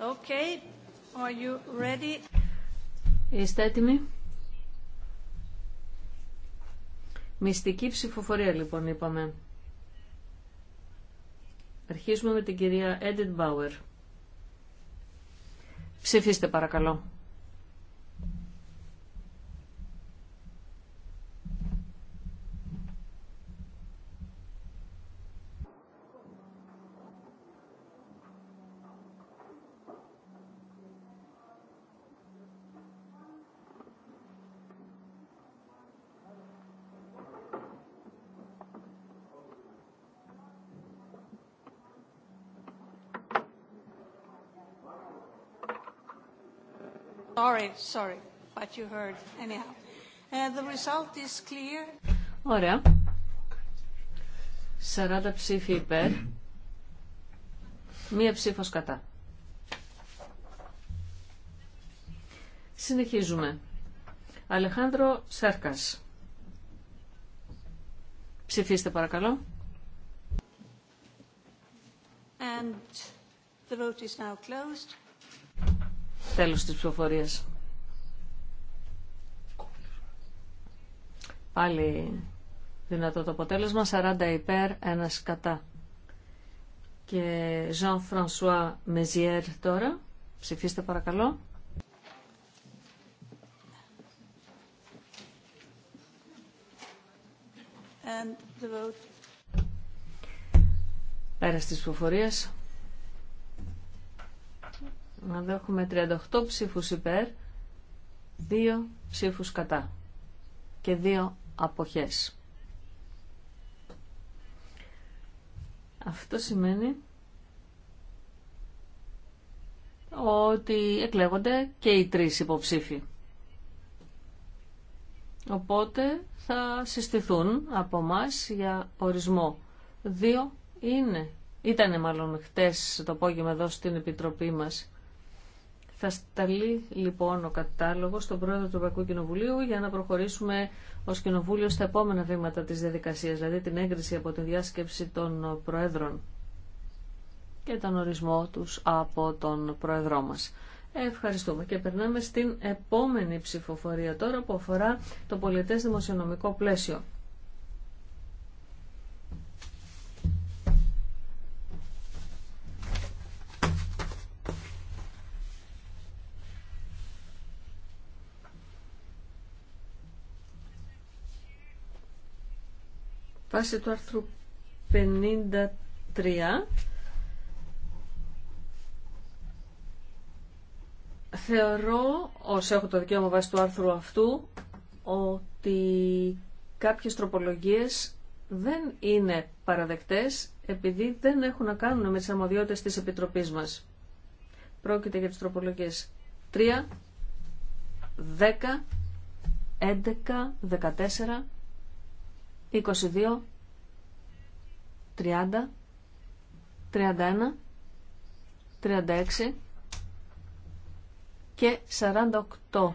Okay. Are you ready? Είστε έτοιμοι? Μυστική ψηφοφορία λοιπόν είπαμε. Αρχίζουμε με την κυρία Έντιν Μπάουερ. Ψηφίστε παρακαλώ. Ωραία. 40 ψήφοι υπέρ, μία ψήφος κατά. Συνεχίζουμε. Αλεχάνδρο Σέρκας. Ψηφίστε παρακαλώ. And the vote Τέλος της ψηφοφορίας. Πάλι δυνατό το αποτέλεσμα, 40 υπέρ, 1 κατά. Και Jean-François Mezier τώρα. Ψηφίστε παρακαλώ. And the vote. Πέρας της 38 ψήφους υπέρ, 2 ψήφους κατά και 2 αποχές. Αυτό σημαίνει ότι εκλέγονται και οι τρεις υποψήφοι. Οπότε θα συστηθούν από μας για ορισμό. Δύο είναι. Ήτανε μάλλον χτες το απόγευμα εδώ στην Επιτροπή μας. Θα σταλεί λοιπόν ο κατάλογο στον πρόεδρο του Ευρωπαϊκού Κοινοβουλίου για να προχωρήσουμε ω κοινοβούλιο στα επόμενα βήματα τη διαδικασία, δηλαδή την έγκριση από τη διάσκεψη των προέδρων και τον ορισμό τους από τον πρόεδρό μα. Ευχαριστούμε και περνάμε στην επόμενη ψηφοφορία τώρα που αφορά το πολιτές δημοσιονομικό πλαίσιο. Βάσει του άρθρου 53 θεωρώ, όσο έχω το δικαίωμα βάσει του άρθρου αυτού, ότι κάποιες τροπολογίες δεν είναι παραδεκτές επειδή δεν έχουν να κάνουν με τις αμμοδιότητες της Επιτροπής μας. Πρόκειται για τις τροπολογίες 3, 10, 11, 14, 22, 30, 31, 36 και 48.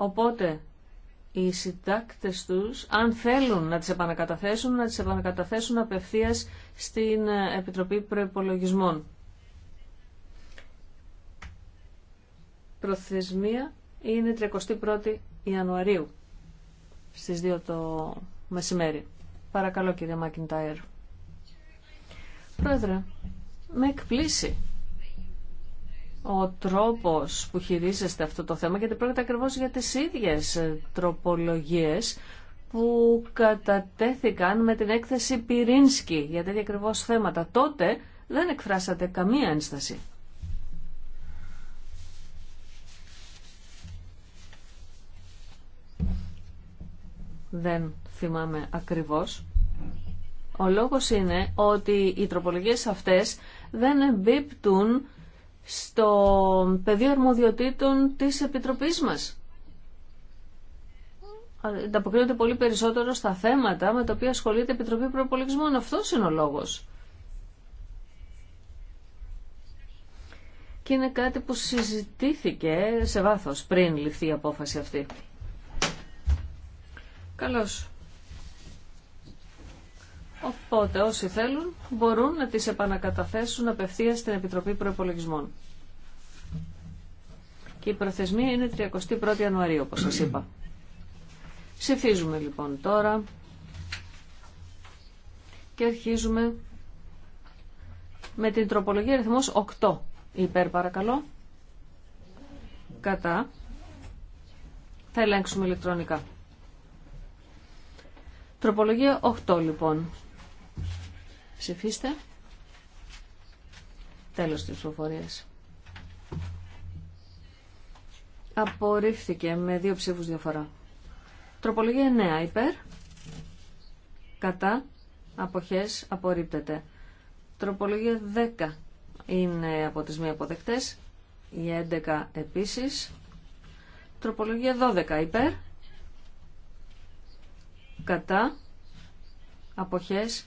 Οπότε οι συντάκτες τους, αν θέλουν να τις επανακαταθέσουν, να τις επανακαταθέσουν απευθείας στην Επιτροπή Προϋπολογισμών. προθεσμία είναι 31η Ιανουαρίου στις 2 το μεσημέρι. Παρακαλώ κύριε Μακιντάιρ. Πρόεδρε, με εκπλήσει ο τρόπος που χειρίζεστε αυτό το θέμα γιατί πρόκειται ακριβώς για τις ίδιες τροπολογίες που κατατέθηκαν με την έκθεση Πυρίνσκι για τέτοια ακριβώς θέματα. Τότε δεν εκφράσατε καμία ένσταση. δεν θυμάμαι ακριβώς. Ο λόγος είναι ότι οι τροπολογίες αυτές δεν εμπίπτουν στο πεδίο αρμοδιοτήτων της Επιτροπής μας. Ανταποκρίνονται πολύ περισσότερο στα θέματα με τα οποία ασχολείται η Επιτροπή Προπολογισμών. Αυτός είναι ο λόγος. Και είναι κάτι που συζητήθηκε σε βάθος πριν ληφθεί η απόφαση αυτή. Καλώς. Οπότε όσοι θέλουν μπορούν να τις επανακαταθέσουν απευθεία στην Επιτροπή Προεπολογισμών. Και η προθεσμία είναι 31η Ιανουαρίου, όπως σας είπα. Ψηφίζουμε λοιπόν τώρα και αρχίζουμε με την τροπολογία αριθμός 8. Υπέρ παρακαλώ. Κατά. Θα ελέγξουμε ηλεκτρονικά. Τροπολογία 8 λοιπόν. Ψηφίστε. Τέλος της ψηφοφορίας. Απορρίφθηκε με δύο ψήφους διαφορά. Τροπολογία 9 υπέρ. Κατά. Αποχές απορρίπτεται. Τροπολογία 10 είναι από τις μη αποδεκτές. Η 11 επίσης. Τροπολογία 12 υπέρ κατά, αποχές.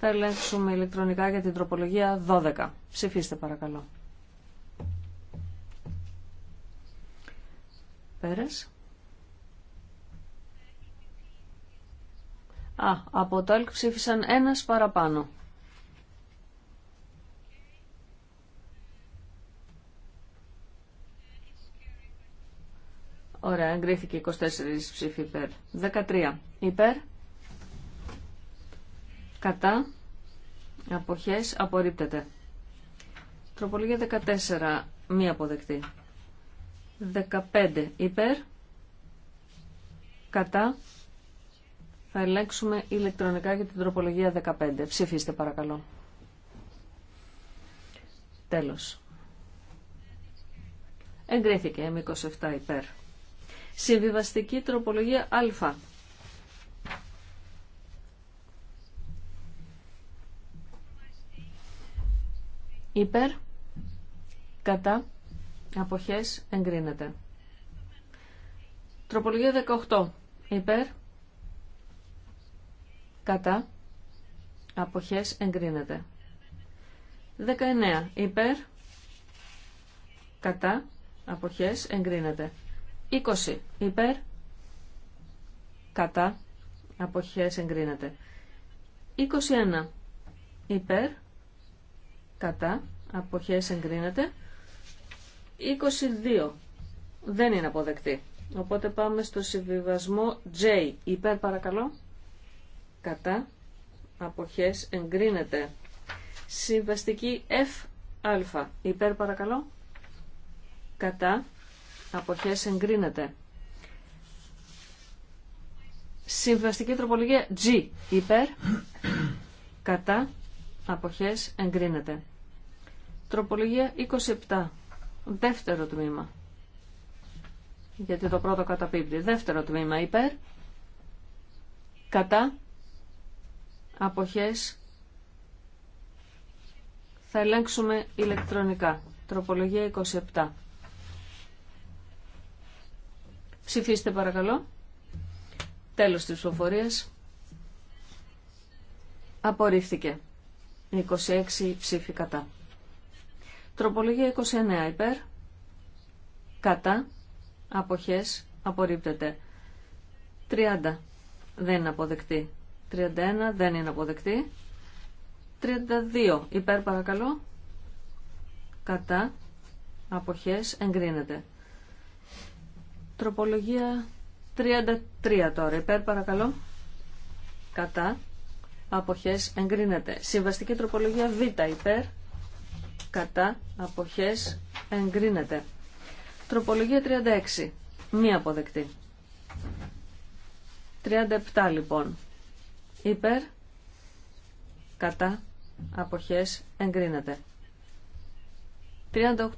Θα ελέγξουμε ηλεκτρονικά για την τροπολογία 12. Ψηφίστε παρακαλώ. Πέρας. Α, από το ψήφισαν ένας παραπάνω. Ωραία, εγκρίθηκε 24 ψήφοι υπέρ. 13 υπέρ. Κατά. Αποχές απορρίπτεται. Τροπολογία 14 μη αποδεκτή. 15 υπέρ. Κατά. Θα ελέγξουμε ηλεκτρονικά για την τροπολογία 15. Ψηφίστε παρακαλώ. Τέλος. Εγκρίθηκε με 27 υπέρ. Συμβιβαστική τροπολογία Α. Υπέρ, κατά, αποχές, εγκρίνεται. Τροπολογία 18. Υπέρ, κατά, αποχές, εγκρίνεται. 19. Υπέρ, κατά, αποχές, εγκρίνεται. 20 υπέρ, κατά, αποχές εγκρίνεται. 21 υπέρ, κατά, αποχές εγκρίνεται. 22 δεν είναι αποδεκτή. Οπότε πάμε στο συμβιβασμό J. Υπέρ παρακαλώ. Κατά. Αποχές εγκρίνεται. Συμβαστική F. Α. Υπέρ παρακαλώ. Κατά αποχές εγκρίνεται. Συμβαστική τροπολογία G υπέρ κατά αποχές εγκρίνεται. Τροπολογία 27. Δεύτερο τμήμα. Γιατί το πρώτο καταπίπτει. Δεύτερο τμήμα υπέρ κατά αποχές θα ελέγξουμε ηλεκτρονικά. Τροπολογία 27. Ψηφίστε παρακαλώ. Τέλος της ψηφοφορίας. Απορρίφθηκε. 26 ψήφι κατά. Τροπολογία 29 υπέρ. Κατά. Αποχές. Απορρίπτεται. 30 δεν είναι αποδεκτή. 31 δεν είναι αποδεκτή. 32 υπέρ παρακαλώ. Κατά. Αποχές εγκρίνεται. Τροπολογία 33 τώρα. Υπέρ παρακαλώ. Κατά. Αποχές εγκρίνεται. Συμβαστική τροπολογία Β υπέρ. Κατά. Αποχές εγκρίνεται. Τροπολογία 36. μη αποδεκτή. 37 λοιπόν. Υπέρ. Κατά. Αποχές εγκρίνεται.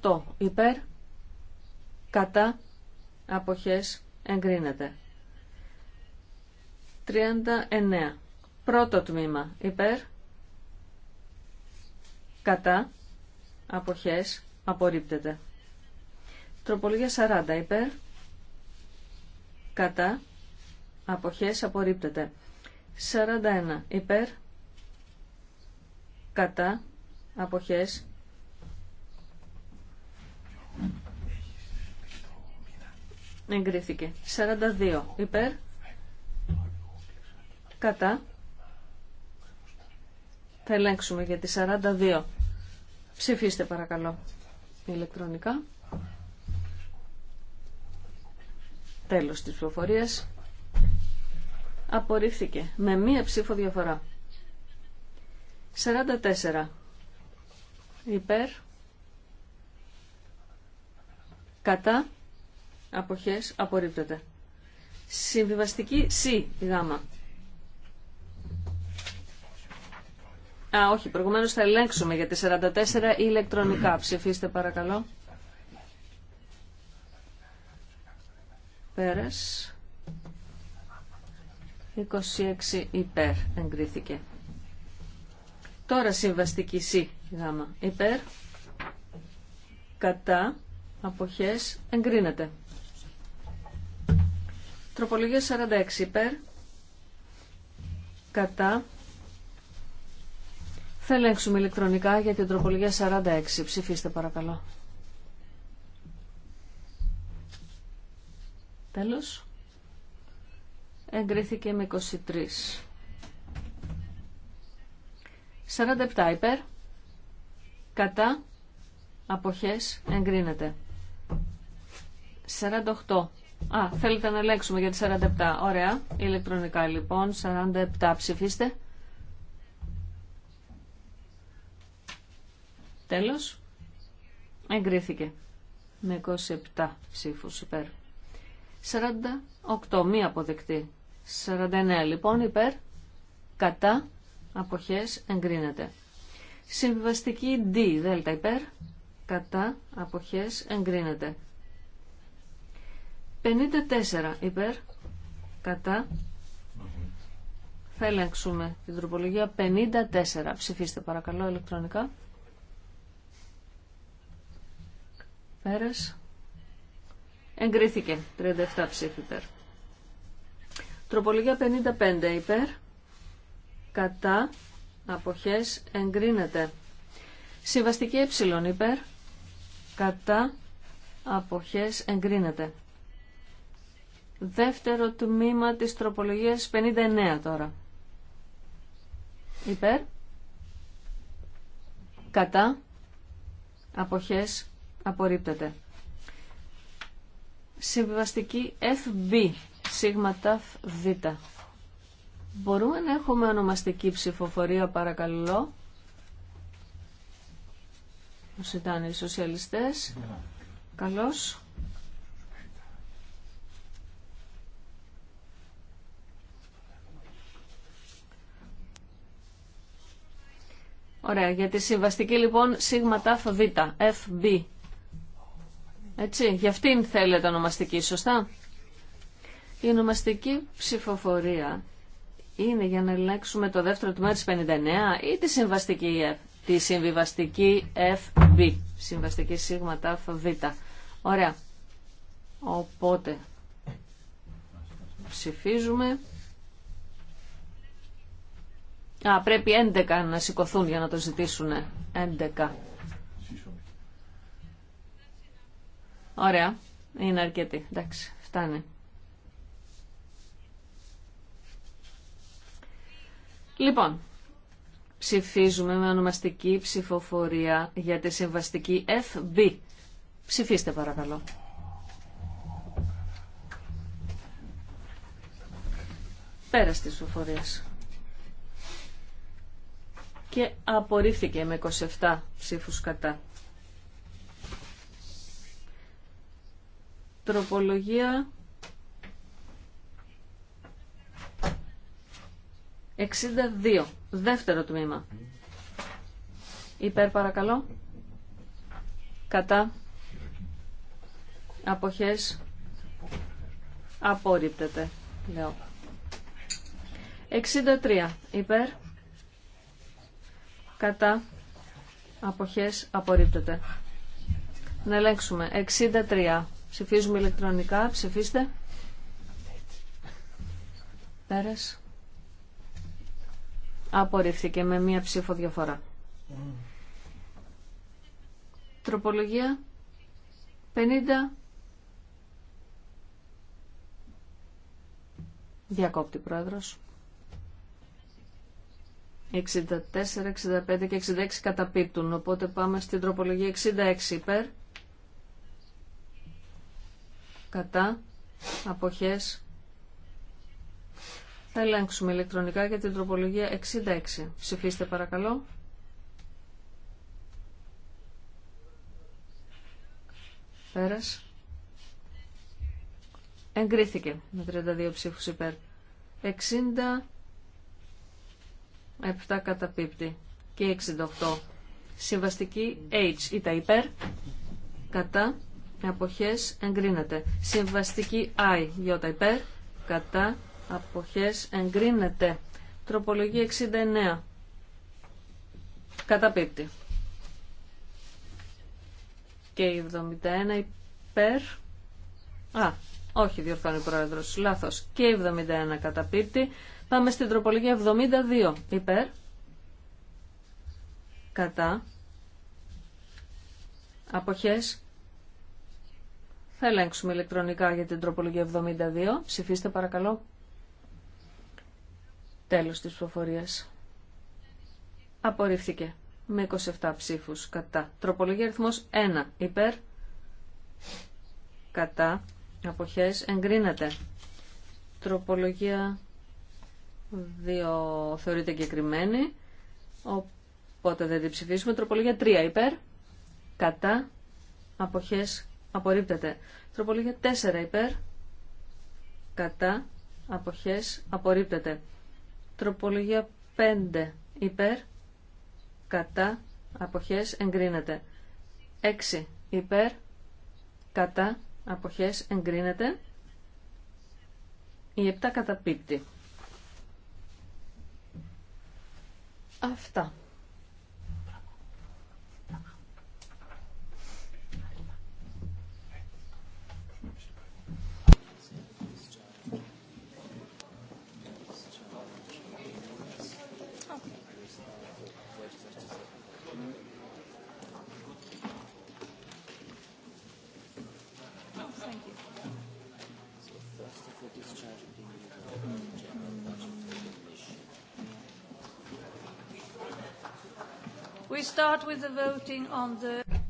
38. Υπέρ. Κατά αποχές εγκρίνεται. 39. Πρώτο τμήμα υπέρ, κατά, αποχές, απορρίπτεται. Τροπολογία 40 υπέρ, κατά, αποχές, απορρίπτεται. 41 υπέρ, κατά, αποχές, εγκρίθηκε. 42 υπέρ, κατά, θα ελέγξουμε για τη 42. Ψηφίστε παρακαλώ ηλεκτρονικά. Τέλος της προφορίας. Απορρίφθηκε με μία ψήφο διαφορά. 44. Υπέρ. Κατά αποχές απορρίπτεται. Συμβιβαστική C γάμα. Α, όχι, προηγουμένως θα ελέγξουμε για τη 44 ηλεκτρονικά. Ψηφίστε παρακαλώ. Πέρας. 26 υπέρ εγκρίθηκε. Τώρα συμβαστική C γάμα. Υπέρ. Κατά. Αποχές εγκρίνεται. Τροπολογία 46 υπέρ. Κατά. Θα ελέγξουμε ηλεκτρονικά για την τροπολογία 46. Ψηφίστε παρακαλώ. Τέλος. Εγκρίθηκε με 23. 47 υπέρ. Κατά. Αποχές εγκρίνεται. 48 Α, θέλετε να ελέγξουμε για τις 47. Ωραία. Ηλεκτρονικά λοιπόν. 47 ψηφίστε. Τέλος. Εγκρίθηκε. Με 27 ψήφους υπέρ. 48. μη αποδεκτή. 49 λοιπόν υπέρ. Κατά. Αποχές. Εγκρίνεται. Συμβιβαστική D. Δέλτα υπέρ. Κατά. Αποχές. Εγκρίνεται. 54 υπέρ, κατά. Θα ελέγξουμε την τροπολογία 54. Ψηφίστε παρακαλώ ηλεκτρονικά. Πέρας. Εγκρίθηκε 37 ψήφι υπέρ. Τροπολογία 55 υπέρ. Κατά. Αποχές εγκρίνεται. Συμβαστική ε υπέρ. Κατά. Αποχές εγκρίνεται. Δεύτερο τμήμα της τροπολογίας 59 τώρα. Υπέρ. Κατά. Αποχές. Απορρίπτεται. Συμβιβαστική FB. Σίγμα ταφ Β. Μπορούμε να έχουμε ονομαστική ψηφοφορία παρακαλώ. ήταν οι σοσιαλιστές. Καλώς. Ωραία, για τη συμβαστική λοιπόν σίγμα τάφ β, FB. Έτσι, για αυτήν θέλετε ονομαστική, σωστά. Η ονομαστική ψηφοφορία είναι για να ελέγξουμε το δεύτερο τμήμα της 59 ή τη συμβαστική F, τη συμβιβαστική FB, συμβαστική σίγμα τάφ β. Ωραία. Οπότε ψηφίζουμε Α, πρέπει 11 να σηκωθούν για να το ζητήσουν. 11. Ωραία. Είναι αρκετή. Εντάξει, φτάνει. Λοιπόν, ψηφίζουμε με ονομαστική ψηφοφορία για τη συμβαστική FB. Ψηφίστε παρακαλώ. Πέρα τη ψηφοφορίας και απορρίφθηκε με 27 ψήφους κατά. Τροπολογία 62, δεύτερο τμήμα. Υπέρ παρακαλώ. Κατά. Αποχές. Απορρίπτεται, λέω. 63, υπέρ κατά αποχές απορρίπτεται. Να ελέγξουμε. 63. Ψηφίζουμε ηλεκτρονικά. Ψηφίστε. Πέρας. Απορρίφθηκε με μία ψήφο διαφορά. Τροπολογία 50. Διακόπτη πρόεδρος. 64, 65 και 66 καταπίπτουν. Οπότε πάμε στην τροπολογία 66 υπέρ. Κατά. Αποχές. Θα ελέγξουμε ηλεκτρονικά για την τροπολογία 66. Ψηφίστε παρακαλώ. Πέρας. Εγκρίθηκε με 32 ψήφους υπέρ. 60 7 πίπτη και 68. Συμβαστική H ή τα υπέρ, κατά, αποχές εγκρίνεται. Συμβαστική I για τα υπέρ, κατά, αποχές εγκρίνεται. Τροπολογία 69. πίπτη Και η 71 υπέρ. Α, όχι διορθώνει ο πρόεδρος, λάθος. Και 71 καταπίπτει. Πάμε στην τροπολογία 72. Υπέρ. Κατά. Αποχές. Θα ελέγξουμε ηλεκτρονικά για την τροπολογία 72. Ψηφίστε παρακαλώ. Τέλος της ψηφοφορίας. Απορρίφθηκε με 27 ψήφους κατά. Τροπολογία αριθμός 1. Υπέρ. Κατά. Αποχές. Εγκρίνεται. Τροπολογία Δύο θεωρείται εγκεκριμένη. Οπότε δεν την ψηφίσουμε. Τροπολογία 3 υπέρ. Κατά. Αποχές απορρίπτεται. Τροπολογία 4 υπέρ. Κατά. Αποχές απορρίπτεται. Τροπολογία 5 υπέρ. Κατά. Αποχές εγκρίνεται. 6 υπέρ. Κατά. Αποχές εγκρίνεται. Η 7 καταπίπτει. Αυτά.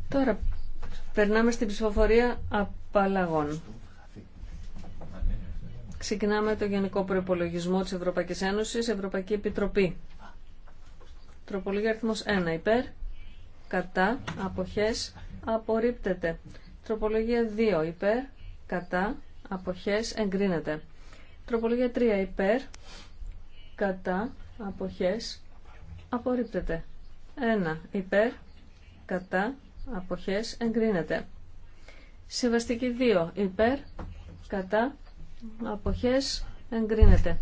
Τώρα περνάμε στην ψηφοφορία απαλλαγών. Ξεκινάμε το Γενικό Προπολογισμό της Ευρωπαϊκής Ένωσης, Ευρωπαϊκή Επιτροπή. Τροπολογία αριθμός 1 υπέρ, κατά, αποχές, απορρίπτεται. Τροπολογία 2 υπέρ, κατά, αποχές, εγκρίνεται. Τροπολογία 3 υπέρ, κατά, αποχές, απορρίπτεται. 1 υπέρ κατά αποχές εγκρίνεται. Συμβαστική 2 υπέρ κατά αποχές εγκρίνεται.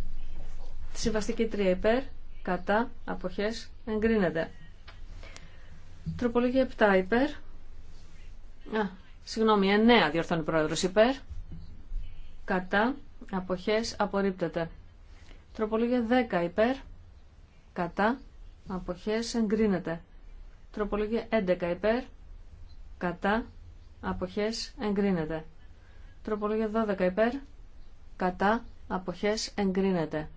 Συμβαστική 3 υπέρ κατά αποχές εγκρίνεται. Τροπολογία 7 υπέρ. Α, συγγνώμη, 9 διορθώνει πρόεδρος υπέρ. Κατά αποχές απορρίπτεται. Τροπολογία 10 υπέρ. Κατά αποχές εγκρίνεται. Τροπολογία 11 υπέρ, κατά, αποχές εγκρίνεται. Τροπολογία 12 υπέρ, κατά, αποχές εγκρίνεται.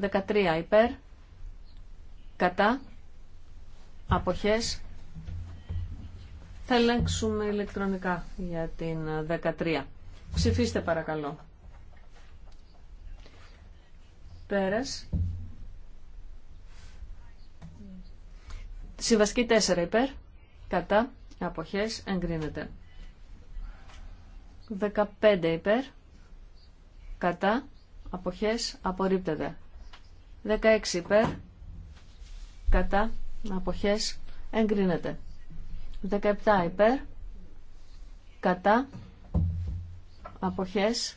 13 υπέρ, κατά, αποχές θα ελέγξουμε ηλεκτρονικά για την 13. Ψηφίστε παρακαλώ. Πέρας. Συμβαστική 4 υπέρ, κατά, αποχές, εγκρίνεται. 15 υπέρ, κατά, αποχές, απορρίπτεται. 16 υπέρ, κατά, αποχές, εγκρίνεται. 17 υπέρ, κατά, αποχές,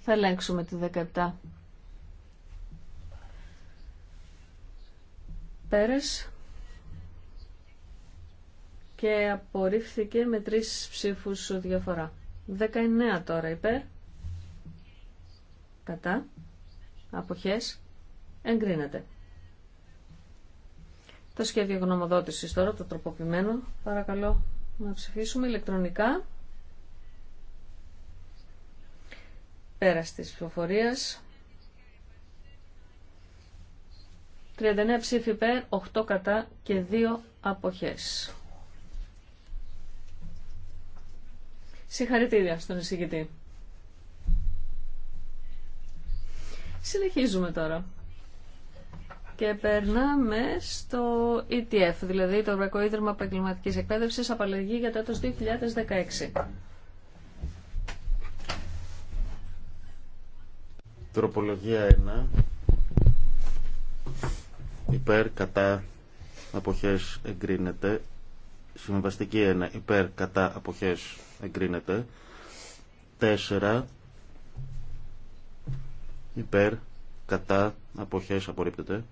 θα ελέγξουμε τη 17. Πέρες και απορρίφθηκε με τρεις ψήφους διαφορά. 19 τώρα υπέρ. Κατά. Αποχές. Εγκρίνεται. Το σχέδιο γνωμοδότησης τώρα, το τροποποιημένο, παρακαλώ να ψηφίσουμε ηλεκτρονικά. Πέρας της ψηφοφορίας. 39 ψήφοι υπέρ, 8 κατά και 2 αποχές. Συγχαρητήρια στον εισηγητή. Συνεχίζουμε τώρα. Και περνάμε στο ETF, δηλαδή το Ευρωπαϊκό Ίδρυμα Επαγγελματική Εκπαίδευση, απαλλαγή για το έτος 2016. Τροπολογία 1 υπέρ κατά αποχές εγκρίνεται. Συμβαστική 1 υπέρ κατά αποχές εγκρίνεται. 4 υπέρ κατά αποχές απορρίπτεται.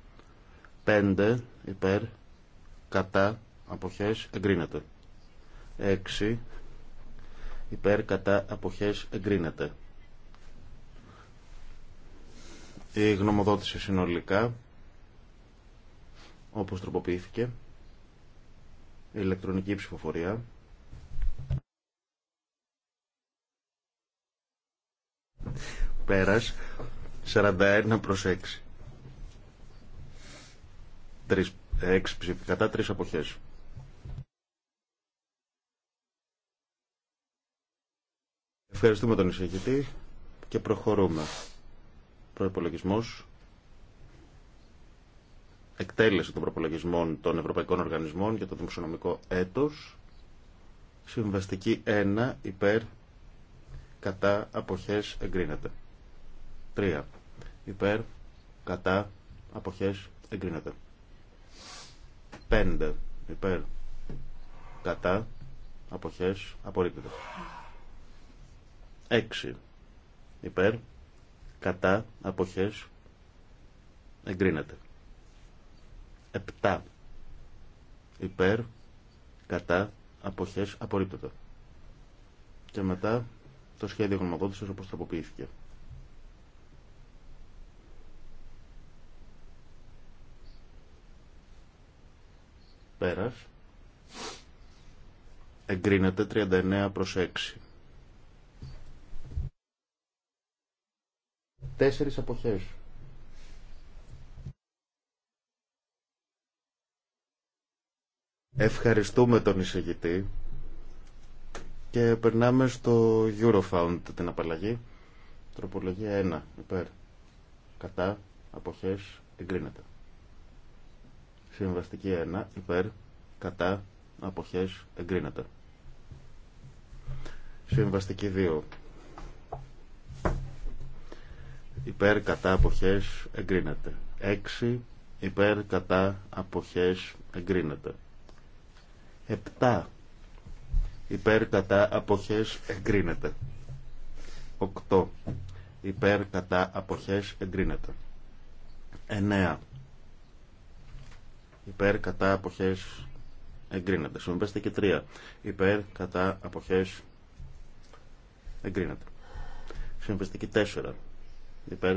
5 υπέρ κατά αποχές εγκρίνεται. 6 υπέρ κατά αποχές εγκρίνεται. Η γνωμοδότηση συνολικά όπως τροποποιήθηκε, η ηλεκτρονική ψηφοφορία. Πέρας, 41 προς 6. 6 ψήφι, 3 αποχές. Ευχαριστούμε τον εισηγητή και προχωρούμε. Προϋπολογισμός εκτέλεση των προπολογισμών των ευρωπαϊκών οργανισμών για το δημοσιονομικό έτος. Συμβαστική 1 υπέρ κατά αποχές εγκρίνεται. 3 υπέρ κατά αποχές εγκρίνεται. 5 υπέρ κατά αποχές απορρίπτεται. 6 υπέρ κατά αποχές εγκρίνεται. 7 υπέρ κατά αποχές απορρίπτεται. Και μετά το σχέδιο γνωμοδότησης όπως τροποποιήθηκε. Πέρας. Εγκρίνεται 39 προς 6. Τέσσερις αποχές. Ευχαριστούμε τον εισηγητή και περνάμε στο Eurofound την απαλλαγή. Τροπολογία 1. Υπέρ. Κατά. Αποχές. Εγκρίνεται. Συμβαστική 1. Υπέρ. Κατά. Αποχές. Εγκρίνεται. Συμβαστική 2. Υπέρ. Κατά. Αποχές. Εγκρίνεται. 6. Υπέρ. Κατά. Αποχές. Εγκρίνεται. 7 υπέρ κατά αποχές εγκρίνεται. 8 υπέρ κατά αποχές εγκρίνεται. 9 υπέρ κατά αποχές εγκρίνεται. Συμβαστεί 3 υπέρ κατά αποχές εγκρίνεται. Συμβεστική 4 υπέρ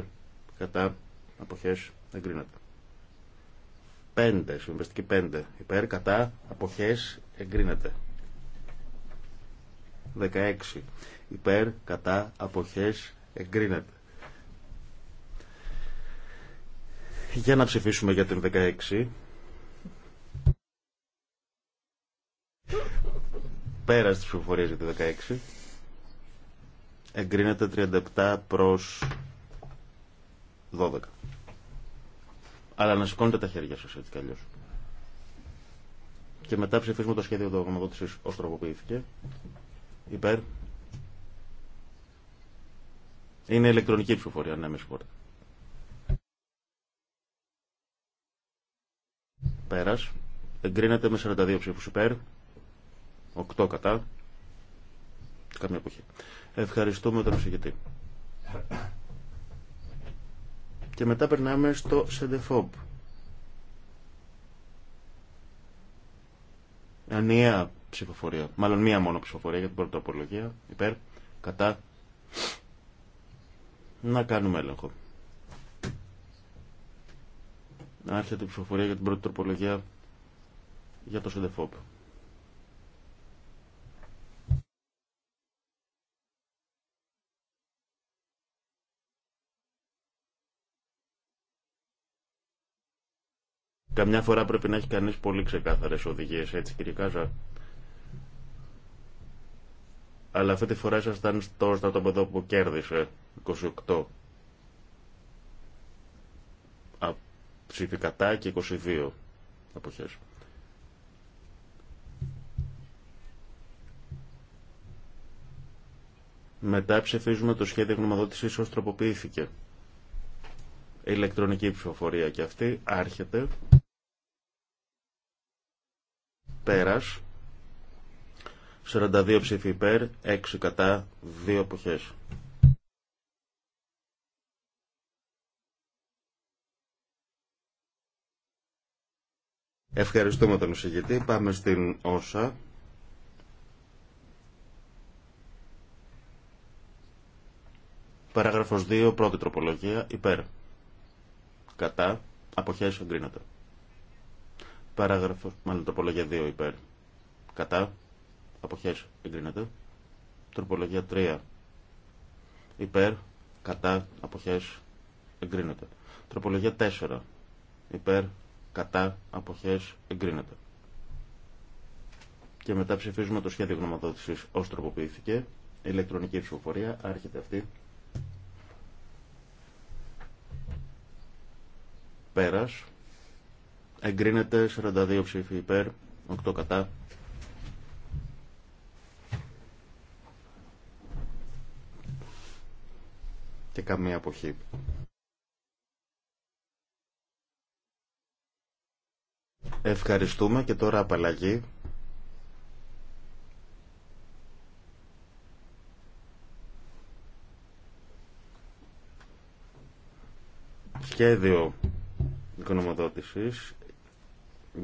κατά αποχές εγκρίνεται. 5, συμβαστική 5, υπέρ, κατά, αποχές, εγκρίνεται. 16, υπέρ, κατά, αποχές, εγκρίνεται. Για να ψηφίσουμε για την 16. Πέρα στις ψηφοφορίες για τη 16. Εγκρίνεται 37 προς 12. Αλλά να σηκώνετε τα χέρια σα έτσι κι αλλιώ. Και μετά ψηφίζουμε το σχέδιο δογματοδότησης ω τροποποιήθηκε. Υπέρ. Είναι ηλεκτρονική ψηφοφορία, ναι, με συγχωρείτε. Πέρα. Εγκρίνεται με 42 ψήφου υπέρ. 8 κατά. Καμία εποχή. Ευχαριστούμε τον εισηγητή. Και μετά περνάμε στο ΣΕΝΤΕΦΟΠ. Ανία ψηφοφορία. Μάλλον μία μόνο ψηφοφορία για την πρώτη απολογία. Υπέρ, κατά. Να κάνουμε έλεγχο. Άρχεται η ψηφοφορία για την πρώτη τροπολογία για το ΣΕΝΤΕΦΟΠ. Καμιά φορά πρέπει να έχει κανεί πολύ ξεκάθαρες οδηγίες, έτσι κύριε Κάζα. Αλλά αυτή τη φορά ήσασταν στο στρατοπεδό που κέρδισε, 28. Ψήφι και 22 αποχές. Μετά ψηφίζουμε το σχέδιο γνωμοδότηση ω τροποποιήθηκε. Η ηλεκτρονική ψηφοφορία και αυτή άρχεται. Πέρας. 42 ψήφοι υπέρ, 6 κατά, 2 αποχές. Ευχαριστούμε τον εισηγητή. Πάμε στην Όσα. Παράγραφος 2, πρώτη τροπολογία, υπέρ. Κατά, αποχές εγκρίνεται. Παράγραφο, μάλλον τροπολογία 2 υπέρ. Κατά. Αποχές εγκρίνεται. Τροπολογία 3 υπέρ. Κατά. Αποχές εγκρίνεται. Τροπολογία 4 υπέρ. Κατά. Αποχές εγκρίνεται. Και μετά ψηφίζουμε το σχέδιο γνωματοδότησης ως τροποποιήθηκε. Ηλεκτρονική ψηφοφορία. Άρχεται αυτή. Πέρας. Εγκρίνεται 42 ψήφοι υπέρ, 8 κατά. Και καμία αποχή. Ευχαριστούμε και τώρα απαλλαγή. Σχέδιο οικονομοδότησης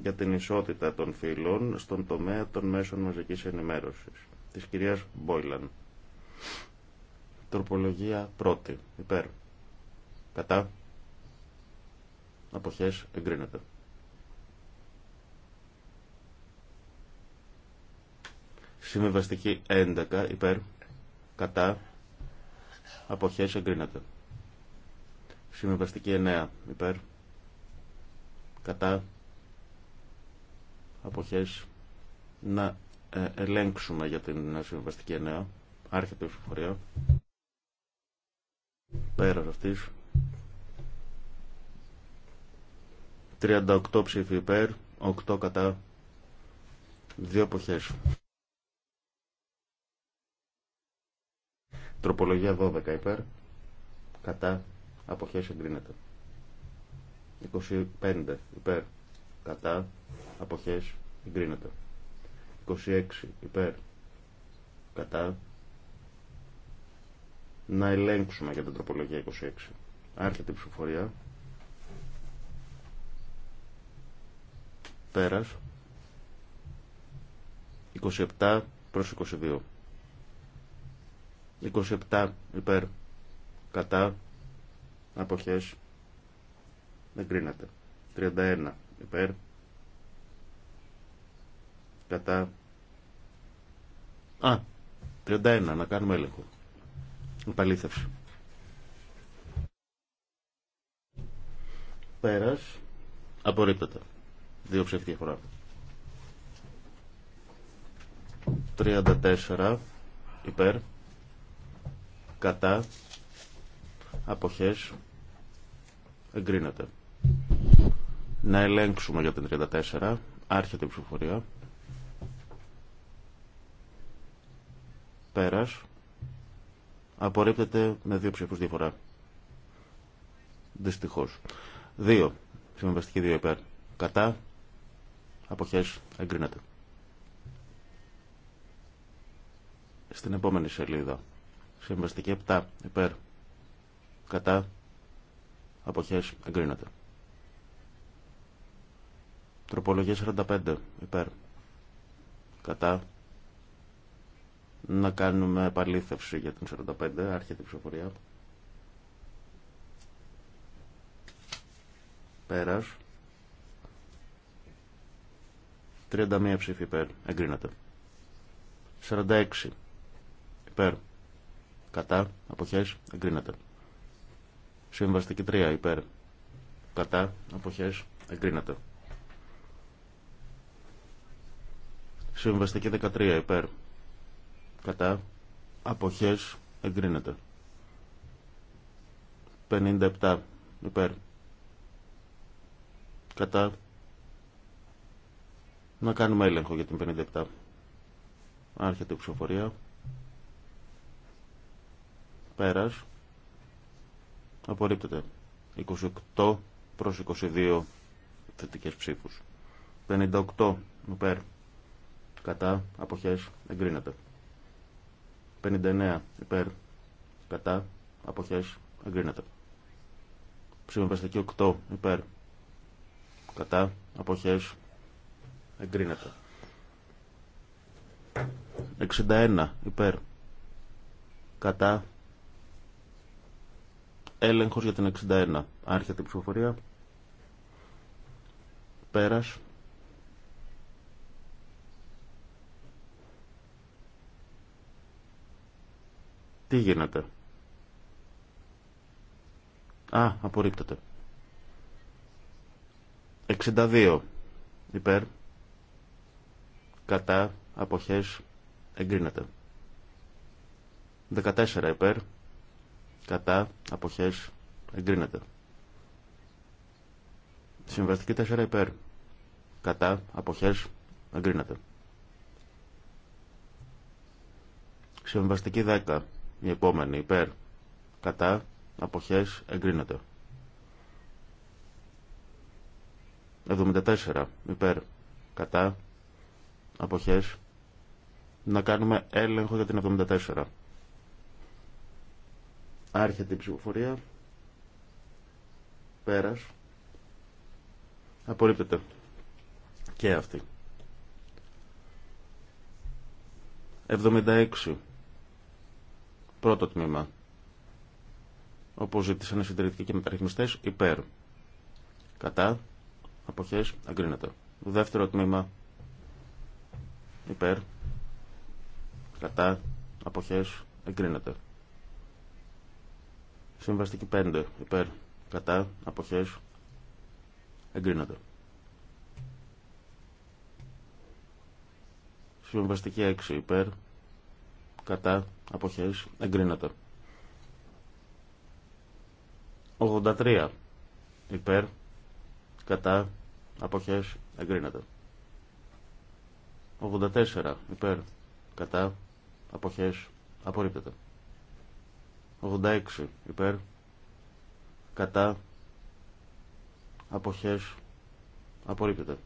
για την ισότητα των φύλων στον τομέα των μέσων μαζικής ενημέρωσης της κυρίας Μπόιλαν. Τροπολογία πρώτη. Υπέρ. Κατά. Αποχές εγκρίνεται. Συμβιβαστική 11 υπέρ. Κατά. Αποχές εγκρίνεται. Συμβιβαστική 9 υπέρ. Κατά αποχές να ε, ελέγξουμε για την συμβαστική εννέα. Άρχεται η ψηφοφορία. Πέρας αυτής. 38 ψηφί, υπέρ, 8 κατά, 2 εποχές. Τροπολογία 12 υπέρ, κατά, αποχές εγκρίνεται. 25 υπέρ, κατά, αποχές εγκρίνεται 26 υπέρ κατά να ελέγξουμε για την τροπολογία 26 άρχεται η ψηφοφορία πέρας 27 προς 22 27 υπέρ κατά αποχές εγκρίνεται 31 υπέρ Κατά. Α, 31, να κάνουμε έλεγχο. Επαλήθευση. Πέρας. Απορρίπτεται. Δύο ψεύτια χώρα. 34 υπέρ κατά αποχές εγκρίνεται. Να ελέγξουμε για την 34. Άρχεται η ψηφοφορία. Πέρας. Απορρίπτεται με δύο ψήφους διαφορά. Δυστυχώς. Δύο. Συμβαστική δύο υπέρ. Κατά. Αποχές. Εγκρίνεται. Στην επόμενη σελίδα. Συμβαστική 7 υπέρ. Κατά. Αποχές. Εγκρίνεται. Τροπολογία 45 υπέρ. Κατά να κάνουμε επαλήθευση για την 45, άρχεται η ψηφοφορία. Πέρας. 31 ψήφοι υπέρ. Εγκρίνεται. 46 υπέρ. Κατά. Αποχές. Εγκρίνεται. Συμβαστική 3 υπέρ. Κατά. Αποχές. Εγκρίνεται. Συμβαστική 13 υπέρ κατά αποχές εγκρίνεται 57 υπέρ κατά να κάνουμε έλεγχο για την 57 άρχεται η ψηφοφορία πέρας απορρίπτεται 28 προς 22 θετικές ψήφους 58 υπέρ κατά αποχές εγκρίνεται 59 υπέρ κατά αποχές εγκρίνεται. Συμβαστική 8 υπέρ κατά αποχές εγκρίνεται. 61 υπέρ κατά έλεγχος για την 61. Άρχεται η ψηφοφορία. Πέρας. Τι γίνεται. Α, απορρίπτεται. 62 υπέρ κατά αποχές εγκρίνεται. 14 υπέρ κατά αποχές εγκρίνεται. Συμβαστική 4 υπέρ κατά αποχές εγκρίνεται. Συμβαστική 10 η επόμενη υπέρ κατά αποχές εγκρίνεται. 74 υπέρ κατά αποχές να κάνουμε έλεγχο για την 74. Άρχεται η ψηφοφορία. Πέρας. Απορρίπτεται. Και αυτή. 76 Πρώτο τμήμα. Όπως ζήτησαν οι συντηρητικοί και μεταρρυθμιστέ, υπέρ. Κατά. Αποχέ. Αγκρίνεται. Δεύτερο τμήμα. Υπέρ. Κατά. Αποχέ. Εγκρίνεται. Συμβαστική 5. Υπέρ. Κατά. Αποχέ. Εγκρίνεται. Συμβαστική 6. Υπέρ. Κατά. Αποχές. Εγκρίνεται. 83. Υπέρ. Κατά. Αποχές. Εγκρίνεται. 84. Υπέρ. Κατά. Αποχές. Απορρίπτεται. 86. Υπέρ. Κατά. Αποχές. Απορρίπτεται.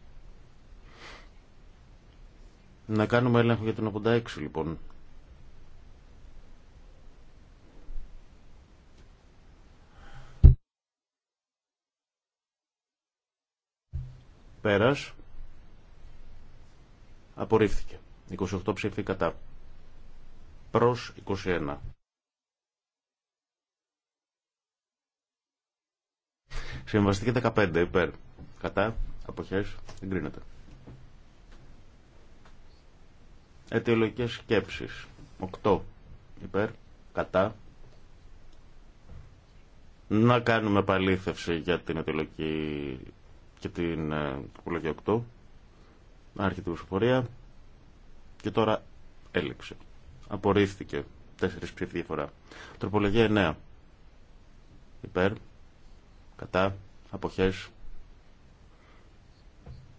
Να κάνουμε έλεγχο για την 86 λοιπόν. Πέρας. Απορρίφθηκε. 28 ψήφι κατά. Προς 21. Συμβαστική 15 υπέρ. Κατά. Αποχές. Εγκρίνεται. Αιτιολογικές σκέψεις. 8 υπέρ. Κατά. Να κάνουμε παλήθευση για την αιτιολογική και την ε, τροπολογία 8. Άρχεται η ψηφοφορία και τώρα έλεξε. Απορρίφθηκε. Τέσσερις ψήφι διαφορά. Τροπολογία 9. Υπέρ. Κατά. Αποχές.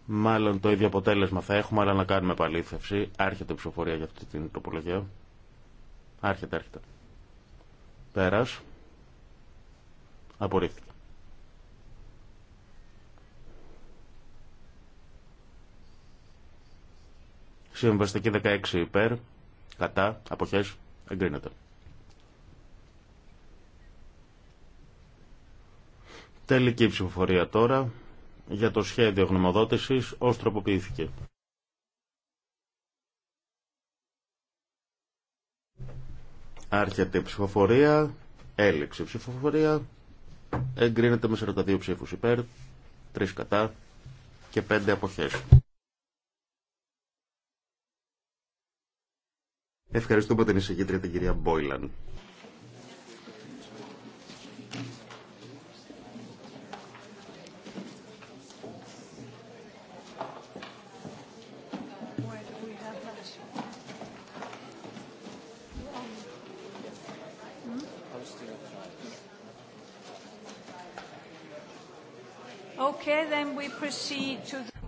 Μάλλον το ίδιο αποτέλεσμα θα έχουμε, αλλά να κάνουμε επαλήθευση. Άρχεται η ψηφοφορία για αυτή την τροπολογία. Άρχεται, έρχεται Πέρας. Απορρίφθηκε. Συμβαστική 16 υπέρ, κατά, αποχές, εγκρίνεται. Τελική ψηφοφορία τώρα για το σχέδιο γνωμοδότησης ως τροποποιήθηκε. Άρχεται η ψηφοφορία, έλεξη ψηφοφορία, εγκρίνεται με 42 ψήφους υπέρ, 3 κατά και 5 αποχές. Ευχαριστούμε την εισηγήτρια την κυρία Μπόιλαν.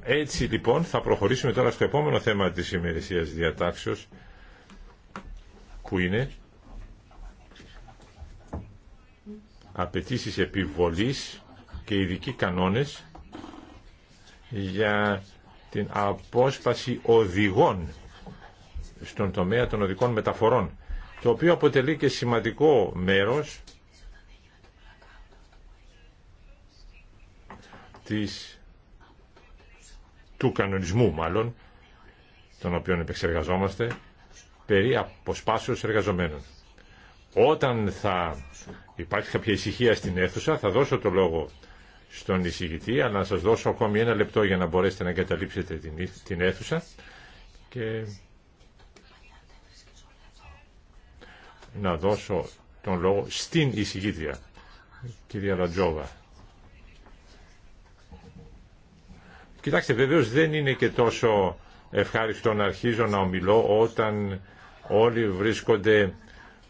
Έτσι λοιπόν θα προχωρήσουμε τώρα στο επόμενο θέμα της ημερησίας διατάξεως που είναι απαιτήσει επιβολής και ειδικοί κανόνες για την απόσπαση οδηγών στον τομέα των οδικών μεταφορών, το οποίο αποτελεί και σημαντικό μέρος της, του κανονισμού μάλλον, τον οποίο επεξεργαζόμαστε, περί αποσπάσεως εργαζομένων. Όταν θα υπάρχει κάποια ησυχία στην αίθουσα θα δώσω το λόγο στον εισηγητή αλλά να σας δώσω ακόμη ένα λεπτό για να μπορέσετε να εγκαταλείψετε την αίθουσα και να δώσω τον λόγο στην εισηγήτρια κυρία Λαντζόβα. Κοιτάξτε, βεβαίως δεν είναι και τόσο ευχάριστο να αρχίζω να ομιλώ όταν Όλοι βρίσκονται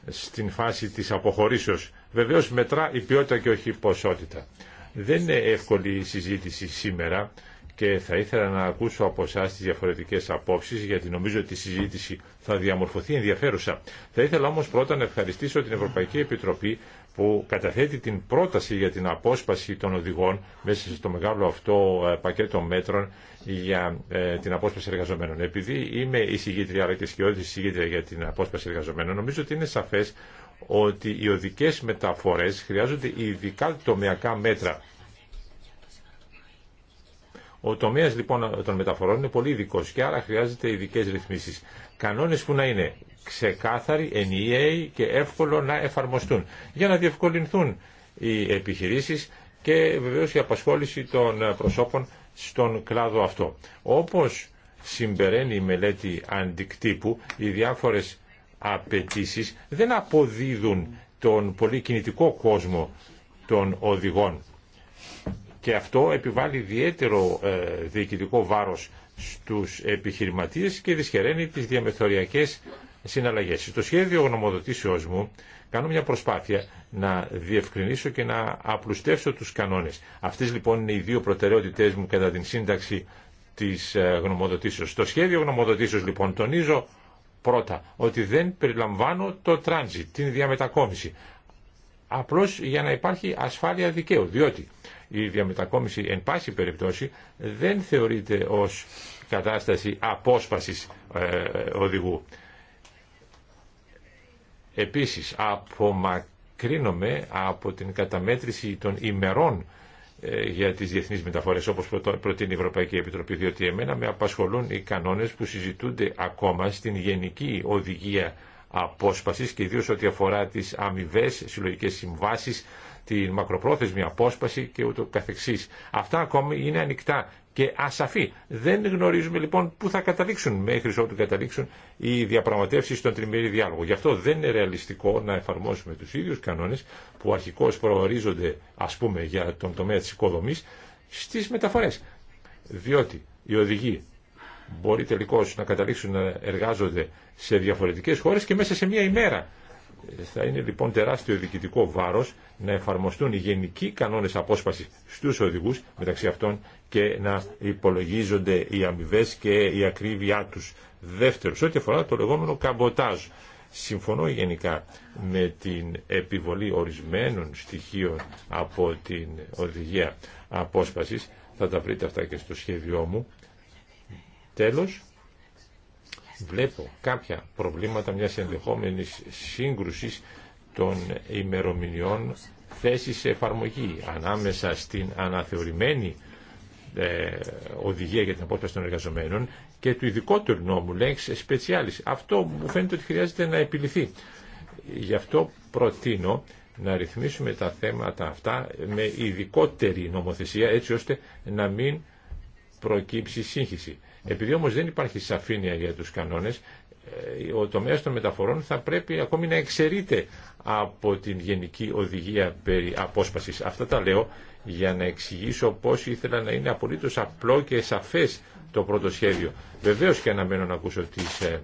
στην φάση της αποχωρήσεως. Βεβαίως μετρά η ποιότητα και όχι η ποσότητα. Δεν είναι εύκολη η συζήτηση σήμερα και θα ήθελα να ακούσω από εσά τις διαφορετικές απόψεις γιατί νομίζω ότι η συζήτηση θα διαμορφωθεί ενδιαφέρουσα. Θα ήθελα όμως πρώτα να ευχαριστήσω την Ευρωπαϊκή Επιτροπή που καταθέτει την πρόταση για την απόσπαση των οδηγών μέσα στο μεγάλο αυτό ε, πακέτο μέτρων για ε, την απόσπαση εργαζομένων. Επειδή είμαι εισηγήτρια αλλά και σκιώδη εισηγήτρια για την απόσπαση εργαζομένων, νομίζω ότι είναι σαφέ ότι οι οδικέ μεταφορέ χρειάζονται ειδικά τομεακά μέτρα. Ο τομέα λοιπόν των μεταφορών είναι πολύ ειδικό και άρα χρειάζεται ειδικέ ρυθμίσει. Κανόνε που να είναι ξεκάθαροι, ενιαίοι και εύκολο να εφαρμοστούν για να διευκολυνθούν οι επιχειρήσεις και βεβαίως η απασχόληση των προσώπων στον κλάδο αυτό. Όπως συμπεραίνει η μελέτη αντικτύπου, οι διάφορες απαιτήσει δεν αποδίδουν τον πολύ κινητικό κόσμο των οδηγών και αυτό επιβάλλει ιδιαίτερο ε, διοικητικό βάρος στους επιχειρηματίες και δυσχεραίνει τις διαμεθοριακές συναλλαγές. Στο σχέδιο γνωμοδοτήσεώς μου κάνω μια προσπάθεια να διευκρινίσω και να απλουστεύσω τους κανόνες. Αυτές λοιπόν είναι οι δύο προτεραιότητές μου κατά την σύνταξη της ε, γνωμοδοτήσεως. Στο σχέδιο γνωμοδοτήσεως λοιπόν τονίζω πρώτα ότι δεν περιλαμβάνω το transit, την διαμετακόμιση. Απλώς για να υπάρχει ασφάλεια δικαίου, διότι η διαμετακόμιση εν πάση περιπτώσει δεν θεωρείται ως κατάσταση απόσπασης ε, οδηγού. Επίσης, απομακρύνομαι από την καταμέτρηση των ημερών ε, για τις διεθνείς μεταφορές όπως προτείνει η Ευρωπαϊκή Επιτροπή διότι εμένα με απασχολούν οι κανόνες που συζητούνται ακόμα στην γενική οδηγία απόσπασης και ιδίως ό,τι αφορά τις αμοιβέ, συλλογικές συμβάσεις, την μακροπρόθεσμη απόσπαση και ούτω καθεξής. Αυτά ακόμη είναι ανοιχτά και ασαφή. Δεν γνωρίζουμε λοιπόν πού θα καταλήξουν μέχρι ότου καταλήξουν οι διαπραγματεύσει στον τριμερή διάλογο. Γι' αυτό δεν είναι ρεαλιστικό να εφαρμόσουμε του ίδιου κανόνε που αρχικώ προορίζονται, α πούμε, για τον τομέα τη οικοδομή στι μεταφορέ. Διότι οι οδηγοί μπορεί τελικώ να καταλήξουν να εργάζονται σε διαφορετικέ χώρε και μέσα σε μία ημέρα. Θα είναι λοιπόν τεράστιο διοικητικό βάρο να εφαρμοστούν οι γενικοί κανόνε απόσπαση στου οδηγού, μεταξύ αυτών και να υπολογίζονται οι αμοιβέ και η ακρίβειά τους. Δεύτερο, ό,τι αφορά το λεγόμενο καμποτάζ. Συμφωνώ γενικά με την επιβολή ορισμένων στοιχείων από την οδηγία απόσπασης. Θα τα βρείτε αυτά και στο σχέδιό μου. Τέλος, βλέπω κάποια προβλήματα μιας ενδεχόμενης σύγκρουσης των ημερομηνιών θέσης εφαρμογή ανάμεσα στην αναθεωρημένη ε, οδηγία για την απόσπαση των εργαζομένων και του ειδικότερου νόμου λέξη σπετσιάλη. Αυτό μου φαίνεται ότι χρειάζεται να επιληθεί. Γι' αυτό προτείνω να ρυθμίσουμε τα θέματα αυτά με ειδικότερη νομοθεσία έτσι ώστε να μην προκύψει σύγχυση. Επειδή όμως δεν υπάρχει σαφήνεια για τους κανόνες, ε, ο τομέας των μεταφορών θα πρέπει ακόμη να εξαιρείται από την Γενική Οδηγία περί απόσπασης. Αυτά τα λέω για να εξηγήσω πώς ήθελα να είναι απολύτως απλό και σαφές το πρώτο σχέδιο. Βεβαίως και αναμένω να ακούσω τις ε,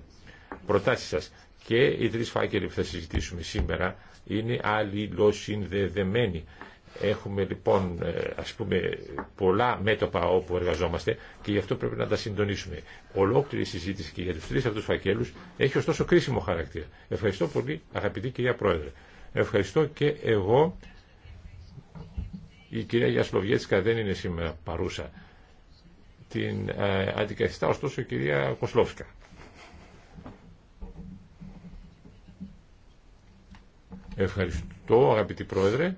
προτάσεις σας. Και οι τρεις φάκελοι που θα συζητήσουμε σήμερα είναι αλληλοσυνδεδεμένοι. Έχουμε λοιπόν ε, ας πούμε πολλά μέτωπα όπου εργαζόμαστε και γι' αυτό πρέπει να τα συντονίσουμε. Ολόκληρη η συζήτηση και για τους τρεις αυτούς φακέλους έχει ωστόσο κρίσιμο χαρακτήρα. Ευχαριστώ πολύ αγαπητή κυρία Πρόεδρε. Ευχαριστώ και εγώ η κυρία Γιασλοβιέτσκα δεν είναι σήμερα παρούσα. Την ε, αντικαθιστά ωστόσο η κυρία Κοσλόφσκα. Ευχαριστώ αγαπητή Πρόεδρε.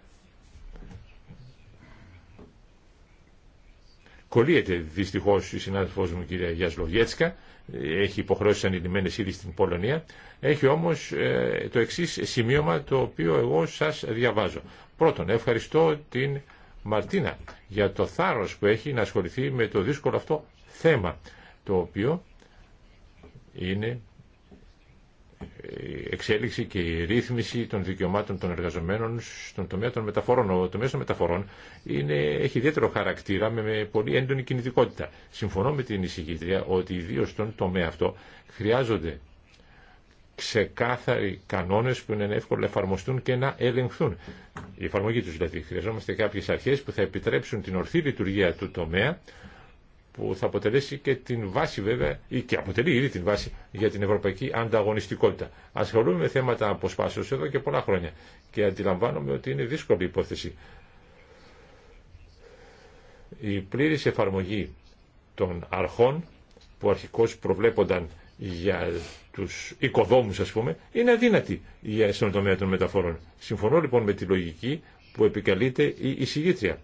Κολλείεται δυστυχώ η συνάδελφό μου κυρία Γιασλοβιέτσκα. Έχει υποχρεώσει ανηλυμένε ήδη στην Πολωνία. Έχει όμω ε, το εξή σημείωμα το οποίο εγώ σα διαβάζω. Πρώτον, ευχαριστώ την Μαρτίνα για το θάρρος που έχει να ασχοληθεί με το δύσκολο αυτό θέμα, το οποίο είναι η εξέλιξη και η ρύθμιση των δικαιωμάτων των εργαζομένων στον τομέα των μεταφορών. Ο τομέα των μεταφορών είναι, έχει ιδιαίτερο χαρακτήρα με, με πολύ έντονη κινητικότητα. Συμφωνώ με την εισηγήτρια ότι ιδίω στον τομέα αυτό χρειάζονται ξεκάθαροι κανόνε που είναι εύκολο να εφαρμοστούν και να ελεγχθούν. Η εφαρμογή του δηλαδή. Χρειαζόμαστε κάποιε αρχέ που θα επιτρέψουν την ορθή λειτουργία του τομέα που θα αποτελέσει και την βάση βέβαια ή και αποτελεί ήδη την βάση για την ευρωπαϊκή ανταγωνιστικότητα. Ασχολούμαι με θέματα αποσπάσεω εδώ και πολλά χρόνια και αντιλαμβάνομαι ότι είναι δύσκολη υπόθεση. Η πλήρης εφαρμογή των αρχών που αρχικώ προβλέπονταν για του οικοδόμου, α πούμε, είναι αδύνατη στον τομέα των μεταφορών. Συμφωνώ λοιπόν με τη λογική που επικαλείται η εισηγήτρια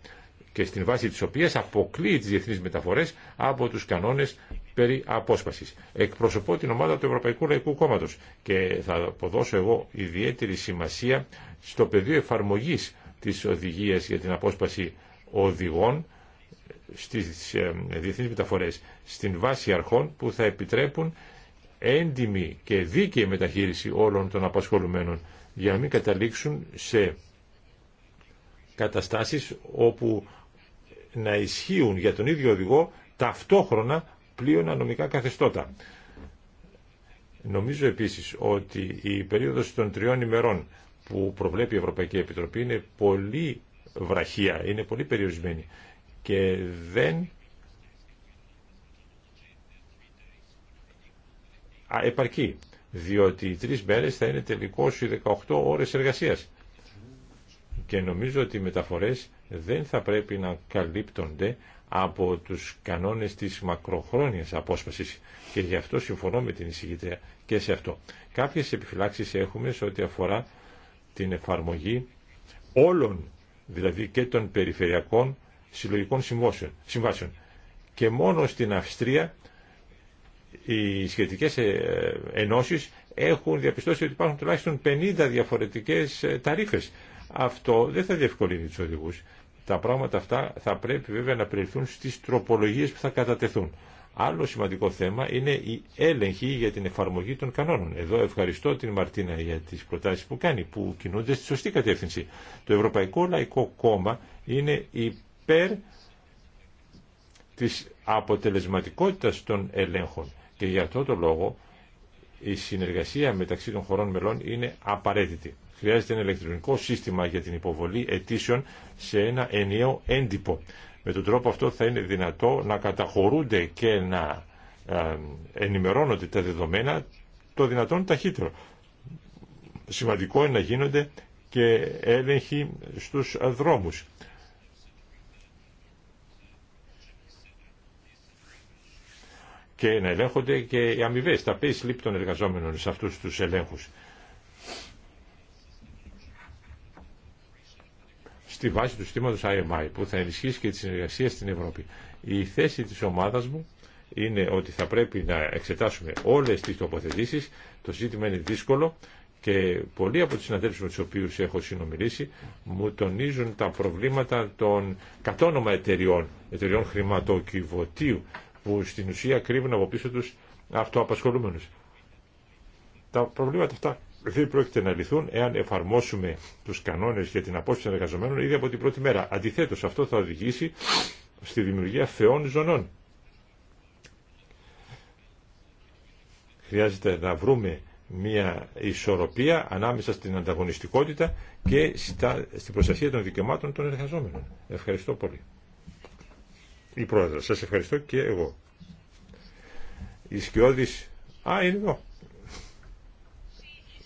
και στην βάση τη οποία αποκλείει τι διεθνεί μεταφορέ από του κανόνε περί απόσπασης. Εκπροσωπώ την ομάδα του Ευρωπαϊκού Λαϊκού Κόμματος και θα αποδώσω εγώ ιδιαίτερη σημασία στο πεδίο εφαρμογής της οδηγίας για την απόσπαση οδηγών στις ε, διεθνείς μεταφορές, στην βάση αρχών που θα επιτρέπουν έντιμη και δίκαιη μεταχείριση όλων των απασχολουμένων για να μην καταλήξουν σε καταστάσεις όπου να ισχύουν για τον ίδιο οδηγό ταυτόχρονα πλοίων νομικά καθεστώτα. Νομίζω επίσης ότι η περίοδος των τριών ημερών που προβλέπει η Ευρωπαϊκή Επιτροπή είναι πολύ βραχία, είναι πολύ περιορισμένη και δεν επαρκεί, διότι οι τρεις μέρες θα είναι τελικώ οι 18 ώρες εργασίας. Και νομίζω ότι οι μεταφορές δεν θα πρέπει να καλύπτονται από τους κανόνες της μακροχρόνιας απόσπασης και γι' αυτό συμφωνώ με την εισηγητρία και σε αυτό. Κάποιες επιφυλάξεις έχουμε σε ό,τι αφορά την εφαρμογή όλων, δηλαδή και των περιφερειακών συλλογικών συμβάσεων. Και μόνο στην Αυστρία οι σχετικές ε, ενώσεις έχουν διαπιστώσει ότι υπάρχουν τουλάχιστον 50 διαφορετικές ε, ταρίφες. Αυτό δεν θα διευκολύνει τους οδηγούς. Τα πράγματα αυτά θα πρέπει βέβαια να περιληφθούν στις τροπολογίες που θα κατατεθούν. Άλλο σημαντικό θέμα είναι η έλεγχη για την εφαρμογή των κανόνων. Εδώ ευχαριστώ την Μαρτίνα για τις προτάσεις που κάνει, που κινούνται στη σωστή κατεύθυνση. Το Ευρωπαϊκό Λαϊκό Κόμμα είναι υπέρ της αποτελεσματικότητας των ελέγχων και για αυτό το λόγο η συνεργασία μεταξύ των χωρών μελών είναι απαραίτητη. Χρειάζεται ένα ηλεκτρονικό σύστημα για την υποβολή αιτήσεων σε ένα ενιαίο έντυπο. Με τον τρόπο αυτό θα είναι δυνατό να καταχωρούνται και να ε, ενημερώνονται τα δεδομένα το δυνατόν ταχύτερο. Σημαντικό είναι να γίνονται και έλεγχοι στους δρόμους. και να ελέγχονται και οι αμοιβέ, τα pay slip των εργαζόμενων σε αυτούς τους ελέγχους. Στη βάση του στήματο IMI που θα ενισχύσει και τη συνεργασία στην Ευρώπη. Η θέση της ομάδας μου είναι ότι θα πρέπει να εξετάσουμε όλες τις τοποθετήσει. Το ζήτημα είναι δύσκολο και πολλοί από τους συναδέλφους με τους οποίους έχω συνομιλήσει μου τονίζουν τα προβλήματα των κατόνομα εταιριών, εταιριών χρηματοκιβωτίου που στην ουσία κρύβουν από πίσω τους αυτοαπασχολούμενους. Τα προβλήματα αυτά δεν πρόκειται να λυθούν εάν εφαρμόσουμε τους κανόνες για την απόσπαση των εργαζομένων ήδη από την πρώτη μέρα. Αντιθέτως, αυτό θα οδηγήσει στη δημιουργία θεών ζωνών. Χρειάζεται να βρούμε μια ισορροπία ανάμεσα στην ανταγωνιστικότητα και στην προστασία των δικαιωμάτων των εργαζόμενων. Ευχαριστώ πολύ η πρόεδρο. Σα ευχαριστώ και εγώ. Η σκιώδη. Α, είναι εδώ.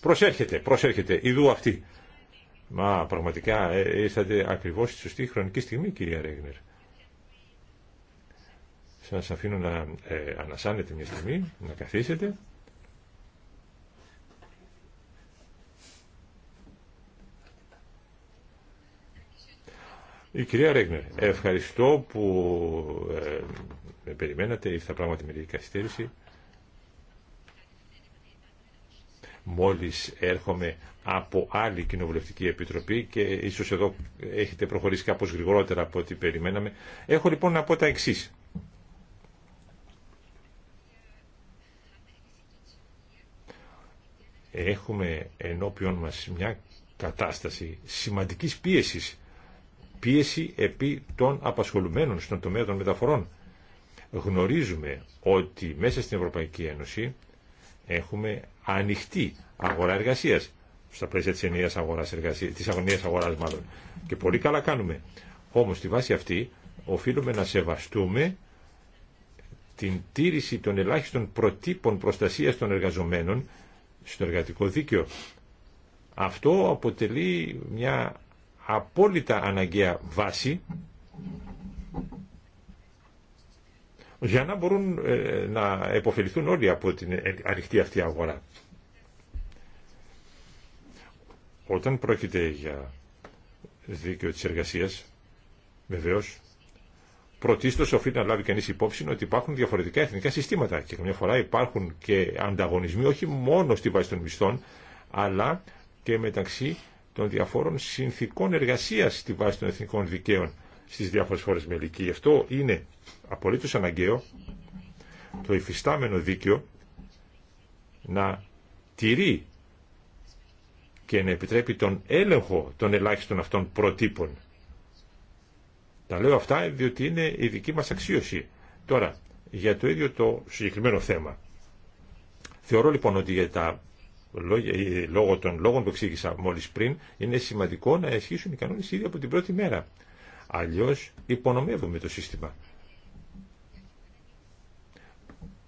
Προσέρχεται, προσέρχεται. Ιδού αυτή. Μα πραγματικά ε, ήρθατε ακριβώ στη σωστή χρονική στιγμή κυρία Ρέγνερ. Σα αφήνω να ε, ανασάνετε μια στιγμή, να καθίσετε. Η κυρία Ρέγνερ, ευχαριστώ που ε, με περιμένατε, ήρθα πράγματι με λίγη καθυστέρηση. Μόλις έρχομαι από άλλη κοινοβουλευτική επιτροπή και ίσως εδώ έχετε προχωρήσει κάπως γρηγορότερα από ό,τι περιμέναμε. Έχω λοιπόν να πω τα εξής. Έχουμε ενώπιον μας μια κατάσταση σημαντικής πίεσης πίεση επί των απασχολουμένων στον τομέα των μεταφορών. Γνωρίζουμε ότι μέσα στην Ευρωπαϊκή Ένωση έχουμε ανοιχτή αγορά εργασίας στα πλαίσια της ενιαίας αγοράς, εργασίας, της αγωνίας αγοράς μάλλον. Και πολύ καλά κάνουμε. Όμως στη βάση αυτή οφείλουμε να σεβαστούμε την τήρηση των ελάχιστων προτύπων προστασίας των εργαζομένων στο εργατικό δίκαιο. Αυτό αποτελεί μια απόλυτα αναγκαία βάση για να μπορούν ε, να επωφεληθούν όλοι από την ανοιχτή αυτή αγορά. Όταν πρόκειται για δίκαιο της εργασίας, βεβαίως, πρωτίστως οφείλει να λάβει κανείς υπόψη ότι υπάρχουν διαφορετικά εθνικά συστήματα και καμιά φορά υπάρχουν και ανταγωνισμοί όχι μόνο στη βάση των μισθών, αλλά και μεταξύ των διαφόρων συνθήκων εργασίας στη βάση των εθνικών δικαίων στις διάφορες χώρες μελική. γι' αυτό είναι απολύτως αναγκαίο το υφιστάμενο δίκαιο να τηρεί και να επιτρέπει τον έλεγχο των ελάχιστων αυτών προτύπων. Τα λέω αυτά διότι είναι η δική μας αξίωση. Τώρα, για το ίδιο το συγκεκριμένο θέμα. Θεωρώ λοιπόν ότι για τα ε, λόγω των λόγων που εξήγησα μόλι πριν, είναι σημαντικό να ισχύσουν οι κανόνε ήδη από την πρώτη μέρα. Αλλιώς υπονομεύουμε το σύστημα.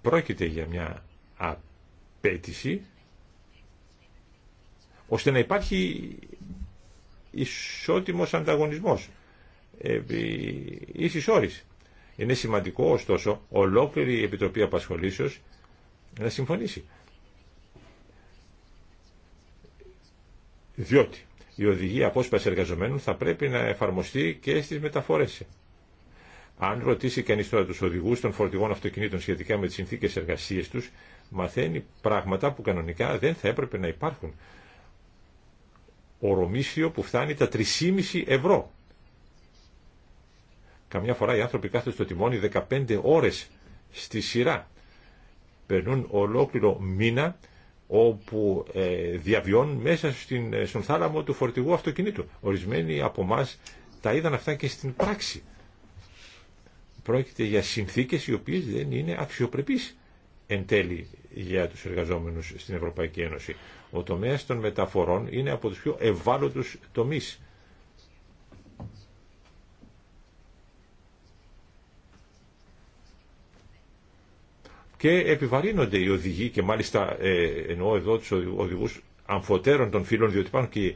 Πρόκειται για μια απέτηση ώστε να υπάρχει ισότιμος ανταγωνισμός επί ε, ίσης Είναι σημαντικό ωστόσο ολόκληρη η Επιτροπή Απασχολήσεως να συμφωνήσει. διότι η οδηγία απόσπαση εργαζομένων θα πρέπει να εφαρμοστεί και στις μεταφορές. Αν ρωτήσει κανεί τώρα του οδηγού των φορτηγών αυτοκινήτων σχετικά με τι συνθήκε εργασία του, μαθαίνει πράγματα που κανονικά δεν θα έπρεπε να υπάρχουν. Ορομίσιο που φτάνει τα 3,5 ευρώ. Καμιά φορά οι άνθρωποι κάθονται στο τιμόνι 15 ώρες στη σειρά. Περνούν ολόκληρο μήνα όπου ε, διαβιώνουν μέσα στην, ε, στον θάλαμο του φορτηγού αυτοκινήτου. Ορισμένοι από εμά τα είδαν αυτά και στην πράξη. Πρόκειται για συνθήκες οι οποίες δεν είναι αξιοπρεπείς εν τέλει για τους εργαζόμενους στην Ευρωπαϊκή Ένωση. Ο τομέας των μεταφορών είναι από τους πιο ευάλωτους τομείς και επιβαρύνονται οι οδηγοί και μάλιστα ε, εννοώ εδώ τους οδηγούς αμφωτέρων των φίλων, διότι υπάρχουν και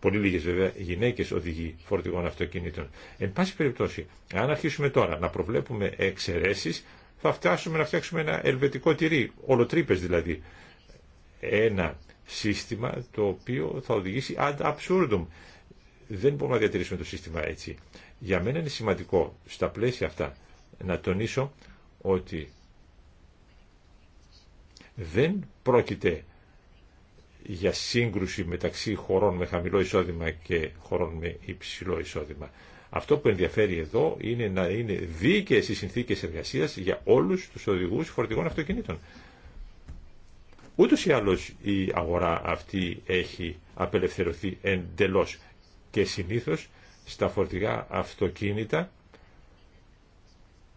πολύ λίγες βέβαια γυναίκες οδηγοί φορτηγών αυτοκινήτων. Εν πάση περιπτώσει, αν αρχίσουμε τώρα να προβλέπουμε εξαιρέσεις θα φτάσουμε να φτιάξουμε ένα ελβετικό τυρί, ολοτρύπες δηλαδή. Ένα σύστημα το οποίο θα οδηγήσει ad absurdum. Δεν μπορούμε να διατηρήσουμε το σύστημα έτσι. Για μένα είναι σημαντικό στα πλαίσια αυτά να τονίσω ότι δεν πρόκειται για σύγκρουση μεταξύ χωρών με χαμηλό εισόδημα και χωρών με υψηλό εισόδημα. Αυτό που ενδιαφέρει εδώ είναι να είναι δίκαιες οι συνθήκες εργασίας για όλους τους οδηγούς φορτηγών αυτοκινήτων. Ούτως ή άλλως η αγορά αυτή έχει απελευθερωθεί εντελώς και συνήθως στα φορτηγά αυτοκίνητα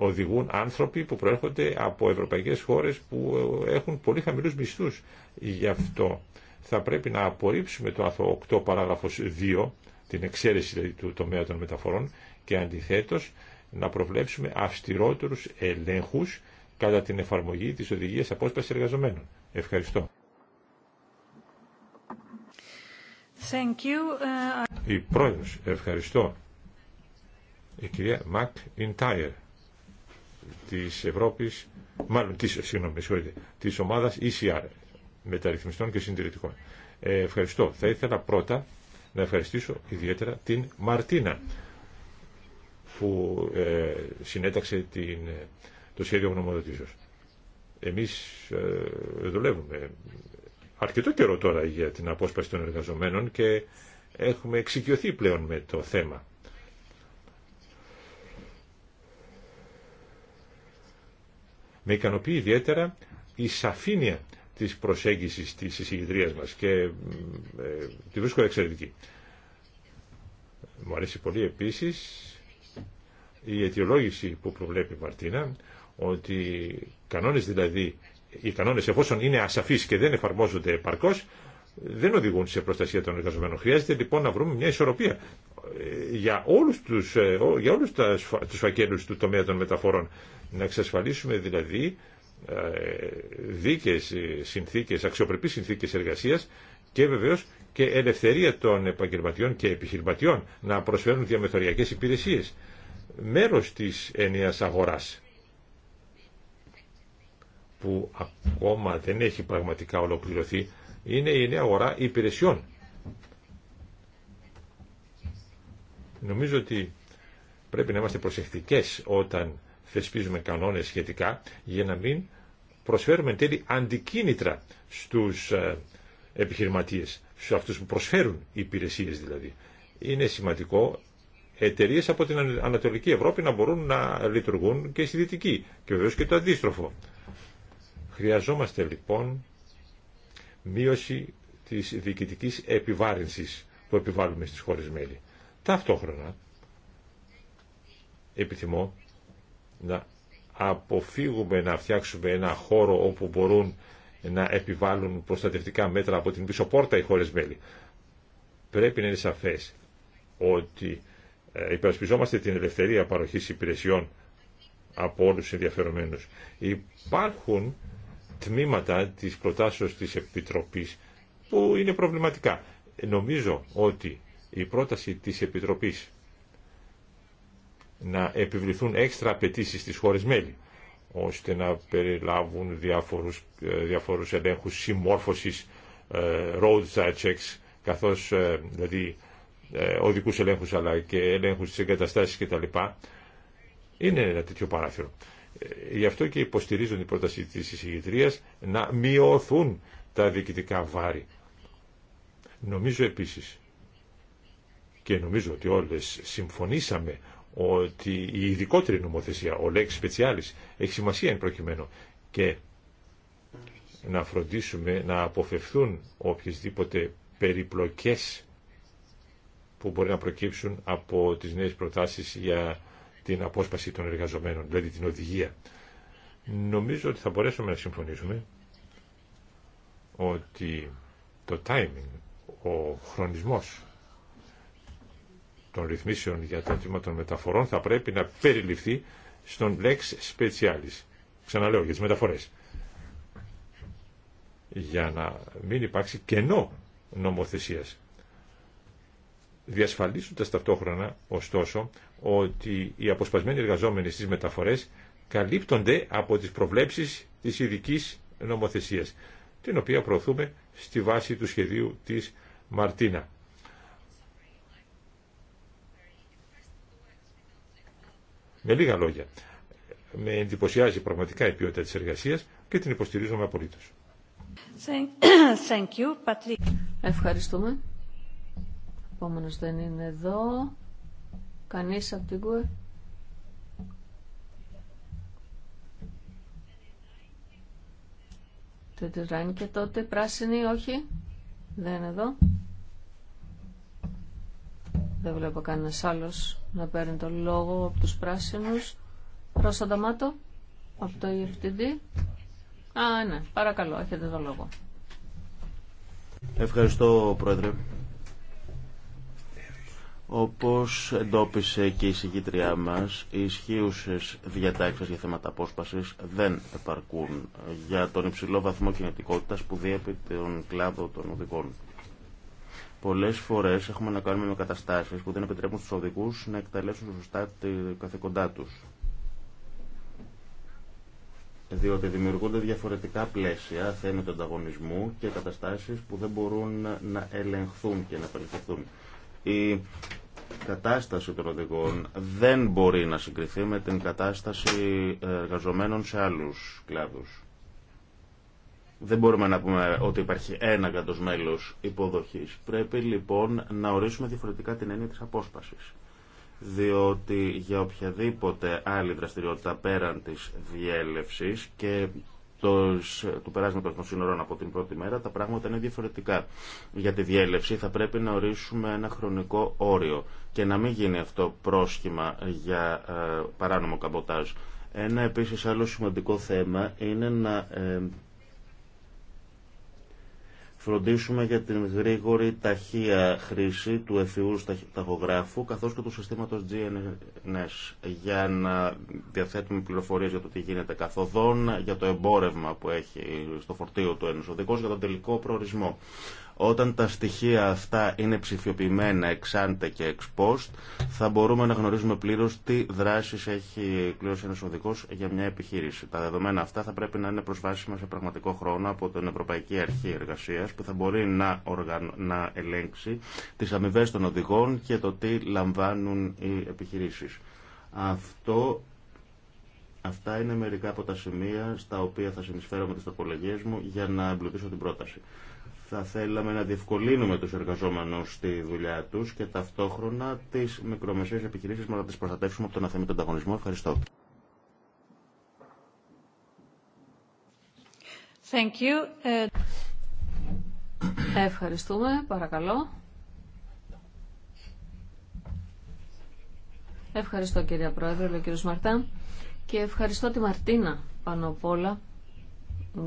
οδηγούν άνθρωποι που προέρχονται από ευρωπαϊκές χώρες που έχουν πολύ χαμηλούς μισθούς. Γι' αυτό θα πρέπει να απορρίψουμε το 8 παράγραφος 2, την εξαίρεση δηλαδή, του τομέα των μεταφορών και αντιθέτως να προβλέψουμε αυστηρότερους ελέγχους κατά την εφαρμογή της οδηγίας απόσπασης εργαζομένων. Ευχαριστώ. Thank you. Η πρόεδρος, ευχαριστώ. Η κυρία Μακ Ιντάιερ της Ευρώπης, μάλλον της, συγγνώμη, της ομάδας ECR, μεταρρυθμιστών και συντηρητικών. Ε, ευχαριστώ. Θα ήθελα πρώτα να ευχαριστήσω ιδιαίτερα την Μαρτίνα που ε, συνέταξε την, το σχέδιο γνωμοδοτήσεως. Εμείς ε, δουλεύουμε αρκετό καιρό τώρα για την απόσπαση των εργαζομένων και έχουμε εξοικειωθεί πλέον με το θέμα. Με ικανοποιεί ιδιαίτερα η σαφήνεια της προσέγγισης της εισηγητρίας μας και ε, τη βρίσκω εξαιρετική. Μου αρέσει πολύ επίσης η αιτιολόγηση που προβλέπει η Μαρτίνα ότι οι κανόνες δηλαδή, οι κανόνες εφόσον είναι ασαφείς και δεν εφαρμόζονται επαρκώς δεν οδηγούν σε προστασία των εργαζομένων. Χρειάζεται λοιπόν να βρούμε μια ισορροπία ε, για όλους τους, ε, για όλους τους φακέλους του τομέα των μεταφορών να εξασφαλίσουμε δηλαδή ε, δίκες συνθήκες, αξιοπρεπείς συνθήκες εργασίας και βεβαίως και ελευθερία των επαγγελματιών και επιχειρηματιών να προσφέρουν διαμεθοριακές υπηρεσίες. Μέρος της ενιαίας αγοράς που ακόμα δεν έχει πραγματικά ολοκληρωθεί είναι η ενιαία αγορά υπηρεσιών. Νομίζω ότι πρέπει να είμαστε προσεκτικές όταν θεσπίζουμε κανόνες σχετικά για να μην προσφέρουμε τέλει αντικίνητρα στους ε, επιχειρηματίες, στους αυτούς που προσφέρουν υπηρεσίες δηλαδή. Είναι σημαντικό εταιρείε από την Ανατολική Ευρώπη να μπορούν να λειτουργούν και στη Δυτική και βεβαίω και το αντίστροφο. Χρειαζόμαστε λοιπόν μείωση της διοικητικής επιβάρυνσης που επιβάλλουμε στις χώρες μέλη. Ταυτόχρονα, επιθυμώ να αποφύγουμε να φτιάξουμε ένα χώρο όπου μπορούν να επιβάλλουν προστατευτικά μέτρα από την πίσω πόρτα οι χώρες μέλη. Πρέπει να είναι σαφές ότι ε, υπερασπιζόμαστε την ελευθερία παροχής υπηρεσιών από όλους τους ενδιαφερομένους. Υπάρχουν τμήματα της προτάσεως της Επιτροπής που είναι προβληματικά. Νομίζω ότι η πρόταση της Επιτροπής να επιβληθούν έξτρα απαιτήσει στις χώρες μέλη ώστε να περιλάβουν διάφορους, ε, διάφορους ελέγχους συμμόρφωσης ε, roadside checks καθώς ε, δηλαδή οδικούς ελέγχους αλλά και ελέγχους της εγκαταστάσεις κτλ. Είναι ένα τέτοιο παράθυρο. Γι' αυτό και υποστηρίζουν την πρόταση της εισηγητρίας να μειωθούν τα διοικητικά βάρη. Νομίζω επίσης και νομίζω ότι όλες συμφωνήσαμε ότι η ειδικότερη νομοθεσία, ο λέξη σπετσιάλης, έχει σημασία εν προκειμένου και να φροντίσουμε να αποφευθούν οποιασδήποτε περιπλοκές που μπορεί να προκύψουν από τις νέες προτάσεις για την απόσπαση των εργαζομένων, δηλαδή την οδηγία. Νομίζω ότι θα μπορέσουμε να συμφωνήσουμε ότι το timing, ο χρονισμός των ρυθμίσεων για το τμήμα των μεταφορών θα πρέπει να περιληφθεί στον Lex Specialis. Ξαναλέω για τις μεταφορές. Για να μην υπάρξει κενό νομοθεσίας. Διασφαλίζοντας ταυτόχρονα, ωστόσο, ότι οι αποσπασμένοι εργαζόμενοι στις μεταφορές καλύπτονται από τις προβλέψεις της ειδική νομοθεσίας, την οποία προωθούμε στη βάση του σχεδίου της Μαρτίνα. Με λίγα λόγια, με εντυπωσιάζει πραγματικά η ποιότητα της εργασίας και την υποστηρίζομαι απολύτως. Thank you, Patrick. Ευχαριστούμε. Επόμενο δεν είναι εδώ. Κανείς από την ΚΟΕ. και τότε πράσινη, όχι. Δεν είναι εδώ. Δεν βλέπω κανένα άλλος να παίρνει το λόγο από τους πράσινους. Ρώσα Νταμάτο, από το EFTD. Α, ναι, παρακαλώ, έχετε το λόγο. Ευχαριστώ, Πρόεδρε. Όπως εντόπισε και η συγκήτριά μας, οι ισχύουσες διατάξεις για θέματα απόσπασης δεν επαρκούν για τον υψηλό βαθμό κινητικότητας που διέπει τον κλάδο των οδηγών. Πολλέ φορέ έχουμε να κάνουμε με καταστάσει που δεν επιτρέπουν στου οδηγού να εκτελέσουν σωστά τη καθηκοντά του. Διότι δημιουργούνται διαφορετικά πλαίσια, θέμη του ανταγωνισμού και καταστάσει που δεν μπορούν να ελεγχθούν και να απελευθερωθούν. Η κατάσταση των οδηγών δεν μπορεί να συγκριθεί με την κατάσταση εργαζομένων σε άλλου κλάδου δεν μπορούμε να πούμε ότι υπάρχει ένα κράτος μέλος υποδοχής. Πρέπει λοιπόν να ορίσουμε διαφορετικά την έννοια της απόσπασης. Διότι για οποιαδήποτε άλλη δραστηριότητα πέραν της διέλευσης και του περάσματο των σύνορων από την πρώτη μέρα, τα πράγματα είναι διαφορετικά. Για τη διέλευση θα πρέπει να ορίσουμε ένα χρονικό όριο και να μην γίνει αυτό πρόσχημα για ε, παράνομο καμποτάζ. Ένα επίσης άλλο σημαντικό θέμα είναι να ε, φροντίσουμε για την γρήγορη ταχεία χρήση του εφιού ταχογράφου καθώς και του συστήματος GNS για να διαθέτουμε πληροφορίες για το τι γίνεται καθοδόν, για το εμπόρευμα που έχει στο φορτίο του ενός οδικός, για τον τελικό προορισμό. Όταν τα στοιχεία αυτά είναι ψηφιοποιημένα εξάντε και post, θα μπορούμε να γνωρίζουμε πλήρω τι δράσει έχει κλειώσει ένα οδηγό για μια επιχείρηση. Τα δεδομένα αυτά θα πρέπει να είναι προσβάσιμα σε πραγματικό χρόνο από την Ευρωπαϊκή Αρχή Εργασία, που θα μπορεί να, να ελέγξει τι αμοιβέ των οδηγών και το τι λαμβάνουν οι επιχειρήσει. Αυτό Αυτά είναι μερικά από τα σημεία στα οποία θα συνεισφέρω με τις τοπολογίες μου για να εμπλουτίσω την πρόταση θα θέλαμε να διευκολύνουμε τους εργαζόμενους στη δουλειά τους και ταυτόχρονα τις μικρομεσαίες επιχειρήσεις μας να τις προστατεύσουμε από τον αθέμητο ανταγωνισμό. Ευχαριστώ. Thank you. Ε, ευχαριστούμε. Παρακαλώ. Ευχαριστώ κυρία Πρόεδρε, ο κύριος Μαρτά και ευχαριστώ τη Μαρτίνα πάνω απ' όλα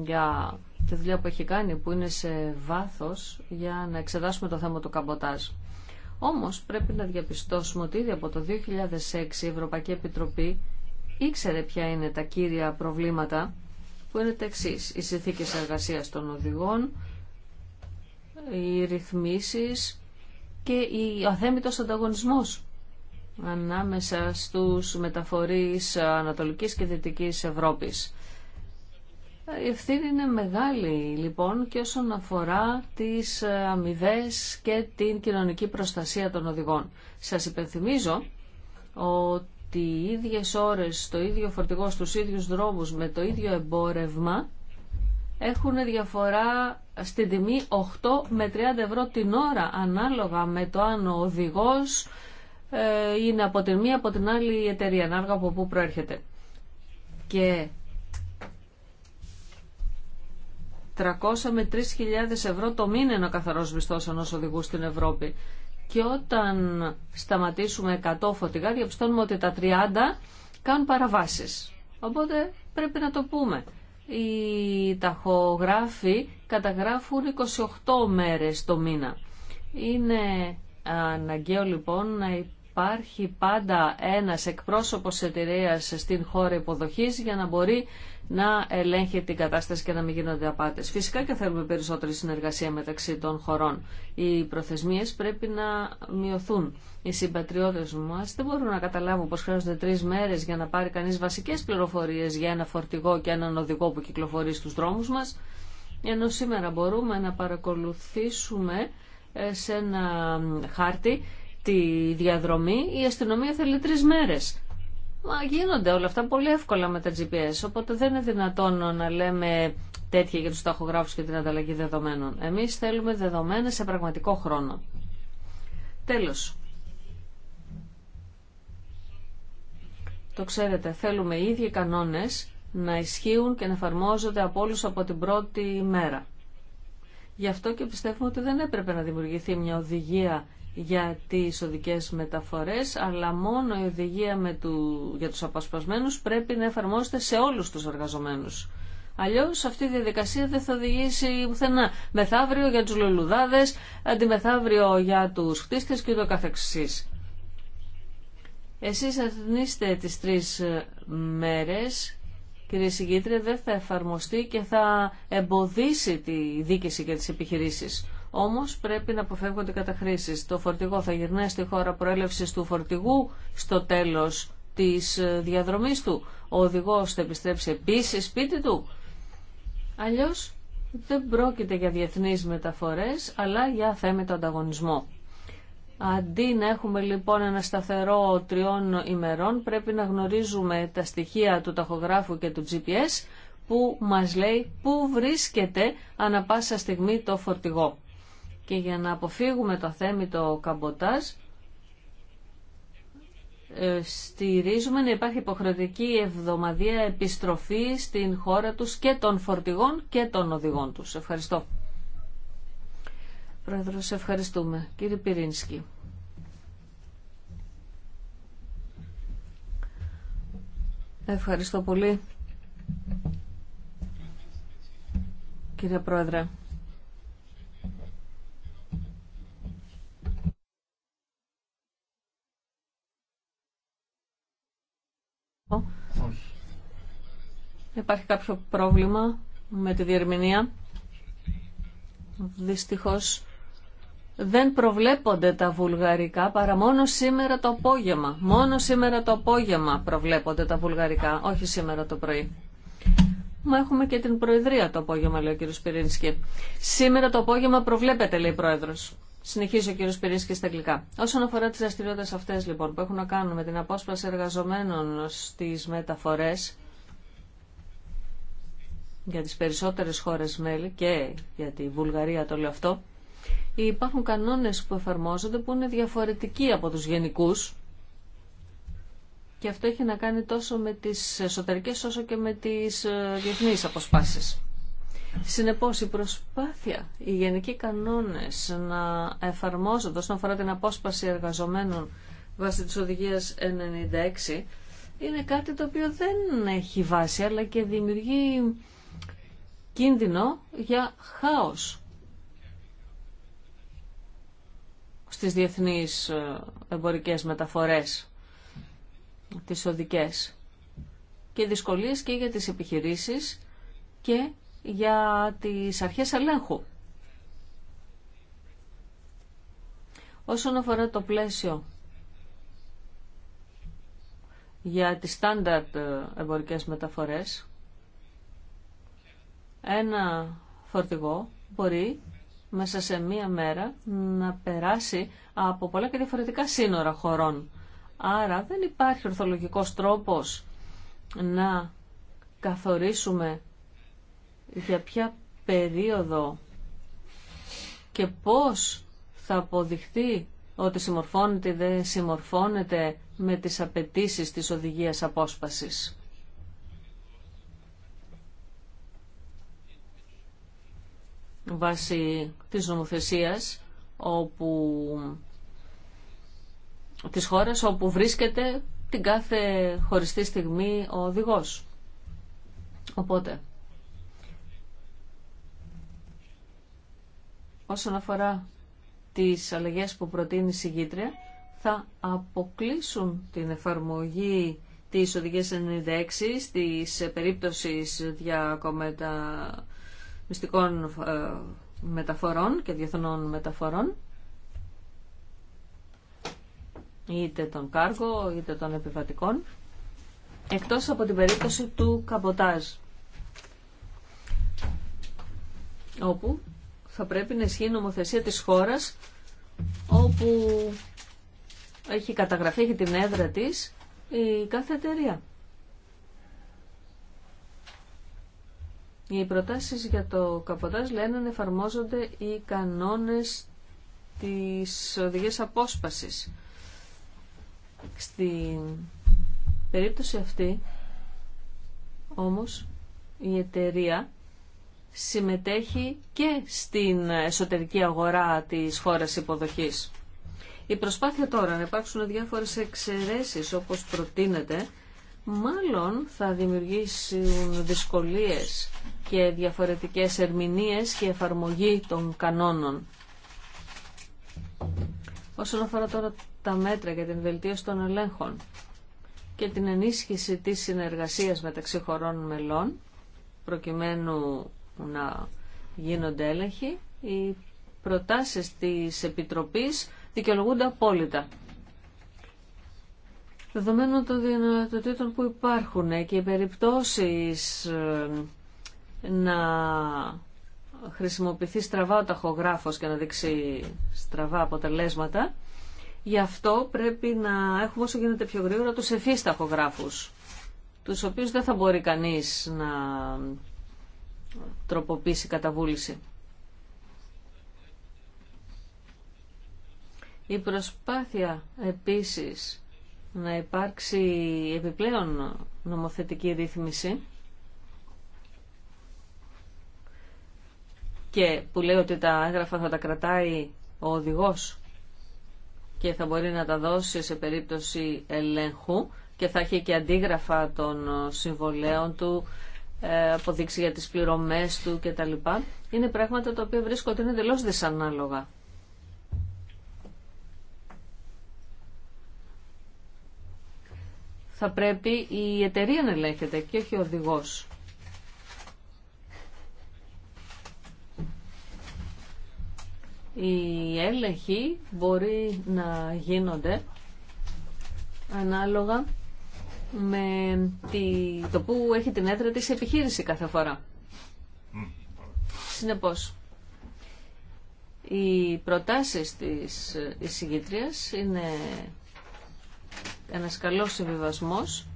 για τη δουλειά που έχει κάνει που είναι σε βάθος για να εξετάσουμε το θέμα του καμποτάζ. Όμως πρέπει να διαπιστώσουμε ότι ήδη από το 2006 η Ευρωπαϊκή Επιτροπή ήξερε ποια είναι τα κύρια προβλήματα που είναι τα εξή. Οι συνθήκε εργασία των οδηγών, οι ρυθμίσεις και ο θέμητο ανταγωνισμός ανάμεσα στους μεταφορείς Ανατολικής και Δυτικής Ευρώπης. Η ευθύνη είναι μεγάλη λοιπόν και όσον αφορά τις αμοιβέ και την κοινωνική προστασία των οδηγών. Σας υπενθυμίζω ότι οι ίδιες ώρες, το ίδιο φορτηγό στους ίδιους δρόμους με το ίδιο εμπόρευμα έχουν διαφορά στην τιμή 8 με 30 ευρώ την ώρα ανάλογα με το αν ο οδηγός ε, είναι από την μία από την άλλη εταιρεία, ανάλογα από πού προέρχεται. 300 με 3.000 ευρώ το μήνα είναι ο καθαρό μισθό ενό οδηγού στην Ευρώπη. Και όταν σταματήσουμε 100 φωτικά διαπιστώνουμε ότι τα 30 κάνουν παραβάσεις. Οπότε πρέπει να το πούμε. Οι ταχογράφοι καταγράφουν 28 μέρες το μήνα. Είναι αναγκαίο λοιπόν να υπάρχει πάντα ένας εκπρόσωπος εταιρείας στην χώρα υποδοχής για να μπορεί να ελέγχει την κατάσταση και να μην γίνονται απάτε. Φυσικά και θέλουμε περισσότερη συνεργασία μεταξύ των χωρών. Οι προθεσμίε πρέπει να μειωθούν. Οι συμπατριώτε μα δεν μπορούν να καταλάβουν πω χρειάζονται τρει μέρε για να πάρει κανεί βασικέ πληροφορίε για ένα φορτηγό και έναν οδηγό που κυκλοφορεί στους δρόμου μα. Ενώ σήμερα μπορούμε να παρακολουθήσουμε ε, σε ένα χάρτη τη διαδρομή, η αστυνομία θέλει τρει μέρε. Μα γίνονται όλα αυτά πολύ εύκολα με τα GPS, οπότε δεν είναι δυνατόν να λέμε τέτοια για τους ταχογράφους και την ανταλλαγή δεδομένων. Εμείς θέλουμε δεδομένα σε πραγματικό χρόνο. Τέλος. Το ξέρετε, θέλουμε οι ίδιοι κανόνες να ισχύουν και να εφαρμόζονται από όλους από την πρώτη μέρα. Γι' αυτό και πιστεύουμε ότι δεν έπρεπε να δημιουργηθεί μια οδηγία για τις οδικές μεταφορές, αλλά μόνο η οδηγία με του, για τους απασπασμένους πρέπει να εφαρμόζεται σε όλους τους εργαζομένους. Αλλιώς αυτή η διαδικασία δεν θα οδηγήσει πουθενά. Μεθαύριο για τους λουλουδάδες, αντιμεθαύριο για τους χτίστες και το καθεξής. Εσείς αθνείστε τις τρεις μέρες, κύριε Συγκήτρια, δεν θα εφαρμοστεί και θα εμποδίσει τη δίκηση για τις επιχειρήσεις. Όμω πρέπει να αποφεύγονται καταχρήσεις. Το φορτηγό θα γυρνάει στη χώρα προέλευση του φορτηγού στο τέλος της ε, διαδρομή του. Ο οδηγό θα επιστρέψει επίση σπίτι του. Αλλιώ δεν πρόκειται για διεθνεί μεταφορέ, αλλά για θέμετο ανταγωνισμό. Αντί να έχουμε λοιπόν ένα σταθερό τριών ημερών, πρέπει να γνωρίζουμε τα στοιχεία του ταχογράφου και του GPS, που μας λέει πού βρίσκεται ανα πάσα στιγμή το φορτηγό και για να αποφύγουμε το αθέμητο καμποτάζ ε, στηρίζουμε να υπάρχει υποχρεωτική εβδομαδία επιστροφή στην χώρα τους και των φορτηγών και των οδηγών τους. Ευχαριστώ. Πρόεδρο, ευχαριστούμε. Κύριε Πυρίνσκι. Ευχαριστώ πολύ. Κύριε Πρόεδρε. Όχι. Υπάρχει κάποιο πρόβλημα με τη διερμηνία. Δυστυχώς δεν προβλέπονται τα βουλγαρικά παρά μόνο σήμερα το απόγευμα. Μόνο σήμερα το απόγευμα προβλέπονται τα βουλγαρικά, όχι σήμερα το πρωί. Μα έχουμε και την Προεδρία το απόγευμα, λέει ο κ. Πυρίνσκι. Σήμερα το απόγευμα προβλέπεται, λέει η Πρόεδρος. Συνεχίζει ο κ. και στα αγγλικά. Όσον αφορά τι δραστηριότητε αυτέ λοιπόν που έχουν να κάνουν με την απόσπαση εργαζομένων στι μεταφορέ για τι περισσότερε χώρε μέλη και για τη Βουλγαρία το λέω αυτό, υπάρχουν κανόνε που εφαρμόζονται που είναι διαφορετικοί από του γενικού και αυτό έχει να κάνει τόσο με τι εσωτερικέ όσο και με τι ε, διεθνεί αποσπάσει. Συνεπώς η προσπάθεια, οι γενικοί κανόνες να εφαρμόζονται όσον αφορά την απόσπαση εργαζομένων βάσει της οδηγίας 96 είναι κάτι το οποίο δεν έχει βάση αλλά και δημιουργεί κίνδυνο για χάος στις διεθνείς ε, εμπορικές μεταφορές τις οδικές και δυσκολίες και για τις επιχειρήσεις και για τις αρχές ελέγχου. Όσον αφορά το πλαίσιο για τις στάνταρτ ε, εμπορικές μεταφορές, ένα φορτηγό μπορεί μέσα σε μία μέρα να περάσει από πολλά και διαφορετικά σύνορα χωρών. Άρα δεν υπάρχει ορθολογικός τρόπος να καθορίσουμε για ποια περίοδο και πώς θα αποδειχθεί ότι συμμορφώνεται ή δεν συμμορφώνεται με τις απαιτήσεις της οδηγίας απόσπασης. Βάσει της νομοθεσίας όπου της χώρας όπου βρίσκεται την κάθε χωριστή στιγμή ο οδηγός. Οπότε, Όσον αφορά τις αλλαγές που προτείνει η συγκήτρια, θα αποκλείσουν την εφαρμογή της οδηγίας 96 στις περίπτωσης διακομετα... μυστικών ε, μεταφορών και διεθνών μεταφορών είτε των κάργο είτε των επιβατικών εκτός από την περίπτωση του καμποτάζ όπου θα πρέπει να ισχύει η νομοθεσία της χώρας όπου έχει καταγραφεί, έχει την έδρα της η κάθε εταιρεία. Οι προτάσεις για το καποτάζ λένε να εφαρμόζονται οι κανόνες της οδηγίας απόσπασης. Στην περίπτωση αυτή όμως η εταιρεία συμμετέχει και στην εσωτερική αγορά της χώρας υποδοχής. Η προσπάθεια τώρα να υπάρξουν διάφορες εξαιρέσεις όπως προτείνεται, μάλλον θα δημιουργήσουν δυσκολίες και διαφορετικές ερμηνείες και εφαρμογή των κανόνων. Όσον αφορά τώρα τα μέτρα για την βελτίωση των ελέγχων και την ενίσχυση της συνεργασίας μεταξύ χωρών μελών, προκειμένου να γίνονται έλεγχοι, οι προτάσεις της Επιτροπής δικαιολογούνται απόλυτα. Δεδομένου των δυνατοτήτων που υπάρχουν και οι περιπτώσεις ε, να χρησιμοποιηθεί στραβά ο ταχογράφος και να δείξει στραβά αποτελέσματα, γι' αυτό πρέπει να έχουμε όσο γίνεται πιο γρήγορα τους ευφύς ταχογράφους, τους οποίους δεν θα μπορεί κανείς να τροποποίηση καταβούληση. Η προσπάθεια επίσης να υπάρξει επιπλέον νομοθετική ρύθμιση και που λέει ότι τα έγγραφα θα τα κρατάει ο οδηγός και θα μπορεί να τα δώσει σε περίπτωση ελέγχου και θα έχει και αντίγραφα των συμβολέων του ε, αποδείξει για τις πληρωμές του και κτλ. Είναι πράγματα τα οποία βρίσκω ότι είναι εντελώ δυσανάλογα. Θα πρέπει η εταιρεία να ελέγχεται και όχι ο οδηγός. Οι έλεγχοι μπορεί να γίνονται ανάλογα με το που έχει την έδρα της επιχείρηση κάθε φορά. Συνεπώς, οι προτάσεις της εισηγητρίας είναι ένας καλός συμβιβασμός.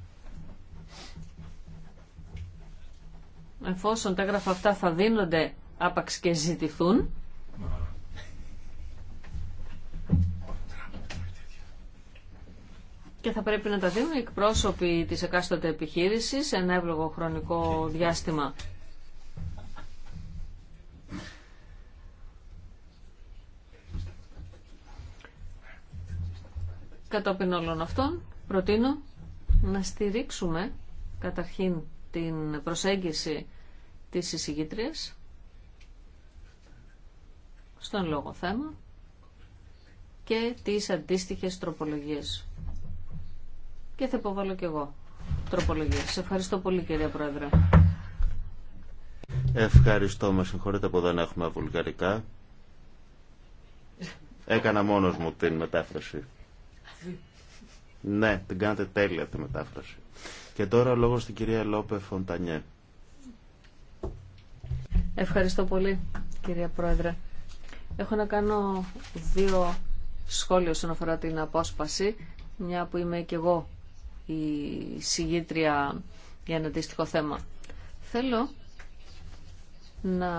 Εφόσον τα έγγραφα αυτά θα δίνονται άπαξ και ζητηθούν, Και θα πρέπει να τα δίνουν οι εκπρόσωποι της εκάστοτε επιχείρησης σε ένα εύλογο χρονικό διάστημα. Κατόπιν όλων αυτών, προτείνω να στηρίξουμε καταρχήν την προσέγγιση της εισηγήτριας στον λόγο θέμα και τις αντίστοιχες τροπολογίες και θα υποβάλω και εγώ τροπολογία. Σε ευχαριστώ πολύ κυρία Πρόεδρε. Ευχαριστώ, με συγχωρείτε που δεν έχουμε βουλγαρικά. Έκανα μόνος μου την μετάφραση. Ναι, την κάνατε τέλεια τη μετάφραση. Και τώρα λόγο στην κυρία Λόπε Φοντανιέ. Ευχαριστώ πολύ, κυρία Πρόεδρε. Έχω να κάνω δύο σχόλια όσον αφορά την απόσπαση, μια που είμαι και εγώ η συγγήτρια για ένα αντίστοιχο θέμα. Θέλω να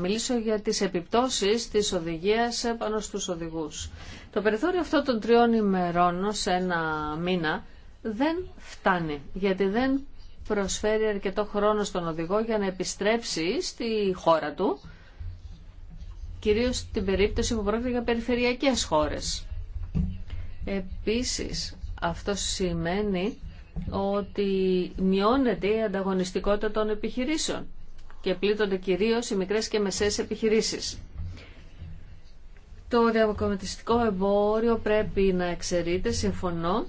μιλήσω για τις επιπτώσεις της οδηγίας πάνω στους οδηγούς. Το περιθώριο αυτό των τριών ημερών σε ένα μήνα δεν φτάνει, γιατί δεν προσφέρει αρκετό χρόνο στον οδηγό για να επιστρέψει στη χώρα του, κυρίως την περίπτωση που πρόκειται για περιφερειακές χώρες. Επίσης, αυτό σημαίνει ότι μειώνεται η ανταγωνιστικότητα των επιχειρήσεων και πλήττονται κυρίως οι μικρές και μεσαίες επιχειρήσεις. Το διακομιτιστικό εμπόριο πρέπει να εξαιρείται, συμφωνώ,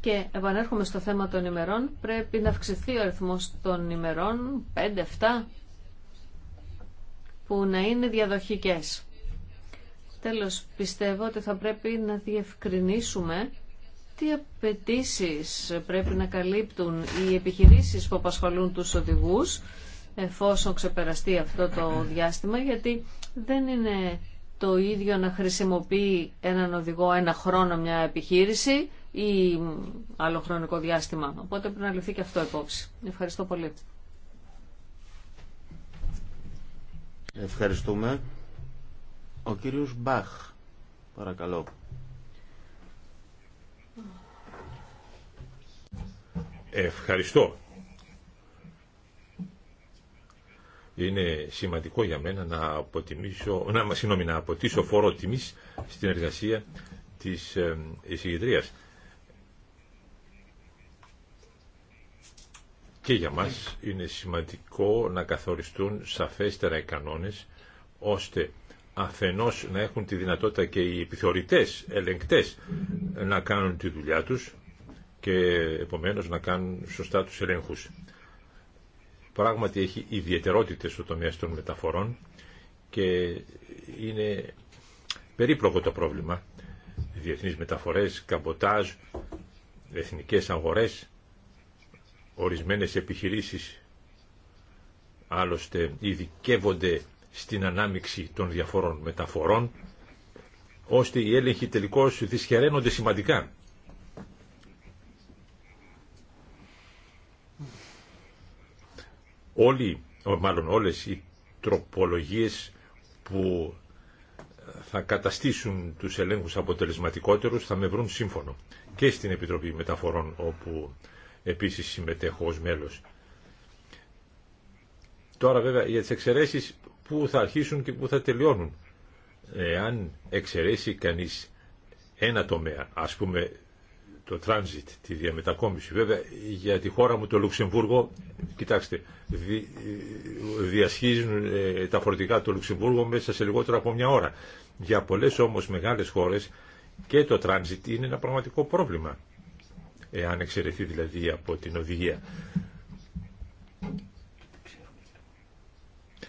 και επανέρχομαι στο θέμα των ημερών, πρέπει να αυξηθεί ο αριθμός των ημερών, 5-7, που να είναι διαδοχικές. Τέλος, πιστεύω ότι θα πρέπει να διευκρινίσουμε τι απαιτήσει πρέπει να καλύπτουν οι επιχειρήσεις που απασχολούν τους οδηγούς εφόσον ξεπεραστεί αυτό το διάστημα γιατί δεν είναι το ίδιο να χρησιμοποιεί έναν οδηγό ένα χρόνο μια επιχείρηση ή άλλο χρονικό διάστημα. Οπότε πρέπει να λυθει και αυτό υπόψη. Ευχαριστώ πολύ. Ευχαριστούμε. Ο κύριος Μπαχ, παρακαλώ. Ευχαριστώ. Είναι σημαντικό για μένα να, αποτιμήσω, να, να αποτίσω φόρο τιμής στην εργασία της ε, εισηγητρίας. Και για μας είναι σημαντικό να καθοριστούν σαφέστερα οι κανόνες, ώστε αφενός να έχουν τη δυνατότητα και οι επιθεωρητές, ελεγκτές, να κάνουν τη δουλειά τους και επομένως να κάνουν σωστά τους ελέγχους. Πράγματι έχει ιδιαιτερότητες στο τομέα των μεταφορών και είναι περίπλοκο το πρόβλημα. Διεθνείς μεταφορές, καμποτάζ, εθνικές αγορές, ορισμένες επιχειρήσεις άλλωστε ειδικεύονται στην ανάμιξη των διαφόρων μεταφορών ώστε οι έλεγχοι τελικώς δυσχεραίνονται σημαντικά Όλοι, μάλλον όλες οι τροπολογίες που ε, θα καταστήσουν τους ελέγχους αποτελεσματικότερους θα με βρουν σύμφωνο και στην Επιτροπή Μεταφορών όπου επίσης συμμετέχω ως μέλος. Τώρα βέβαια για τις εξαιρέσει που θα αρχίσουν και που θα τελειώνουν. Εάν εξαιρέσει κανείς ένα τομέα, ας πούμε το transit, τη διαμετακόμιση. Βέβαια, για τη χώρα μου, το Λουξεμβούργο, κοιτάξτε, διασχίζουν ε, τα φορτικά του Λουξεμβούργο μέσα σε λιγότερο από μια ώρα. Για πολλές όμως μεγάλες χώρες και το transit είναι ένα πραγματικό πρόβλημα, εάν εξαιρεθεί δηλαδή από την οδηγία.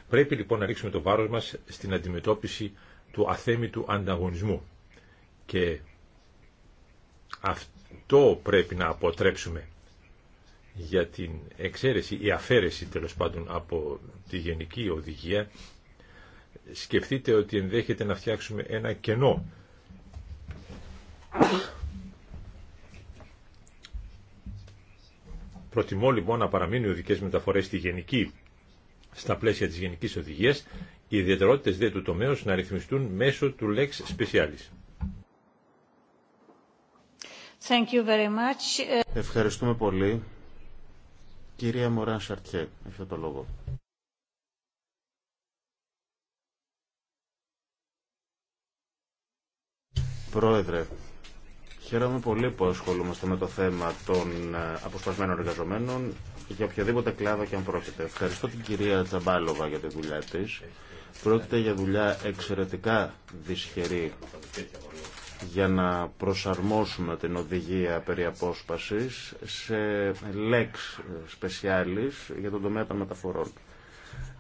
Πρέπει λοιπόν να ρίξουμε το βάρος μας στην αντιμετώπιση του αθέμητου ανταγωνισμού. Και αυτό το πρέπει να αποτρέψουμε για την εξαίρεση ή αφαίρεση τέλος πάντων από τη γενική οδηγία σκεφτείτε ότι ενδέχεται να φτιάξουμε ένα κενό Προτιμώ λοιπόν να παραμείνουν οι οδικές μεταφορές στη γενική, στα πλαίσια της γενικής οδηγίας, οι ιδιαιτερότητες δε του τομέως να ρυθμιστούν μέσω του Lex Specialis. Ευχαριστούμε πολύ. Κυρία Μωράν Σαρτιέ, έχετε το λόγο. Πρόεδρε, χαίρομαι πολύ που ασχολούμαστε με το θέμα των ε, αποσπασμένων εργαζομένων για οποιοδήποτε κλάδο και αν πρόκειται. Ευχαριστώ την κυρία Τζαμπάλοβα για τη δουλειά της. Πρόκειται για δουλειά εξαιρετικά δυσχερή για να προσαρμόσουμε την οδηγία περί απόσπασης σε λέξ σπεσιάλης για τον τομέα των μεταφορών.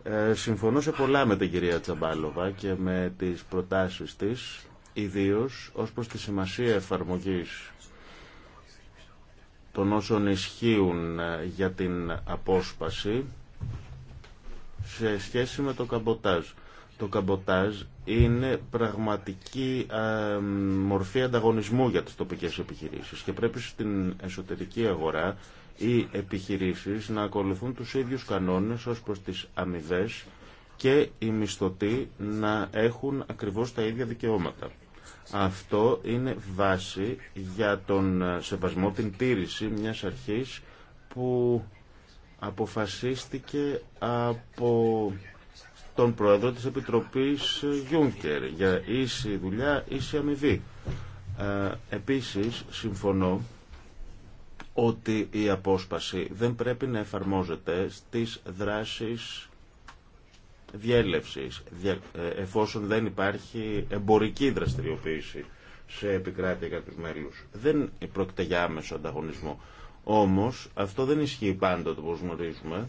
Ε, συμφωνώ σε πολλά με την κυρία Τσαμπάλοβα και με τις προτάσεις της, ιδίως ως προς τη σημασία εφαρμογής των όσων ισχύουν ε, για την απόσπαση σε σχέση με το καμποτάζ. Το καμποτάζ είναι πραγματική μορφή ανταγωνισμού για τις τοπικές επιχειρήσεις και πρέπει στην εσωτερική αγορά οι επιχειρήσεις να ακολουθούν τους ίδιους κανόνες ως προς τις αμοιβέ και οι μισθωτοί να έχουν ακριβώς τα ίδια δικαιώματα. Αυτό είναι βάση για τον ε, σεβασμό, την τήρηση μιας αρχής που αποφασίστηκε από τον πρόεδρο της Επιτροπής Γιούνκερ για ίση δουλειά, ίση αμοιβή. Ε, επίσης, συμφωνώ ότι η απόσπαση δεν πρέπει να εφαρμόζεται στις δράσεις διέλευσης, ε, εφόσον δεν υπάρχει εμπορική δραστηριοποίηση σε επικράτεια τους μέλους. Δεν πρόκειται για άμεσο ανταγωνισμό. Όμως, αυτό δεν ισχύει πάντοτε, όπως γνωρίζουμε,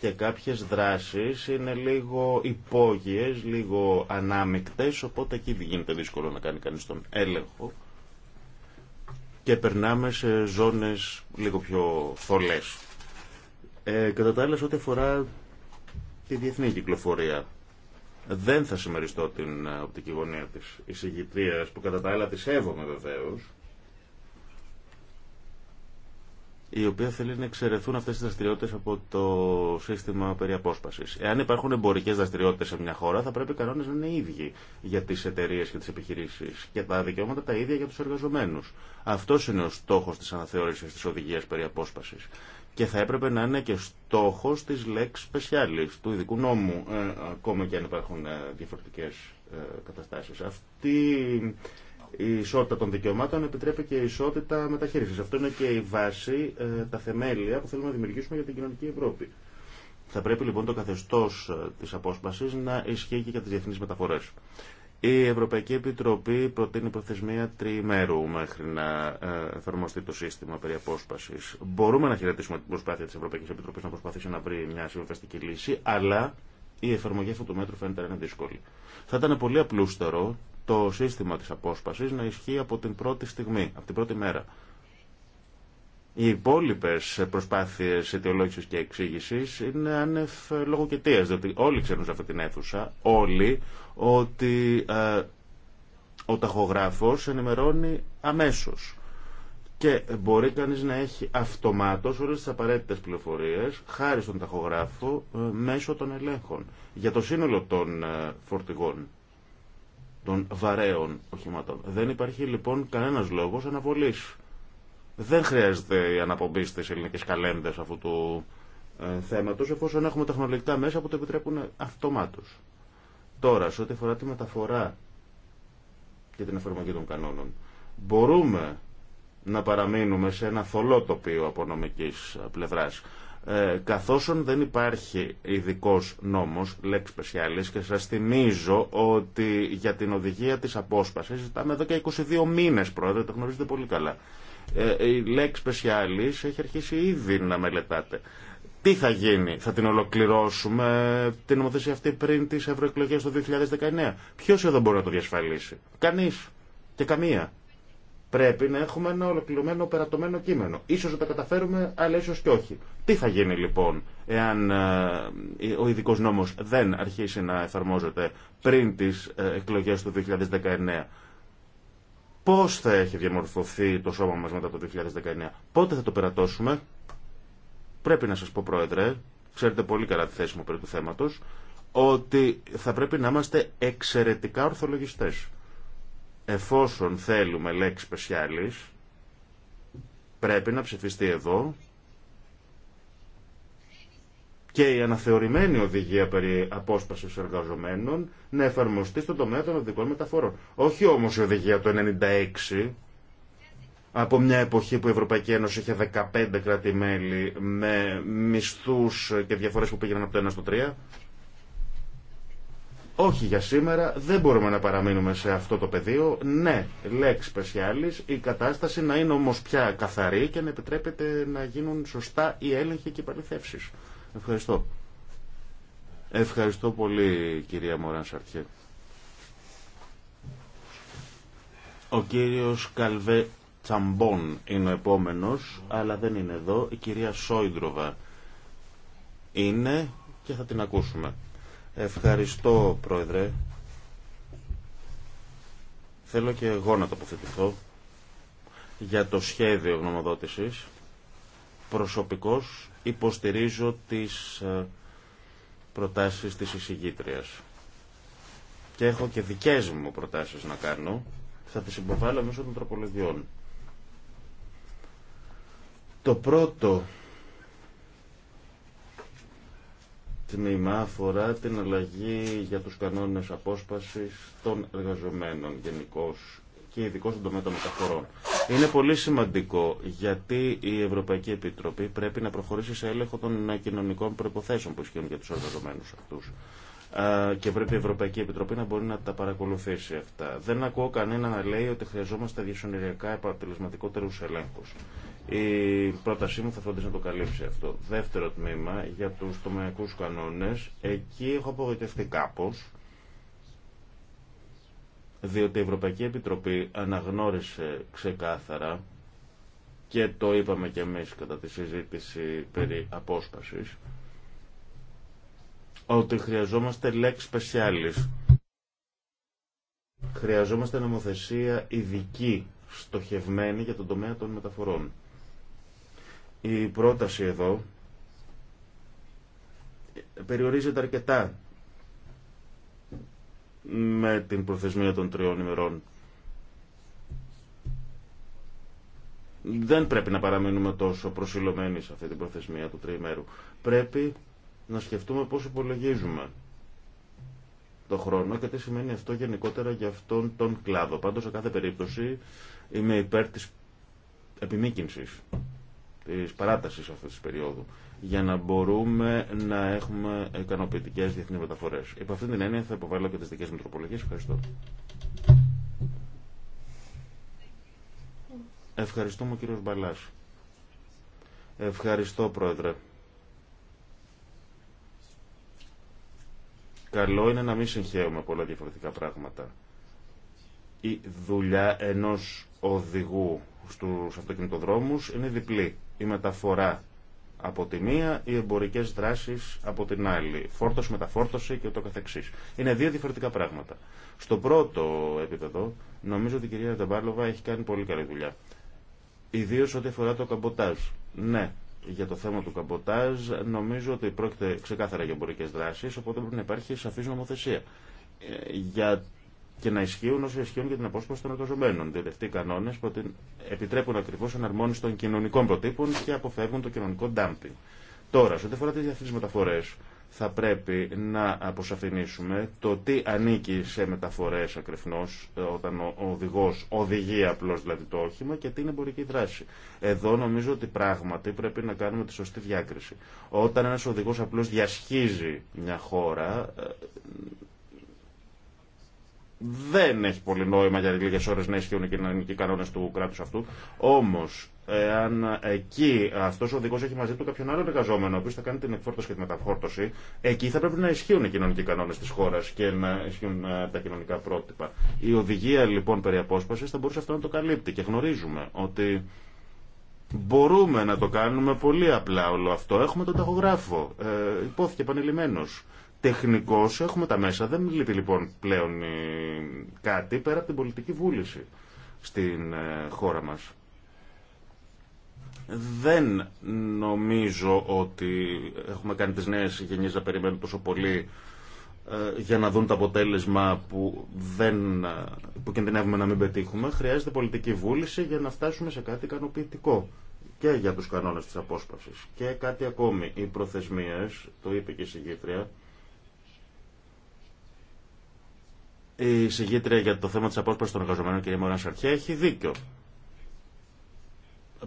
και κάποιες δράσεις είναι λίγο υπόγειες, λίγο ανάμεικτες, οπότε εκεί γίνεται δύσκολο να κάνει κανείς τον έλεγχο και περνάμε σε ζώνες λίγο πιο θολές. Ε, κατά τα άλλα, ό,τι αφορά τη διεθνή κυκλοφορία, δεν θα συμμεριστώ την ε, οπτική γωνία της εισηγητρίας, που κατά τα άλλα τη σέβομαι βεβαίως, η οποία θέλει να εξαιρεθούν αυτέ οι δραστηριότητε από το σύστημα περί απόσπαση. Εάν υπάρχουν εμπορικέ δραστηριότητε σε μια χώρα, θα πρέπει οι κανόνε να είναι ίδιοι για τι εταιρείε και τι επιχειρήσει. και τα δικαιώματα τα ίδια για του εργαζομένου. Αυτό είναι ο στόχο τη αναθεώρησης τη οδηγία περί απόσπαση. Και θα έπρεπε να είναι και στόχο τη Lex specialis, του ειδικού νόμου, ε, ακόμα και αν υπάρχουν ε, διαφορετικές ε, καταστάσεις. Αυτή η ισότητα των δικαιωμάτων επιτρέπει και η ισότητα μεταχείριση. Αυτό είναι και η βάση, ε, τα θεμέλια που θέλουμε να δημιουργήσουμε για την κοινωνική Ευρώπη. Θα πρέπει λοιπόν το καθεστώ ε, τη απόσπαση να ισχύει και για τι διεθνεί μεταφορέ. Η Ευρωπαϊκή Επιτροπή προτείνει προθεσμία τριημέρου μέχρι να ε, εφαρμοστεί το σύστημα περί απόσπαση. Μπορούμε να χαιρετήσουμε την προσπάθεια τη Ευρωπαϊκή Επιτροπή να προσπαθήσει να βρει μια συμβαστική λύση, αλλά η εφαρμογή αυτού του μέτρου φαίνεται να είναι δύσκολη. Θα ήταν πολύ απλούστερο το σύστημα της απόσπασης να ισχύει από την πρώτη στιγμή, από την πρώτη μέρα. Οι υπόλοιπε προσπάθειε αιτιολόγηση και εξήγηση είναι άνευ λογοκαιτία, διότι όλοι ξέρουν σε αυτή την αίθουσα, όλοι, ότι ε, ο ταχογράφο ενημερώνει αμέσω. Και μπορεί κανεί να έχει αυτομάτω όλε τι απαραίτητε πληροφορίε, χάρη στον ταχογράφο, ε, μέσω των ελέγχων για το σύνολο των ε, φορτηγών των βαρέων οχημάτων. Δεν υπάρχει λοιπόν κανένας λόγος αναβολής. Δεν χρειάζεται η αναπομπή στις ελληνικές καλένδες αυτού του ε, θέματος, εφόσον έχουμε τεχνολογικά μέσα που το επιτρέπουν αυτομάτως. Τώρα, σε ό,τι αφορά τη μεταφορά και την εφαρμογή των κανόνων, μπορούμε να παραμείνουμε σε ένα θολό τοπίο από νομικής πλευράς ε, καθώς δεν υπάρχει ειδικό νόμος, lex specialis, και σας θυμίζω ότι για την οδηγία της απόσπασης ζητάμε εδώ και 22 μήνες, πρόεδρε, το γνωρίζετε πολύ καλά. Ε, η lex specialis έχει αρχίσει ήδη να μελετάτε. Τι θα γίνει, θα την ολοκληρώσουμε την νομοθεσία αυτή πριν τις ευρωεκλογές το 2019. Ποιος εδώ μπορεί να το διασφαλίσει. Κανείς και καμία. Πρέπει να έχουμε ένα ολοκληρωμένο περατωμένο κείμενο. Ίσως τα καταφέρουμε, αλλά ίσως και όχι. Τι θα γίνει λοιπόν εάν ε, ο ειδικό νόμος δεν αρχίσει να εφαρμόζεται πριν τις ε, εκλογές του 2019. Πώς θα έχει διαμορφωθεί το σώμα μας μετά το 2019. Πότε θα το περατώσουμε. Πρέπει να σας πω πρόεδρε, ξέρετε πολύ καλά τη θέση μου περί του θέματος, ότι θα πρέπει να είμαστε εξαιρετικά ορθολογιστές εφόσον θέλουμε λέξη σπεσιάλης, πρέπει να ψηφιστεί εδώ και η αναθεωρημένη οδηγία περί απόσπασης εργαζομένων να εφαρμοστεί στον τομέα των οδικών μεταφορών. Όχι όμως η οδηγία του 96, από μια εποχή που η Ευρωπαϊκή Ένωση είχε 15 κράτη-μέλη με μισθούς και διαφορές που πήγαιναν από το 1 στο 3 όχι για σήμερα, δεν μπορούμε να παραμείνουμε σε αυτό το πεδίο. Ναι, λέξ specialis, η κατάσταση να είναι όμως πια καθαρή και να επιτρέπεται να γίνουν σωστά οι έλεγχοι και οι παληθεύσεις. Ευχαριστώ. Ευχαριστώ πολύ κυρία Μωράν Σαρτιέ. Ο κύριος Καλβέ Τσαμπόν είναι ο επόμενος, αλλά δεν είναι εδώ. Η κυρία Σόιντροβα είναι και θα την ακούσουμε. Ευχαριστώ, Πρόεδρε. Θέλω και εγώ να τοποθετηθώ για το σχέδιο γνωμοδότησης. Προσωπικώς υποστηρίζω τις ε, προτάσεις της εισηγήτριας. Και έχω και δικές μου προτάσεις να κάνω. Θα τις υποβάλλω μέσω των τροπολογιών. Το πρώτο τμήμα αφορά την αλλαγή για τους κανόνες απόσπασης των εργαζομένων γενικώ και ειδικώ στον τομέα των μεταφορών. Είναι πολύ σημαντικό γιατί η Ευρωπαϊκή Επιτροπή πρέπει να προχωρήσει σε έλεγχο των κοινωνικών προποθέσεων που ισχύουν για τους εργαζομένους αυτούς και πρέπει η Ευρωπαϊκή Επιτροπή να μπορεί να τα παρακολουθήσει αυτά. Δεν ακούω κανένα να λέει ότι χρειαζόμαστε διασυνοριακά επαγγελματικότερου ελέγχου. Η πρότασή μου θα φροντίσει να το καλύψει αυτό. Δεύτερο τμήμα για του τομεακούς κανόνες. Εκεί έχω απογοητευτεί κάπω, διότι η Ευρωπαϊκή Επιτροπή αναγνώρισε ξεκάθαρα και το είπαμε και εμείς κατά τη συζήτηση περί απόσπασης ότι χρειαζόμαστε lex specialis. Χρειαζόμαστε νομοθεσία ειδική στοχευμένη για τον τομέα των μεταφορών. Η πρόταση εδώ περιορίζεται αρκετά με την προθεσμία των τριών ημερών. Δεν πρέπει να παραμείνουμε τόσο προσιλωμένοι σε αυτή την προθεσμία του τριημέρου. Πρέπει να σκεφτούμε πώς υπολογίζουμε το χρόνο και τι σημαίνει αυτό γενικότερα για αυτόν τον κλάδο. Πάντως, σε κάθε περίπτωση, είμαι υπέρ της επιμήκυνσης της παράτασης αυτής της περίοδου για να μπορούμε να έχουμε ικανοποιητικέ διεθνεί μεταφορέ. Υπό αυτήν την έννοια θα υποβάλω και τι δικέ μου τροπολογίε. Ευχαριστώ. Ευχαριστούμε, κύριο Μπαλά. Ευχαριστώ, πρόεδρε. Καλό είναι να μην συγχαίουμε πολλά διαφορετικά πράγματα. Η δουλειά ενός οδηγού στους αυτοκινητοδρόμους είναι διπλή η μεταφορά από τη μία, οι εμπορικές δράσεις από την άλλη, φόρτωση, μεταφόρτωση και το καθεξής. Είναι δύο διαφορετικά πράγματα. Στο πρώτο επίπεδο, νομίζω ότι η κυρία Δεμπάλοβα έχει κάνει πολύ καλή δουλειά. Ιδίω ό,τι αφορά το καμποτάζ. Ναι, για το θέμα του καμποτάζ νομίζω ότι πρόκειται ξεκάθαρα για εμπορικέ δράσει, οπότε πρέπει να υπάρχει σαφή νομοθεσία. Ε, για και να ισχύουν όσοι ισχύουν για την απόσπαση των εργαζομένων. Διότι αυτοί οι κανόνε επιτρέπουν ακριβώ αναρμόνιση των κοινωνικών προτύπων και αποφεύγουν το κοινωνικό ντάμπινγκ. Τώρα, σε ό,τι αφορά τι διαθέσει μεταφορέ, θα πρέπει να αποσαφηνίσουμε το τι ανήκει σε μεταφορέ ακριβώ, ε, όταν ο οδηγό οδηγεί απλώ δηλαδή το όχημα και τι είναι εμπορική δράση. Εδώ νομίζω ότι πράγματι πρέπει να κάνουμε τη σωστή διάκριση. Όταν ένα οδηγό απλώ διασχίζει μια χώρα, ε, δεν έχει πολύ νόημα για λίγε ώρε να ισχύουν οι κοινωνικοί κανόνε του κράτου αυτού. Όμω, εάν εκεί αυτό ο οδηγό έχει μαζί του κάποιον άλλον εργαζόμενο, ο οποίο θα κάνει την εκφόρτωση και τη μεταφόρτωση, εκεί θα πρέπει να ισχύουν οι κοινωνικοί κανόνε τη χώρα και να ισχύουν ε, τα κοινωνικά πρότυπα. Η οδηγία λοιπόν περί απόσπαση θα μπορούσε αυτό να το καλύπτει και γνωρίζουμε ότι. Μπορούμε να το κάνουμε πολύ απλά όλο αυτό. Έχουμε τον ταχογράφο. Ε, υπόθηκε επανειλημμένο τεχνικώ έχουμε τα μέσα. Δεν λείπει λοιπόν πλέον κάτι πέρα από την πολιτική βούληση στην ε, χώρα μας. Δεν νομίζω ότι έχουμε κάνει τις νέες γενιές να περιμένουν τόσο πολύ ε, για να δουν το αποτέλεσμα που, δεν, ε, που κινδυνεύουμε να μην πετύχουμε. Χρειάζεται πολιτική βούληση για να φτάσουμε σε κάτι ικανοποιητικό και για τους κανόνες της απόσπασης. Και κάτι ακόμη, οι προθεσμίες, το είπε και η συγκήτρια, Η συγγήτρια για το θέμα της απόσπασης των εργαζομένων, κυρία Μωράν Σαρχέ, έχει δίκιο.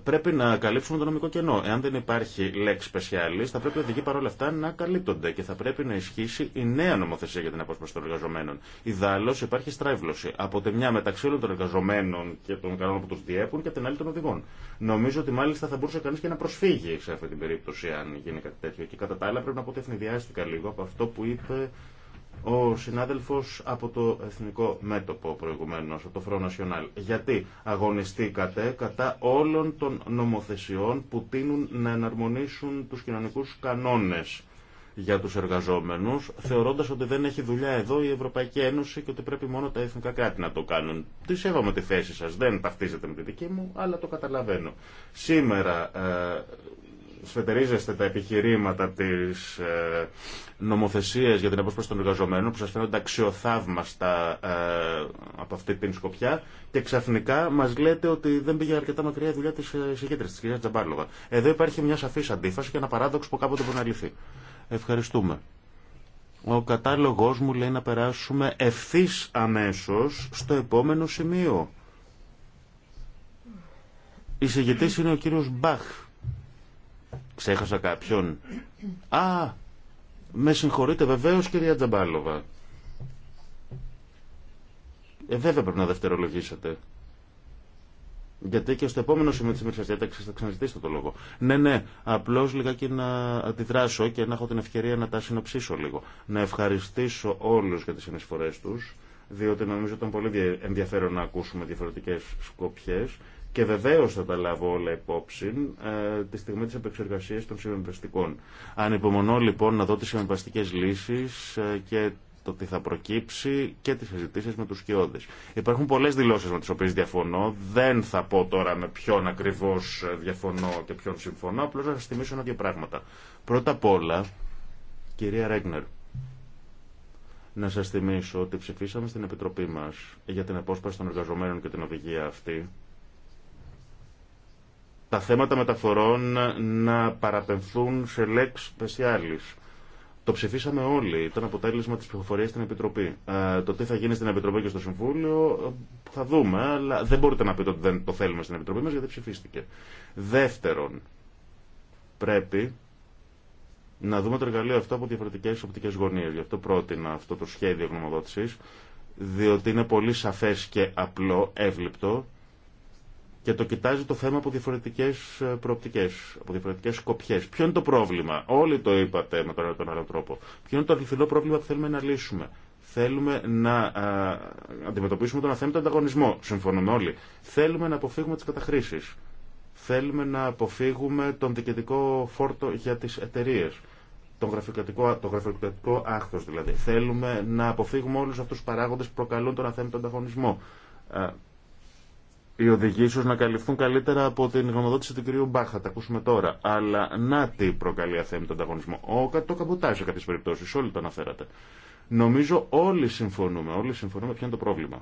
Πρέπει να καλύψουμε το νομικό κενό. Εάν δεν υπάρχει λέξη specialis, θα πρέπει οι οδηγοί παρόλα αυτά να καλύπτονται και θα πρέπει να ισχύσει η νέα νομοθεσία για την απόσπαση των εργαζομένων. Ιδάλω υπάρχει στράβλωση από τη μια μεταξύ όλων των εργαζομένων και των κανόνων που του διέπουν και από την άλλη των οδηγών. Νομίζω ότι μάλιστα θα μπορούσε κανεί και να προσφύγει σε αυτή την περίπτωση, αν γίνει κάτι τέτοιο. Και κατά τα άλλα πρέπει να πω ότι λίγο από αυτό που είπε ο συνάδελφος από το Εθνικό Μέτωπο προηγουμένω, από το Front National. Γιατί αγωνιστήκατε κατά όλων των νομοθεσιών που τείνουν να εναρμονίσουν τους κοινωνικού κανόνες για τους εργαζόμενους, θεωρώντας ότι δεν έχει δουλειά εδώ η Ευρωπαϊκή Ένωση και ότι πρέπει μόνο τα εθνικά κράτη να το κάνουν. Τι σέβομαι τη θέση σα, δεν ταυτίζεται με τη δική μου, αλλά το καταλαβαίνω. Σήμερα ε, σφετερίζεστε τα επιχειρήματα της ε, νομοθεσίας για την απόσπαση των εργαζομένων που σας φαίνονται αξιοθαύμαστα ε, από αυτή την σκοπιά και ξαφνικά μας λέτε ότι δεν πήγε αρκετά μακριά η δουλειά της συγκέντρωση ε, της κυρία Τζαμπάλοβα. Εδώ υπάρχει μια σαφής αντίφαση και ένα παράδοξο που κάποτε μπορεί να λυθεί. Ευχαριστούμε. Ο κατάλογος μου λέει να περάσουμε ευθύ αμέσως στο επόμενο σημείο. Η είναι ο κύριος Μπαχ. Ξέχασα κάποιον. Α, με συγχωρείτε βεβαίως κυρία Τζαμπάλοβα. Ε, βέβαια πρέπει να δευτερολογήσετε. Γιατί και στο επόμενο σημείο τη ημερήσια θα ξαναζητήσετε το λόγο. Ναι, ναι, απλώ λιγάκι να αντιδράσω και να έχω την ευκαιρία να τα συνοψίσω λίγο. Να ευχαριστήσω όλου για τι συνεισφορέ του, διότι νομίζω ήταν πολύ ενδιαφέρον να ακούσουμε διαφορετικέ σκοπιέ και βεβαίω θα τα λάβω όλα υπόψη ε, τη στιγμή τη επεξεργασία των συμβιβαστικών. Ανυπομονώ λοιπόν να δω τι συμβιβαστικέ λύσει ε, και το τι θα προκύψει και τι συζητήσει με του σκιώδε. Υπάρχουν πολλέ δηλώσει με τι οποίε διαφωνώ. Δεν θα πω τώρα με ποιον ακριβώ ε, διαφωνώ και ποιον συμφωνώ. Απλώ να σα θυμίσω ένα-δύο πράγματα. Πρώτα απ' όλα, κυρία Ρέγνερ, να σα θυμίσω ότι ψηφίσαμε στην Επιτροπή μα για την απόσπαση των εργαζομένων και την οδηγία αυτή τα θέματα μεταφορών να παραπενθούν σε λέξ πεσιάλη. Το ψηφίσαμε όλοι. Ήταν αποτέλεσμα τη ψηφοφορία στην Επιτροπή. Ε, το τι θα γίνει στην Επιτροπή και στο Συμβούλιο θα δούμε, αλλά δεν μπορείτε να πείτε ότι δεν το θέλουμε στην Επιτροπή μα γιατί ψηφίστηκε. Δεύτερον, πρέπει να δούμε το εργαλείο αυτό από διαφορετικέ οπτικέ γωνίε. Γι' αυτό πρότεινα αυτό το σχέδιο γνωμοδότηση, διότι είναι πολύ σαφέ και απλό, εύληπτο και το κοιτάζει το θέμα από διαφορετικέ ε, προοπτικέ, από διαφορετικέ σκοπιέ. Ποιο είναι το πρόβλημα, Όλοι το είπατε με τον τον άλλο τρόπο. Ποιο είναι το αληθινό πρόβλημα που θέλουμε να λύσουμε. Θέλουμε να α, αντιμετωπίσουμε τον αθέμητο ανταγωνισμό. Συμφωνούμε όλοι. Θέλουμε να αποφύγουμε τι καταχρήσει. Θέλουμε να αποφύγουμε τον διοικητικό φόρτο για τι εταιρείε. Το γραφειοκρατικό, το γραφειοκρατικό δηλαδή. Θέλουμε να αποφύγουμε όλου αυτού του παράγοντε που προκαλούν τον αθέμητο ανταγωνισμό οι οδηγοί να καλυφθούν καλύτερα από την γνωμοδότηση του κυρίου Μπάχα, τα ακούσουμε τώρα. Αλλά να τι προκαλεί αθέμη τον ανταγωνισμό. Ο, το καμποτάζ σε κάποιε περιπτώσει. όλοι το αναφέρατε. Νομίζω όλοι συμφωνούμε, όλοι συμφωνούμε ποιο είναι το πρόβλημα.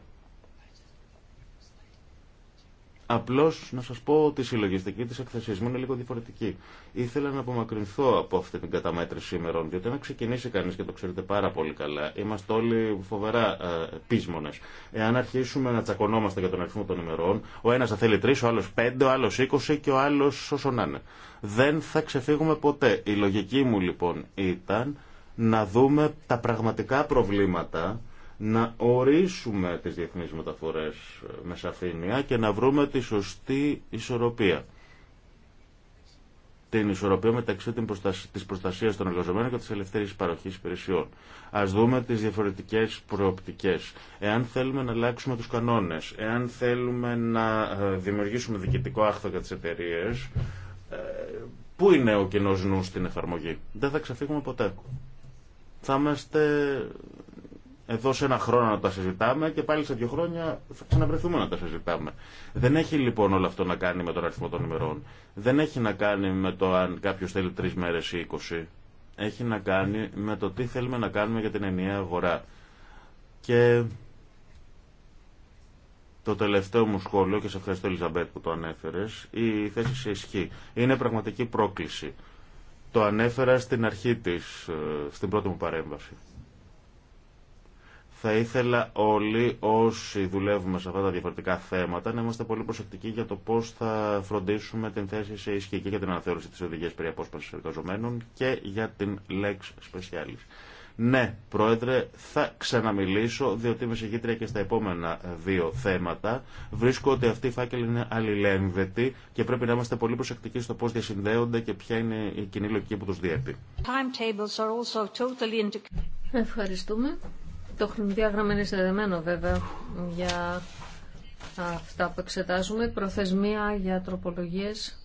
Απλώ να σα πω ότι η συλλογιστική τη εκθεσή είναι λίγο διαφορετική. Ήθελα να απομακρυνθώ από αυτή την καταμέτρηση ημερών, διότι να ξεκινήσει κανεί και το ξέρετε πάρα πολύ καλά, είμαστε όλοι φοβερά ε, πείσμονε. Εάν αρχίσουμε να τσακωνόμαστε για τον αριθμό των ημερών, ο ένα θα θέλει τρει, ο άλλο πέντε, ο άλλο είκοσι και ο άλλο όσο να είναι. Δεν θα ξεφύγουμε ποτέ. Η λογική μου λοιπόν ήταν να δούμε τα πραγματικά προβλήματα να ορίσουμε τις διεθνείς μεταφορές ε, με σαφήνεια και να βρούμε τη σωστή ισορροπία. Την ισορροπία μεταξύ της προστασίας των εργαζομένων και της ελευθερίας παροχής υπηρεσιών. Ας δούμε τις διαφορετικές προοπτικές. Εάν θέλουμε να αλλάξουμε τους κανόνες, εάν θέλουμε να ε, δημιουργήσουμε διοικητικό άχθο για τις εταιρείε, ε, πού είναι ο κοινός νου στην εφαρμογή. Δεν θα ξεφύγουμε ποτέ. Θα είμαστε εδώ σε ένα χρόνο να τα συζητάμε και πάλι σε δύο χρόνια θα ξαναβρεθούμε να τα συζητάμε. Δεν έχει λοιπόν όλο αυτό να κάνει με τον αριθμό των ημερών. Δεν έχει να κάνει με το αν κάποιο θέλει τρει μέρε ή είκοσι. Έχει να κάνει με το τι θέλουμε να κάνουμε για την ενιαία αγορά. Και το τελευταίο μου σχόλιο, και σε ευχαριστώ Ελιζαμπέτ που το ανέφερε, η θέση σε ισχύ. Είναι πραγματική πρόκληση. Το ανέφερα στην αρχή της, ε, στην πρώτη μου παρέμβαση. Θα ήθελα όλοι όσοι δουλεύουμε σε αυτά τα διαφορετικά θέματα να είμαστε πολύ προσεκτικοί για το πώ θα φροντίσουμε την θέση σε ισχύ και για την αναθεώρηση τη οδηγία περί απόσπαση εργαζομένων και για την Lex Specialis. Ναι, Πρόεδρε, θα ξαναμιλήσω, διότι είμαι συγκίτρια και στα επόμενα δύο θέματα. Βρίσκω ότι αυτή η φάκελη είναι αλληλένδετη και πρέπει να είμαστε πολύ προσεκτικοί στο πώς διασυνδέονται και ποια είναι η κοινή λογική που τους διέπει. Ευχαριστούμε. Το χρονοδιάγραμμα είναι συνδεδεμένο βέβαια για αυτά που εξετάζουμε. Προθεσμία για τροπολογίες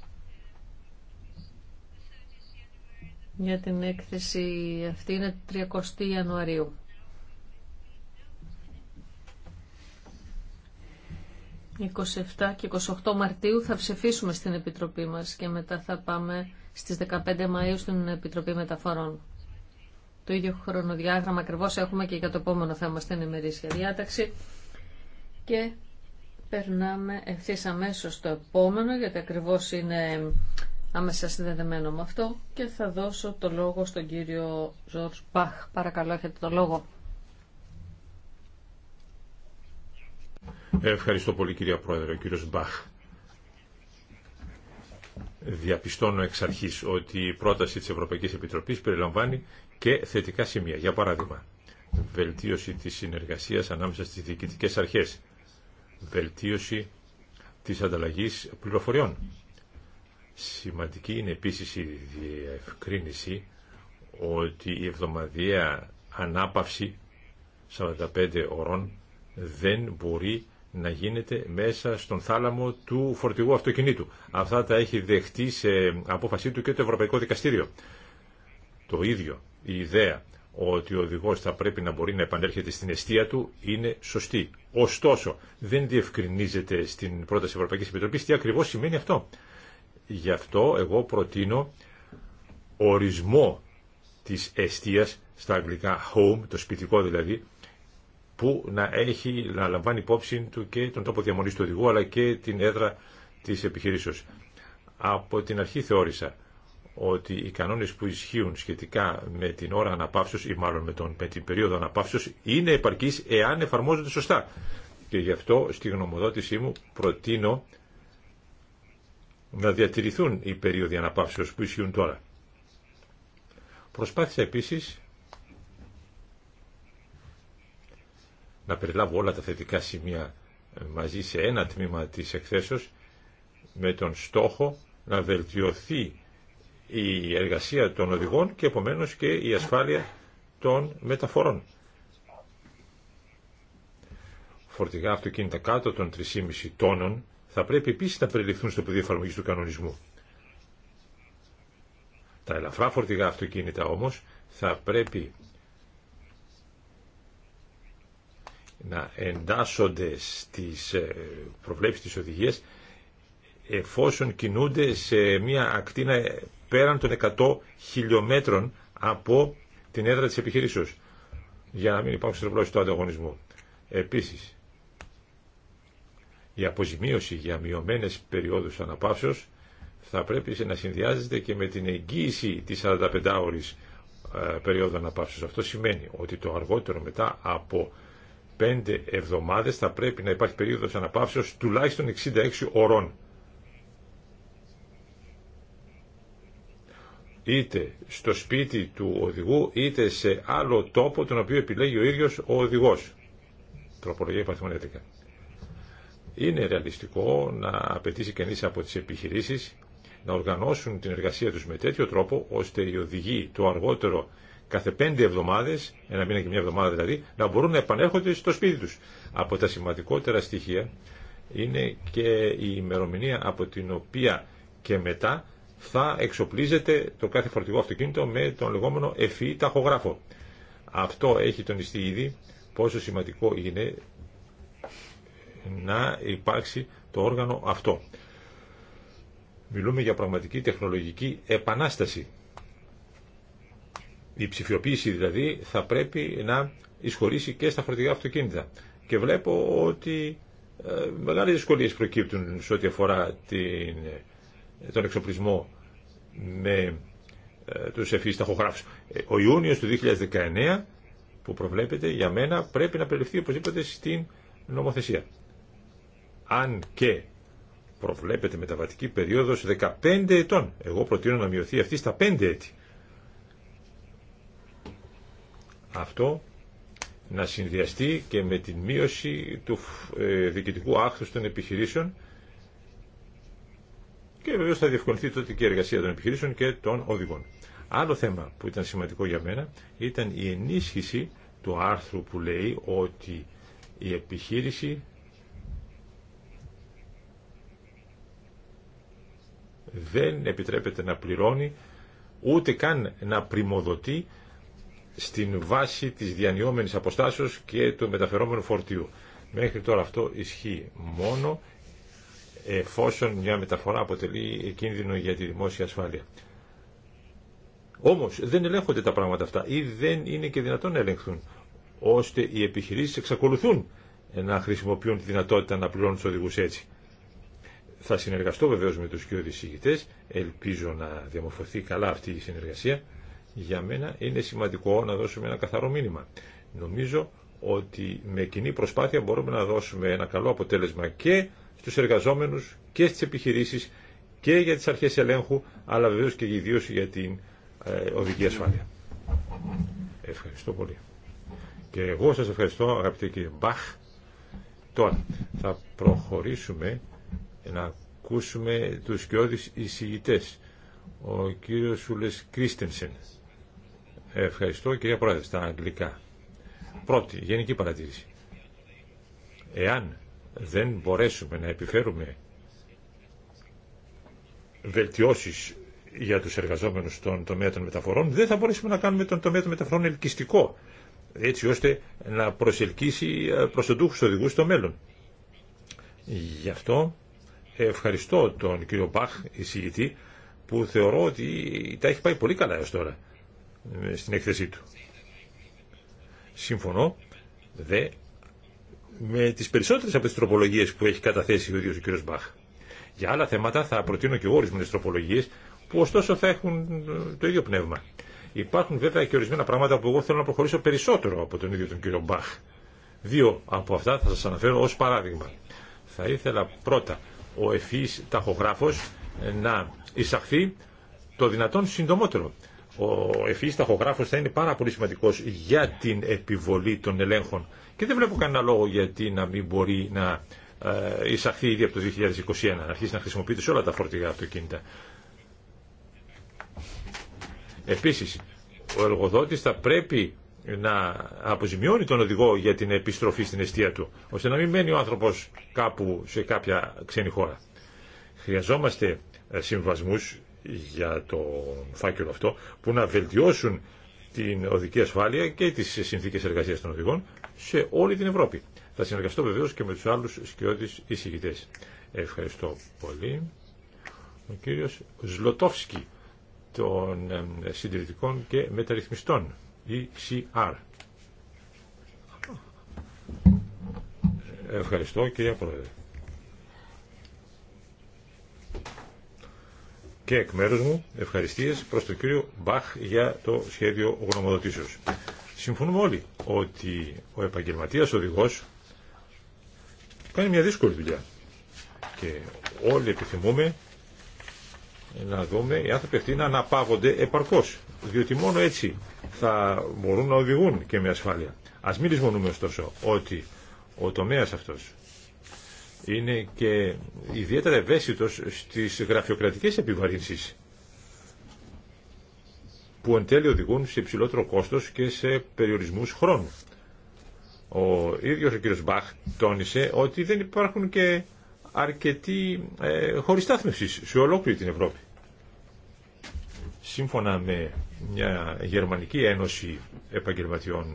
για την έκθεση αυτή είναι 30 Ιανουαρίου. «27 και 28 Μαρτίου θα ψηφίσουμε στην Επιτροπή μας και μετά θα πάμε στις 15 Μαΐου στην Επιτροπή Μεταφορών. Το ίδιο χρονοδιάγραμμα ακριβώς έχουμε και για το επόμενο θέμα στην ημερήσια διάταξη. Και περνάμε ευθύ αμέσω στο επόμενο, γιατί ακριβώς είναι άμεσα συνδεδεμένο με αυτό και θα δώσω το λόγο στον κύριο Ζορς Μπαχ. Παρακαλώ, έχετε το λόγο. Ευχαριστώ πολύ κυρία Πρόεδρε, ο κύριος Μπαχ. Διαπιστώνω εξ αρχής ότι η πρόταση της Ευρωπαϊκής Επιτροπής περιλαμβάνει και θετικά σημεία. Για παράδειγμα, βελτίωση της συνεργασίας ανάμεσα στις διοικητικές αρχές, βελτίωση της ανταλλαγής πληροφοριών. Σημαντική είναι επίσης η διευκρίνηση ότι η εβδομαδιαία ανάπαυση 45 ωρών δεν μπορεί να γίνεται μέσα στον θάλαμο του φορτηγού αυτοκινήτου. Αυτά τα έχει δεχτεί σε απόφασή του και το Ευρωπαϊκό Δικαστήριο. Το ίδιο η ιδέα ότι ο οδηγό θα πρέπει να μπορεί να επανέρχεται στην αιστεία του είναι σωστή. Ωστόσο, δεν διευκρινίζεται στην πρόταση Ευρωπαϊκή Επιτροπή, τι ακριβώς σημαίνει αυτό. Γι' αυτό εγώ προτείνω ορισμό της αιστεία στα αγγλικά home, το σπιτικό δηλαδή, που να, έχει, να λαμβάνει υπόψη του και τον τόπο διαμονή του οδηγού αλλά και την έδρα της επιχειρήσεω. Από την αρχή θεώρησα ότι οι κανόνες που ισχύουν σχετικά με την ώρα αναπαύσεως ή μάλλον με, την περίοδο αναπαύσεως είναι επαρκής εάν εφαρμόζονται σωστά. Και γι' αυτό στη γνωμοδότησή μου προτείνω να διατηρηθούν οι περίοδοι αναπαύσεως που ισχύουν τώρα. Προσπάθησα επίσης να περιλάβω όλα τα θετικά σημεία μαζί σε ένα τμήμα της εκθέσεως με τον στόχο να βελτιωθεί η εργασία των οδηγών και επομένως και η ασφάλεια των μεταφορών. Φορτηγά αυτοκίνητα κάτω των 3,5 τόνων θα πρέπει επίσης να περιληφθούν στο πεδίο εφαρμογή του κανονισμού. Τα ελαφρά φορτηγά αυτοκίνητα όμως θα πρέπει να εντάσσονται στις ε, προβλέψεις της οδηγίας εφόσον κινούνται σε μια ακτίνα πέραν των 100 χιλιόμετρων από την έδρα της επιχειρήσεως για να μην υπάρχουν στροπλώσεις του ανταγωνισμού. Επίσης, η αποζημίωση για μειωμένες περιόδους αναπαύσεως θα πρέπει να συνδυάζεται και με την εγγύηση της 45ωρης ε, περίοδου αναπαύσεως. Αυτό σημαίνει ότι το αργότερο μετά από 5 εβδομάδες θα πρέπει να υπάρχει περίοδος αναπαύσεως τουλάχιστον 66 ωρών. είτε στο σπίτι του οδηγού είτε σε άλλο τόπο τον οποίο επιλέγει ο ίδιος ο οδηγός. Τροπολογία υπαρθμονετικά. Είναι ρεαλιστικό να απαιτήσει κανείς από τις επιχειρήσεις να οργανώσουν την εργασία τους με τέτοιο τρόπο ώστε οι οδηγοί το αργότερο κάθε πέντε εβδομάδες, ένα μήνα και μια εβδομάδα δηλαδή, να μπορούν να επανέρχονται στο σπίτι τους. Από τα σημαντικότερα στοιχεία είναι και η ημερομηνία από την οποία και μετά θα εξοπλίζεται το κάθε φορτηγό αυτοκίνητο με τον λεγόμενο F.E. ταχογράφο. Αυτό έχει τονιστεί ήδη πόσο σημαντικό είναι να υπάρξει το όργανο αυτό. Μιλούμε για πραγματική τεχνολογική επανάσταση. Η ψηφιοποίηση δηλαδή θα πρέπει να εισχωρήσει και στα φορτηγά αυτοκίνητα. Και βλέπω ότι ε, μεγάλες δυσκολίες προκύπτουν σε ό,τι αφορά την ε, τον εξοπλισμό με ε, τους εφείς ταχογράφους. Ε, ο Ιούνιος του 2019 που προβλέπεται για μένα πρέπει να περιληφθεί οπωσδήποτε στην νομοθεσία. Αν και προβλέπεται μεταβατική περίοδος 15 ετών. Εγώ προτείνω να μειωθεί αυτή στα 5 έτη. Αυτό να συνδυαστεί και με την μείωση του διοικητικού άχθους των επιχειρήσεων και βεβαίω θα διευκολυνθεί τότε και η εργασία των επιχειρήσεων και των οδηγών. Άλλο θέμα που ήταν σημαντικό για μένα ήταν η ενίσχυση του άρθρου που λέει ότι η επιχείρηση δεν επιτρέπεται να πληρώνει ούτε καν να πρημοδοτεί στην βάση της διανυόμενης αποστάσεως και του μεταφερόμενου φορτίου. Μέχρι τώρα αυτό ισχύει μόνο εφόσον μια μεταφορά αποτελεί κίνδυνο για τη δημόσια ασφάλεια. Όμως δεν ελέγχονται τα πράγματα αυτά ή δεν είναι και δυνατόν να ελεγχθούν, ώστε οι επιχειρήσεις εξακολουθούν να χρησιμοποιούν τη δυνατότητα να πληρώνουν τους οδηγούς έτσι. Θα συνεργαστώ βεβαίως με τους και ελπίζω να διαμορφωθεί καλά αυτή η συνεργασία. Για μένα είναι σημαντικό να δώσουμε ένα καθαρό μήνυμα. Νομίζω ότι με κοινή προσπάθεια μπορούμε να δώσουμε ένα καλό αποτέλεσμα και στου εργαζόμενους και στις επιχειρήσεις και για τις αρχές ελέγχου, αλλά βεβαίω και ιδίω για την ε, οδική ασφάλεια. Ευχαριστώ πολύ. Και εγώ σα ευχαριστώ αγαπητέ κύριε Μπαχ. Τώρα θα προχωρήσουμε να ακούσουμε τους σκιώδει εισηγητέ. Ο κύριος Σούλες Κρίστενσεν. Ευχαριστώ κυρία Πρόεδρε στα αγγλικά. Πρώτη γενική παρατήρηση. Εάν δεν μπορέσουμε να επιφέρουμε βελτιώσεις για τους εργαζόμενους στον τομέα των μεταφορών, δεν θα μπορέσουμε να κάνουμε τον τομέα των μεταφορών ελκυστικό, έτσι ώστε να προσελκύσει ε, προς τον τούχους οδηγού στο μέλλον. Γι' αυτό ευχαριστώ τον κύριο Μπαχ, εισηγητή, που θεωρώ ότι τα έχει πάει πολύ καλά έως τώρα ε, στην έκθεσή του. Συμφωνώ δε με τι περισσότερε από τι τροπολογίε που έχει καταθέσει ο ίδιο ο κ. Μπαχ. Για άλλα θέματα θα προτείνω και εγώ ορισμένε τροπολογίε, που ωστόσο θα έχουν ε, το ίδιο πνεύμα. Υπάρχουν βέβαια και ορισμένα πράγματα που εγώ θέλω να προχωρήσω περισσότερο από τον ίδιο τον κύριο Μπαχ. Δύο από αυτά θα σα αναφέρω ω παράδειγμα. Θα ήθελα πρώτα ο ευφύης ταχογράφο ε, να εισαχθεί το δυνατόν συντομότερο. Ο ευφύ ταχογράφο θα είναι πάρα πολύ σημαντικό για την επιβολή των ελέγχων και δεν βλέπω κανένα λόγο γιατί να μην μπορεί να ε, εισαχθεί ήδη από το 2021, να αρχίσει να χρησιμοποιείται σε όλα τα φορτηγά αυτοκίνητα. Επίσης, ο εργοδότης θα πρέπει να αποζημιώνει τον οδηγό για την επιστροφή στην αιστεία του, ώστε να μην μένει ο άνθρωπος κάπου σε κάποια ξένη χώρα. Χρειαζόμαστε ε, συμβασμού για το φάκελο αυτό που να βελτιώσουν την οδική ασφάλεια και τις συνθήκες εργασίας των οδηγών σε όλη την Ευρώπη. Θα συνεργαστώ βεβαίως και με τους άλλους σκιώδεις εισηγητές. Ευχαριστώ πολύ. Ο κύριος Ζλοτόφσκι των συντηρητικών και μεταρρυθμιστών, ECR. Ευχαριστώ κυρία Πρόεδρε. Και εκ μέρους μου ευχαριστίες προς τον κύριο Μπαχ για το σχέδιο γνωμοδοτήσεως. Συμφωνούμε όλοι ότι ο επαγγελματίας οδηγός κάνει μια δύσκολη δουλειά και όλοι επιθυμούμε να δούμε οι άνθρωποι αυτοί να αναπάγονται επαρκώς διότι μόνο έτσι θα μπορούν να οδηγούν και με ασφάλεια. Ας μην λησμονούμε ωστόσο ότι ο τομέας αυτός είναι και ιδιαίτερα ευαίσθητος στις γραφειοκρατικές επιβαρύνσεις που εν τέλει οδηγούν σε υψηλότερο κόστος και σε περιορισμούς χρόνου. Ο ίδιος ο κύριος Μπαχ τόνισε ότι δεν υπάρχουν και αρκετοί ε, χωριστάθμευσης σε ολόκληρη την Ευρώπη. Σύμφωνα με μια Γερμανική Ένωση Επαγγελματιών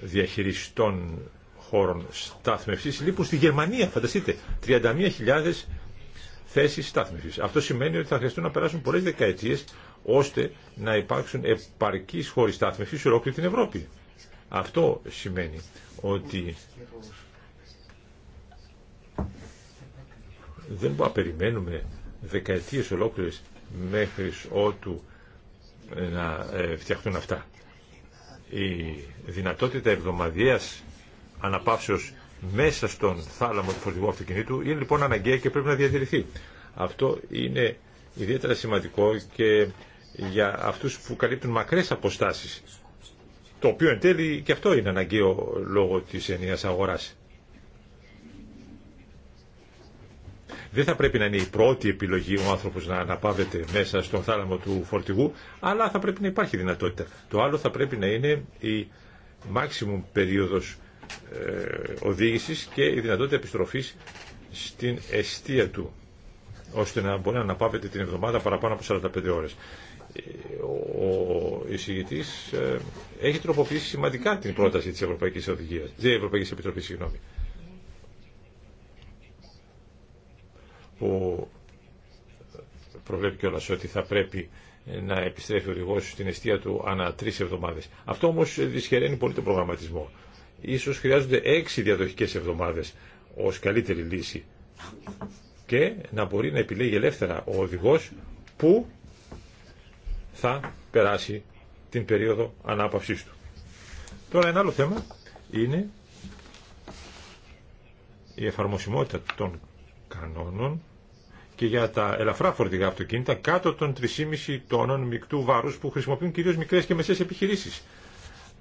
Διαχειριστών Χώρων Στάθμευσης, λείπουν στη Γερμανία, φανταστείτε, 31.000 θέση Αυτό σημαίνει ότι θα χρειαστούν να περάσουν πολλέ δεκαετίε ώστε να υπάρξουν επαρκείς χώροι στάθμισης σε ολόκληρη την Ευρώπη. Αυτό σημαίνει ότι δεν μπορούμε να περιμένουμε δεκαετίε ολόκληρε μέχρι ότου ε, να ε, φτιαχτούν αυτά. Η δυνατότητα εβδομαδιαία αναπαύσεως μέσα στον θάλαμο του φορτηγού αυτοκινήτου είναι λοιπόν αναγκαία και πρέπει να διατηρηθεί. Αυτό είναι ιδιαίτερα σημαντικό και για αυτούς που καλύπτουν μακρές αποστάσεις, το οποίο εν τέλει και αυτό είναι αναγκαίο λόγω της ενιαίας αγοράς. Δεν θα πρέπει να είναι η πρώτη επιλογή ο άνθρωπος να αναπαύεται μέσα στον θάλαμο του φορτηγού, αλλά θα πρέπει να υπάρχει δυνατότητα. Το άλλο θα πρέπει να είναι η maximum περίοδος ε, οδήγησης και η δυνατότητα επιστροφής στην αιστεία του ώστε να μπορεί να αναπαύεται την εβδομάδα παραπάνω από 45 ώρες. Ε, ο εισηγητής ε, έχει τροποποιήσει σημαντικά την πρόταση της Ευρωπαϊκής, Οδηγίας, της ευρωπαϊκή Επιτροπής συγγνώμη, που προβλέπει κιόλας ότι θα πρέπει να επιστρέφει ο οδηγό στην αιστεία του ανά τρει εβδομάδε. Αυτό όμω δυσχεραίνει πολύ τον προγραμματισμό ίσως χρειάζονται έξι διαδοχικές εβδομάδες ως καλύτερη λύση και να μπορεί να επιλέγει ελεύθερα ο οδηγός που θα περάσει την περίοδο ανάπαυσής του. Τώρα ένα άλλο θέμα είναι η εφαρμοσιμότητα των κανόνων και για τα ελαφρά φορτηγά αυτοκίνητα κάτω των 3,5 τόνων μεικτού βάρους που χρησιμοποιούν κυρίως μικρές και μεσές επιχειρήσεις.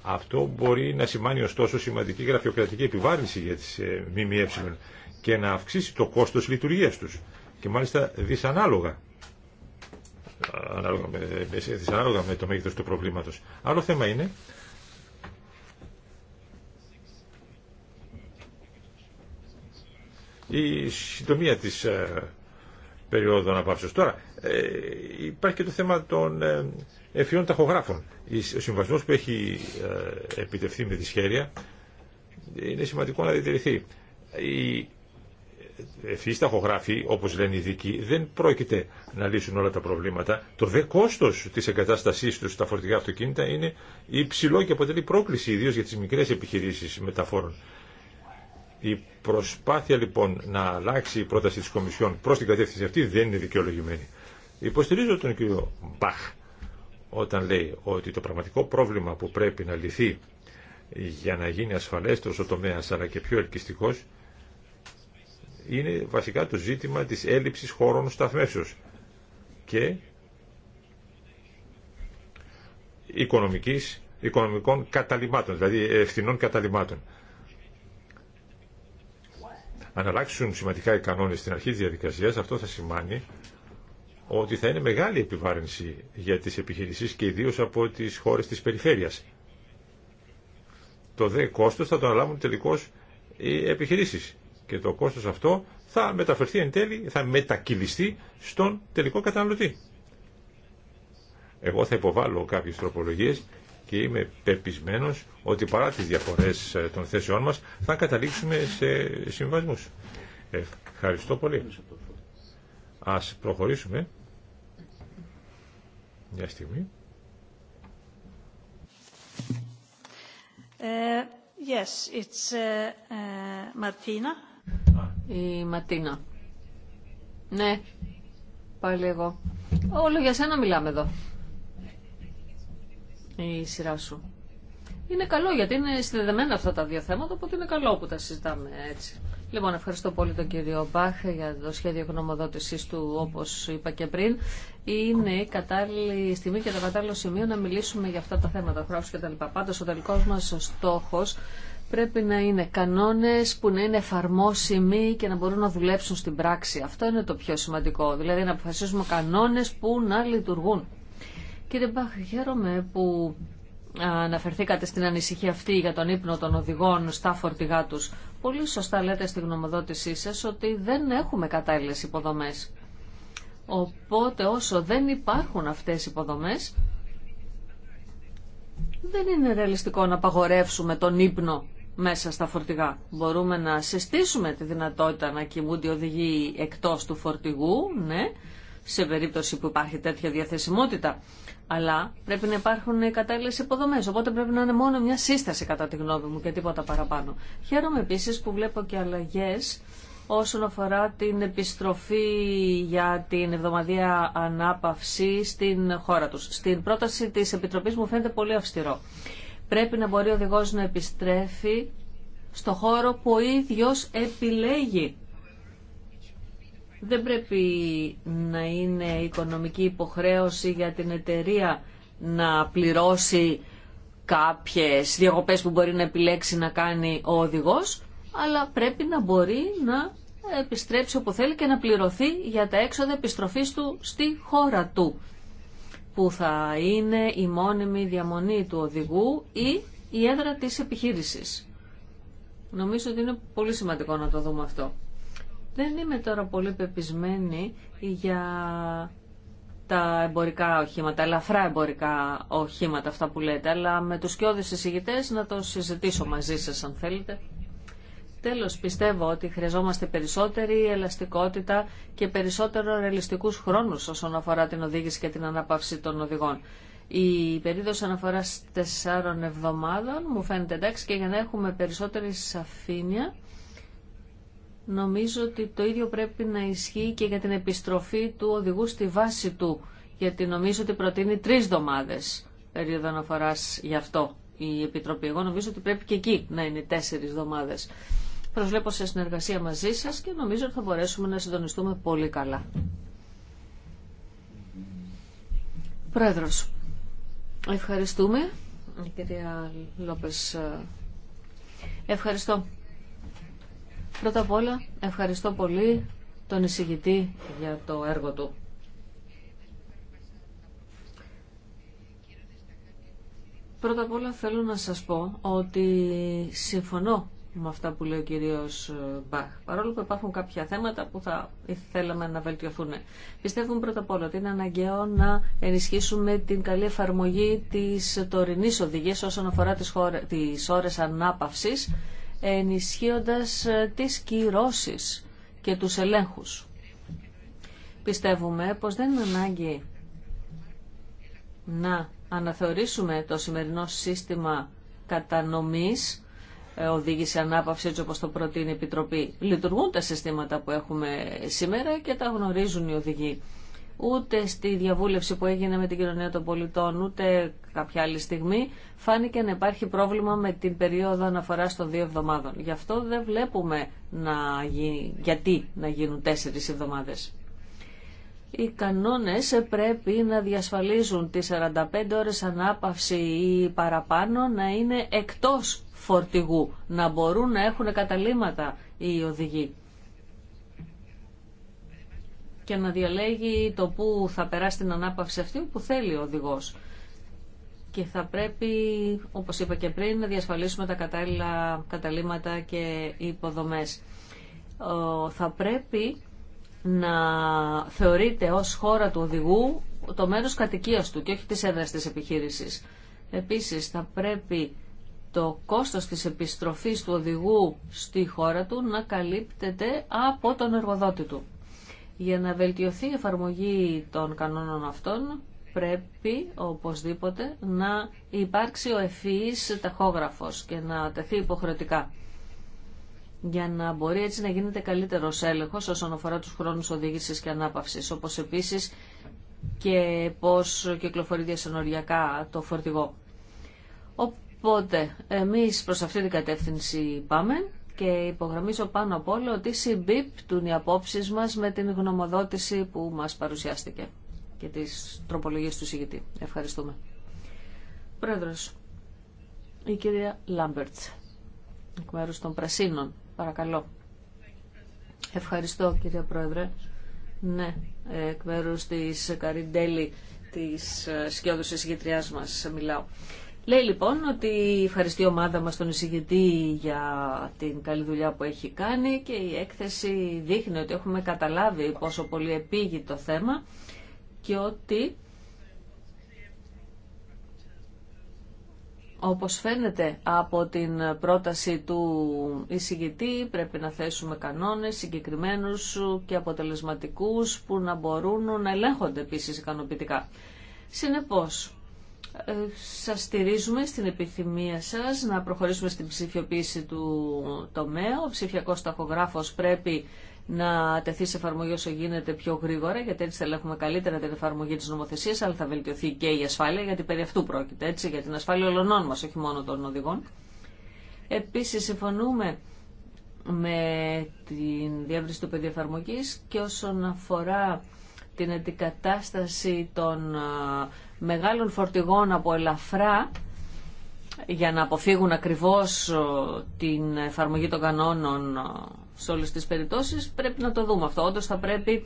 Αυτό μπορεί να σημάνει ωστόσο σημαντική γραφειοκρατική επιβάρυνση για τις ε, ΜΜΕ και να αυξήσει το κόστος λειτουργίας τους και μάλιστα δυσανάλογα ανάλογα με, δυσανάλογα με το μέγεθος του προβλήματος. Άλλο θέμα είναι η συντομία της ε, περίοδου αναπαύσεως. Τώρα, ε, υπάρχει και το θέμα των εφιών ταχογράφων. Ο συμβασμό που έχει ε, επιτευχθεί με τη σχέδια είναι σημαντικό να διατηρηθεί. Οι ευθύς ταχογράφοι, όπως λένε οι ειδικοί, δεν πρόκειται να λύσουν όλα τα προβλήματα. Το δε κόστο τη εγκατάστασή του στα φορτηγά αυτοκίνητα είναι υψηλό και αποτελεί πρόκληση ιδίω για τι μικρέ επιχειρήσει μεταφόρων. Η προσπάθεια λοιπόν να αλλάξει η πρόταση της Κομισιόν προς την κατεύθυνση αυτή δεν είναι δικαιολογημένη. Υποστηρίζω τον κύριο Μπαχ όταν λέει ότι το πραγματικό πρόβλημα που πρέπει να λυθεί για να γίνει ασφαλέστερος ο τομέας αλλά και πιο ελκυστικός είναι βασικά το ζήτημα της έλλειψης χώρων σταθμεύσεως και οικονομικής, οικονομικών καταλημάτων, δηλαδή ευθυνών καταλημάτων. Αν αλλάξουν σημαντικά οι κανόνες στην αρχή της διαδικασίας, αυτό θα σημαίνει ότι θα είναι μεγάλη επιβάρυνση για τις επιχειρήσεις και ιδίως από τις χώρες της περιφέρειας. Το δε κόστος θα το αναλάβουν τελικώς οι επιχειρήσεις και το κόστος αυτό θα μεταφερθεί εν τέλει, θα μετακυλιστεί στον τελικό καταναλωτή. Εγώ θα υποβάλω κάποιες τροπολογίες και είμαι πεπισμένος ότι παρά τις διαφορές ε, των θέσεών μας θα καταλήξουμε σε συμβασμούς. Ευχαριστώ πολύ. Ας προχωρήσουμε. Μια στιγμή. Ε, yes, it's uh, Η Ματίνα. Ναι, πάλι εγώ. Όλο για σένα μιλάμε εδώ. Η σειρά σου. Είναι καλό γιατί είναι συνδεδεμένα αυτά τα δύο θέματα, οπότε είναι καλό που τα συζητάμε έτσι. Λοιπόν, ευχαριστώ πολύ τον κύριο Μπαχ για το σχέδιο γνωμοδότησής του, όπως είπα και πριν. Είναι η κατάλληλη στιγμή και το κατάλληλο σημείο να μιλήσουμε για αυτά τα θέματα, χρόνο και τα λοιπά. Πάντως, ο τελικός μας στόχος πρέπει να είναι κανόνες που να είναι εφαρμόσιμοι και να μπορούν να δουλέψουν στην πράξη. Αυτό είναι το πιο σημαντικό, δηλαδή να αποφασίσουμε κανόνες που να λειτουργούν. Κύριε Μπαχ, χαίρομαι που αναφερθήκατε στην ανησυχία αυτή για τον ύπνο των οδηγών στα φορτηγά του πολύ σωστά λέτε στη γνωμοδότησή σας ότι δεν έχουμε κατάλληλες υποδομές. Οπότε όσο δεν υπάρχουν αυτές οι υποδομές, δεν είναι ρεαλιστικό να απαγορεύσουμε τον ύπνο μέσα στα φορτηγά. Μπορούμε να συστήσουμε τη δυνατότητα να κοιμούνται οι οδηγοί εκτός του φορτηγού, ναι, σε περίπτωση που υπάρχει τέτοια διαθεσιμότητα αλλά πρέπει να υπάρχουν κατάλληλε υποδομέ. Οπότε πρέπει να είναι μόνο μια σύσταση, κατά τη γνώμη μου, και τίποτα παραπάνω. Χαίρομαι επίση που βλέπω και αλλαγέ όσον αφορά την επιστροφή για την εβδομαδία ανάπαυση στην χώρα τους. Στην πρόταση της επιτροπή μου φαίνεται πολύ αυστηρό. Πρέπει να μπορεί ο οδηγό να επιστρέφει στο χώρο που ο ίδιος επιλέγει δεν πρέπει να είναι οικονομική υποχρέωση για την εταιρεία να πληρώσει κάποιες διακοπές που μπορεί να επιλέξει να κάνει ο οδηγός, αλλά πρέπει να μπορεί να επιστρέψει όπου θέλει και να πληρωθεί για τα έξοδα επιστροφής του στη χώρα του, που θα είναι η μόνιμη διαμονή του οδηγού ή η έδρα της επιχείρησης. Νομίζω ότι είναι πολύ σημαντικό να το δούμε αυτό. Δεν είμαι τώρα πολύ πεπισμένη για τα εμπορικά οχήματα, ελαφρά εμπορικά οχήματα αυτά που λέτε, αλλά με τους σκιώδεις εισηγητές να το συζητήσω μαζί σας αν θέλετε. Τέλος, πιστεύω ότι χρειαζόμαστε περισσότερη ελαστικότητα και περισσότερο ρεαλιστικούς χρόνους όσον αφορά την οδήγηση και την αναπαύση των οδηγών. Η περίοδος αναφοράς τεσσάρων εβδομάδων μου φαίνεται εντάξει και για να έχουμε περισσότερη σαφήνεια Νομίζω ότι το ίδιο πρέπει να ισχύει και για την επιστροφή του οδηγού στη βάση του, γιατί νομίζω ότι προτείνει τρει εβδομάδε περίοδο αναφορά γι' αυτό η Επιτροπή. Εγώ νομίζω ότι πρέπει και εκεί να είναι τέσσερι εβδομάδε. Προσβλέπω σε συνεργασία μαζί σα και νομίζω ότι θα μπορέσουμε να συντονιστούμε πολύ καλά. Πρόεδρο. ευχαριστούμε. Κυρία ευχαριστώ. Πρώτα απ' όλα ευχαριστώ πολύ τον εισηγητή για το έργο του. Πρώτα απ' όλα θέλω να σας πω ότι συμφωνώ με αυτά που λέει ο κυρίος Μπαχ. Παρόλο που υπάρχουν κάποια θέματα που θα θέλαμε να βελτιωθούν. Πιστεύουμε πρώτα απ' όλα ότι είναι αναγκαίο να ενισχύσουμε την καλή εφαρμογή της τωρινής οδηγίας όσον αφορά τις, χώρες, τις ώρες ανάπαυσης ενισχύοντας ε, τις κυρώσεις και τους ελέγχους. Πιστεύουμε πως δεν είναι ανάγκη να αναθεωρήσουμε το σημερινό σύστημα κατανομής ε, οδήγηση ανάπαυση έτσι όπως το προτείνει η Επιτροπή. Λειτουργούν τα συστήματα που έχουμε σήμερα και τα γνωρίζουν οι οδηγοί ούτε στη διαβούλευση που έγινε με την κοινωνία των πολιτών, ούτε κάποια άλλη στιγμή, φάνηκε να υπάρχει πρόβλημα με την περίοδο αναφοράς των δύο εβδομάδων. Γι' αυτό δεν βλέπουμε να γιατί να γίνουν τέσσερις εβδομάδες. Οι κανόνες πρέπει να διασφαλίζουν τις 45 ώρες ανάπαυση ή παραπάνω να είναι εκτός φορτηγού, να μπορούν να έχουν καταλήματα οι οδηγοί και να διαλέγει το που θα περάσει την ανάπαυση αυτή που θέλει ο οδηγός. Και θα πρέπει, όπως είπα και πριν, να διασφαλίσουμε τα κατάλληλα καταλήματα και υποδομές. Θα πρέπει να θεωρείται ως χώρα του οδηγού το μέρος κατοικίας του και όχι της έδρας της επιχείρησης. Επίσης, θα πρέπει το κόστος της επιστροφής του οδηγού στη χώρα του να καλύπτεται από τον εργοδότη του. Για να βελτιωθεί η εφαρμογή των κανόνων αυτών πρέπει οπωσδήποτε να υπάρξει ο ευφυής ταχόγραφος και να τεθεί υποχρεωτικά για να μπορεί έτσι να γίνεται καλύτερος έλεγχος όσον αφορά τους χρόνους οδήγησης και ανάπαυσης, όπως επίσης και πώς κυκλοφορεί διασυνοριακά το φορτηγό. Οπότε, εμείς προς αυτή την κατεύθυνση πάμε και υπογραμμίζω πάνω απ' όλο ότι συμπίπτουν οι απόψει μα με την γνωμοδότηση που μας παρουσιάστηκε και τι τροπολογίε του συγητή. Ευχαριστούμε. Πρόεδρος, η κυρία λάμπερτ. εκ μέρου των Πρασίνων, παρακαλώ. Ευχαριστώ κυρία Πρόεδρε. Ναι, εκ μέρους της Καριντέλη, της ε, σκιώδουσης συγγητριά μας μιλάω. Λέει λοιπόν ότι ευχαριστεί η ομάδα μας τον εισηγητή για την καλή δουλειά που έχει κάνει και η έκθεση δείχνει ότι έχουμε καταλάβει πόσο πολύ επήγει το θέμα και ότι όπως φαίνεται από την πρόταση του εισηγητή πρέπει να θέσουμε κανόνες συγκεκριμένους και αποτελεσματικούς που να μπορούν να ελέγχονται επίσης ικανοποιητικά. Συνεπώς, σας στηρίζουμε στην επιθυμία σας να προχωρήσουμε στην ψηφιοποίηση του τομέα. Ο ψηφιακός ταχογράφος πρέπει να τεθεί σε εφαρμογή όσο γίνεται πιο γρήγορα, γιατί έτσι θα έχουμε καλύτερα την εφαρμογή της νομοθεσίας, αλλά θα βελτιωθεί και η ασφάλεια, γιατί περί αυτού πρόκειται, έτσι, για την ασφάλεια ολονών μας, όχι μόνο των οδηγών. Επίσης, συμφωνούμε με την διεύρυνση του πεδίου και όσον αφορά την αντικατάσταση των μεγάλων φορτηγών από ελαφρά για να αποφύγουν ακριβώς την εφαρμογή των κανόνων σε όλες τις περιπτώσεις πρέπει να το δούμε αυτό. Όντως θα πρέπει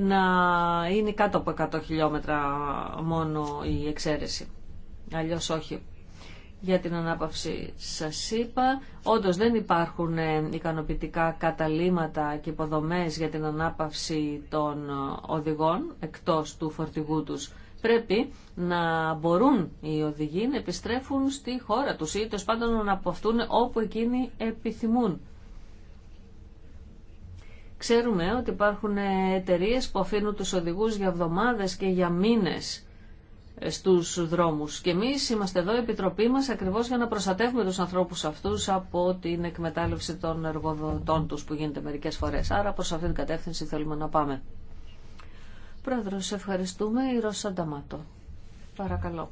να είναι κάτω από 100 χιλιόμετρα μόνο η εξαίρεση. Αλλιώς όχι. Για την ανάπαυση σας είπα, όντως δεν υπάρχουν ε, ικανοποιητικά καταλήματα και υποδομές για την ανάπαυση των ε, οδηγών εκτός του φορτηγού τους πρέπει να μπορούν οι οδηγοί να επιστρέφουν στη χώρα τους ή τέλο πάντων να αποφθούν όπου εκείνοι επιθυμούν. Ξέρουμε ότι υπάρχουν εταιρείε που αφήνουν τους οδηγούς για εβδομάδες και για μήνες στους δρόμους. Και εμείς είμαστε εδώ η Επιτροπή μας ακριβώς για να προστατεύουμε τους ανθρώπους αυτούς από την εκμετάλλευση των εργοδοτών τους που γίνεται μερικές φορές. Άρα προς αυτήν την κατεύθυνση θέλουμε να πάμε. Πρόεδρος, ευχαριστούμε. Η Ρώσα Νταμάτο. Παρακαλώ.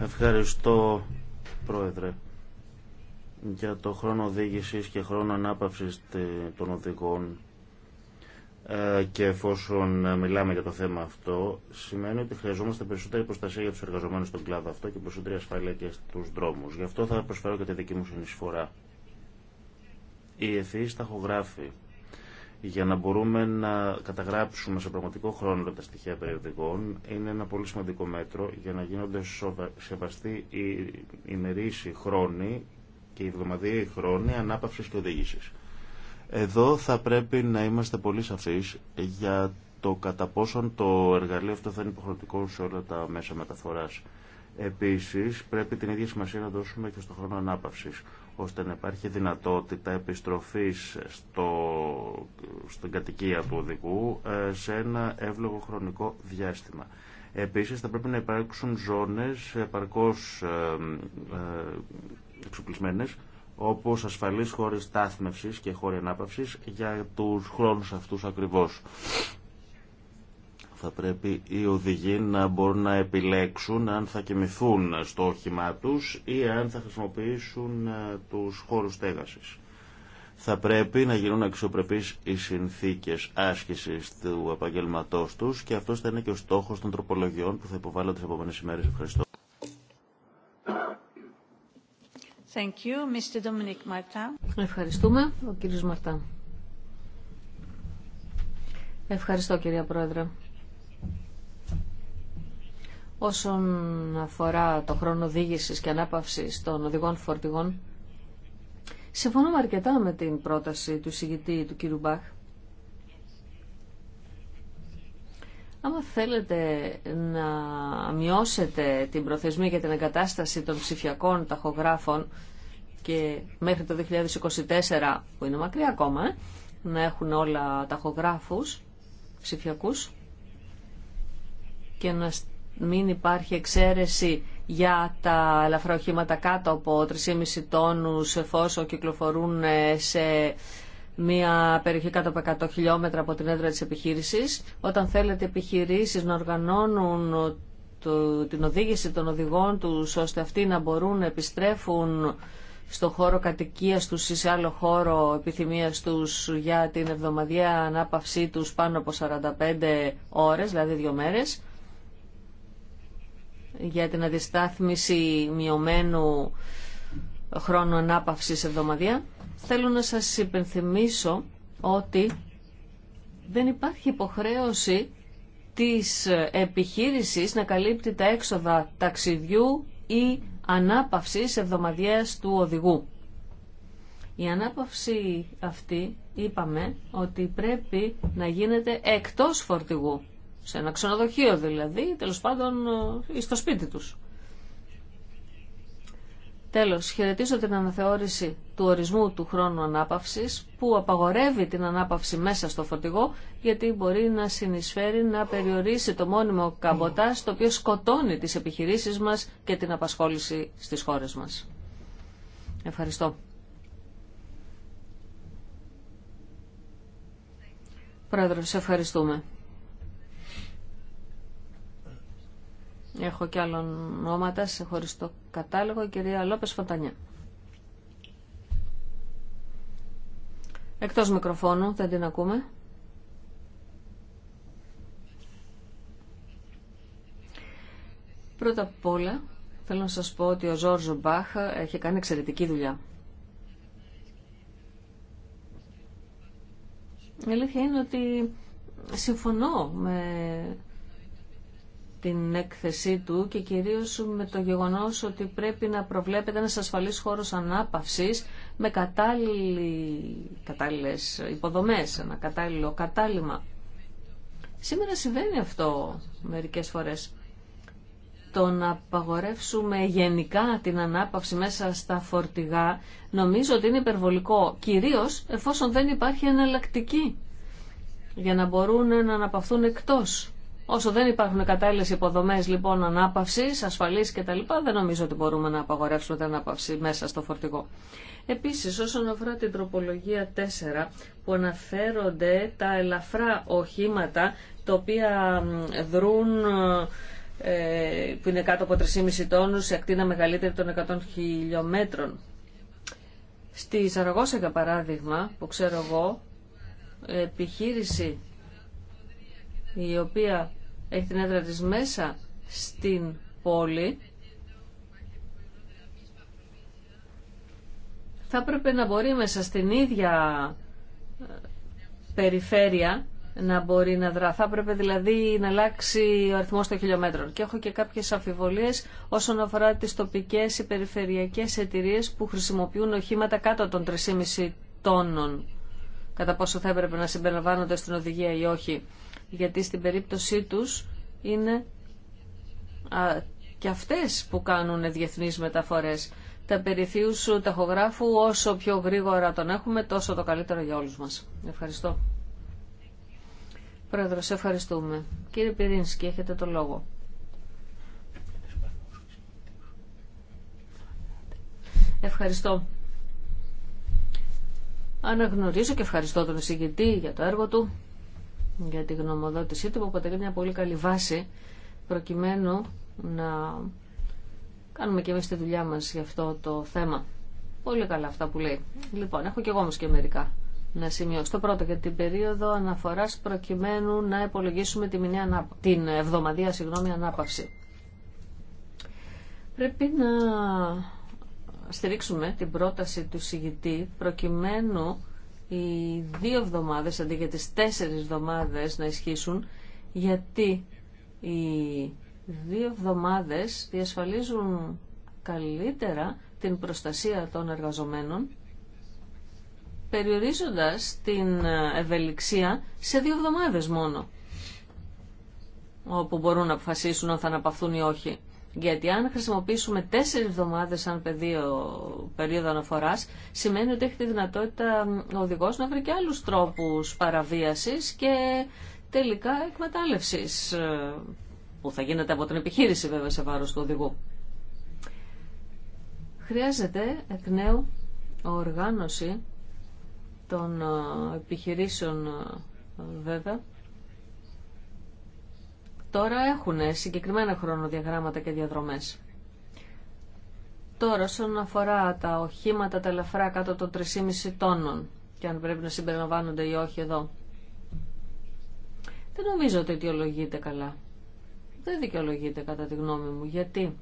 Ευχαριστώ, Πρόεδρε, για το χρόνο οδήγηση και χρόνο ανάπαυσης των οδηγών ε, και εφόσον μιλάμε για το θέμα αυτό, σημαίνει ότι χρειαζόμαστε περισσότερη προστασία για του εργαζομένου στον κλάδο αυτό και περισσότερη ασφάλεια και στου δρόμου. Γι' αυτό θα προσφέρω και τη δική μου συνεισφορά. Η ευθύ Σταχογράφη για να μπορούμε να καταγράψουμε σε πραγματικό χρόνο τα στοιχεία περιοδικών είναι ένα πολύ σημαντικό μέτρο για να γίνονται σεβαστοί οι ημερήσιοι χρόνοι και οι εβδομαδιαίοι χρόνοι ανάπαυσης και οδήγησης. Εδώ θα πρέπει να είμαστε πολύ σαφείς για το κατά πόσον το εργαλείο αυτό θα είναι υποχρεωτικό σε όλα τα μέσα μεταφοράς. Επίσης, πρέπει την ίδια σημασία να δώσουμε και στο χρόνο ανάπαυσης ώστε να υπάρχει δυνατότητα επιστροφής στο, στην κατοικία του οδηγού ε, σε ένα εύλογο χρονικό διάστημα. Επίσης θα πρέπει να υπάρξουν ζώνες επαρκώς ε, ε, εξοπλισμένες όπως ασφαλείς χώρες στάθμευσης και χώροι ανάπαυσης για τους χρόνους αυτούς ακριβώς θα πρέπει οι οδηγοί να μπορούν να επιλέξουν αν θα κοιμηθούν στο όχημά τους ή αν θα χρησιμοποιήσουν ε, τους χώρους στέγασης. Θα πρέπει να γίνουν αξιοπρεπείς οι συνθήκες άσκησης του επαγγελματό τους και αυτός θα είναι και ο στόχος των τροπολογιών που θα υποβάλλονται τις επόμενες ημέρες. Ευχαριστώ. Thank you, Ευχαριστούμε, ο κύριος Μαρτά. Ευχαριστώ κυρία Πρόεδρε. Όσον αφορά το χρόνο οδηγηση και ανάπαυση των οδηγών φορτηγών, συμφωνούμε αρκετά με την πρόταση του συγητή του κ. Μπαχ. Άμα θέλετε να μειώσετε την προθεσμία για την εγκατάσταση των ψηφιακών ταχογράφων και μέχρι το 2024, που είναι μακριά ακόμα, ε, να έχουν όλα ταχογράφους ψηφιακούς και να μην υπάρχει εξαίρεση για τα ελαφρά οχήματα κάτω από 3,5 τόνους εφόσον κυκλοφορούν σε μια περιοχή κάτω από 100 χιλιόμετρα από την έδρα της επιχείρησης. Όταν θέλετε επιχειρήσεις να οργανώνουν το, την οδήγηση των οδηγών τους ώστε αυτοί να μπορούν να επιστρέφουν στο χώρο κατοικίας τους ή σε άλλο χώρο επιθυμίας τους για την εβδομαδιαία ανάπαυσή τους πάνω από 45 ώρες, δηλαδή δύο μέρες για την αντιστάθμιση μειωμένου χρόνου ανάπαυσης εβδομαδία, θέλω να σας υπενθυμίσω ότι δεν υπάρχει υποχρέωση της επιχείρησης να καλύπτει τα έξοδα ταξιδιού ή ανάπαυσης εβδομαδιαίας του οδηγού. Η ανάπαυση αυτή είπαμε ότι πρέπει να γίνεται εκτός φορτηγού σε ένα ξενοδοχείο δηλαδή, τέλος πάντων ή ε, στο σπίτι τους. Τέλος, χαιρετίζω την αναθεώρηση του ορισμού του χρόνου ανάπαυσης που απαγορεύει την ανάπαυση μέσα στο φωτιγό, γιατί μπορεί να συνεισφέρει να περιορίσει το μόνιμο καμποτά το οποίο σκοτώνει τις επιχειρήσεις μας και την απασχόληση στις χώρες μας. Ευχαριστώ. Πρόεδρο, ευχαριστούμε. Έχω και άλλα ονόματα σε χωριστό κατάλογο. Η κυρία Λόπες Φοντανιά. Εκτός μικροφώνου, δεν την ακούμε. Πρώτα απ' όλα, θέλω να σας πω ότι ο Ζόρζο Μπάχ έχει κάνει εξαιρετική δουλειά. Η αλήθεια είναι ότι συμφωνώ με την έκθεσή του και κυρίως με το γεγονός ότι πρέπει να προβλέπεται ένας ασφαλής χώρος ανάπαυσης με κατάλληλη, κατάλληλες υποδομές, ένα κατάλληλο κατάλημα. Σήμερα συμβαίνει αυτό μερικές φορές. Το να απαγορεύσουμε γενικά την ανάπαυση μέσα στα φορτηγά νομίζω ότι είναι υπερβολικό, κυρίως εφόσον δεν υπάρχει εναλλακτική για να μπορούν να αναπαυθούν εκτός Όσο δεν υπάρχουν κατάλληλε υποδομέ λοιπόν ανάπαυση, ασφαλή κτλ., δεν νομίζω ότι μπορούμε να απαγορεύσουμε την ανάπαυση μέσα στο φορτηγό. Επίση, όσον αφορά την τροπολογία 4, που αναφέρονται τα ελαφρά οχήματα τα οποία δρούν ε, που είναι κάτω από 3,5 τόνους σε ακτίνα μεγαλύτερη των 100 χιλιόμετρων. Στη Σαραγώσα, για παράδειγμα, που ξέρω εγώ, επιχείρηση η οποία έχει την έδρα της μέσα στην πόλη, θα έπρεπε να μπορεί μέσα στην ίδια ε, περιφέρεια να μπορεί να δρά. Θα έπρεπε δηλαδή να αλλάξει ο αριθμός των χιλιόμετρων. Και έχω και κάποιες αμφιβολίες όσον αφορά τις τοπικές ή περιφερειακές εταιρείε που χρησιμοποιούν οχήματα κάτω των 3,5 τόνων. Κατά πόσο θα έπρεπε να συμπεριλαμβάνονται στην οδηγία ή όχι γιατί στην περίπτωσή τους είναι και αυτές που κάνουν διεθνείς μεταφορές. Τα σου ταχογράφου όσο πιο γρήγορα τον έχουμε τόσο το καλύτερο για όλους μας. Ευχαριστώ. Πρόεδρος, ευχαριστούμε. Κύριε Πυρίνσκι, έχετε το λόγο. Ευχαριστώ. Αναγνωρίζω και ευχαριστώ τον εισηγητή για το έργο του για τη γνωμοδότησή του που αποτελεί μια πολύ καλή βάση προκειμένου να κάνουμε και εμείς τη δουλειά μας για αυτό το θέμα. Πολύ καλά αυτά που λέει. Λοιπόν, έχω και εγώ όμως και μερικά να σημειώσω. Το πρώτο για την περίοδο αναφοράς προκειμένου να υπολογίσουμε τη την εβδομαδία συγγνώμη, ανάπαυση. Πρέπει να στηρίξουμε την πρόταση του συγητή προκειμένου οι δύο εβδομάδες αντί για τις τέσσερις εβδομάδες να ισχύσουν γιατί οι δύο εβδομάδες διασφαλίζουν καλύτερα την προστασία των εργαζομένων περιορίζοντας την ευελιξία σε δύο εβδομάδες μόνο όπου μπορούν να αποφασίσουν αν θα αναπαυθούν ή όχι. Γιατί αν χρησιμοποιήσουμε τέσσερι εβδομάδε σαν πεδίο, περίοδο αναφορά, σημαίνει ότι έχει τη δυνατότητα ο οδηγό να βρει και άλλου τρόπου παραβίαση και τελικά εκμετάλλευση. Ε, που θα γίνεται από την επιχείρηση βέβαια σε βάρο του οδηγού. Χρειάζεται εκ νέου οργάνωση των ε, επιχειρήσεων ε, βέβαια τώρα έχουν συγκεκριμένα χρονοδιαγράμματα και διαδρομές. Τώρα, όσον αφορά τα οχήματα τα ελαφρά κάτω των 3,5 τόνων και αν πρέπει να συμπεριλαμβάνονται ή όχι εδώ, δεν νομίζω ότι αιτιολογείται καλά. Δεν δικαιολογείται κατά τη γνώμη μου. Γιατί.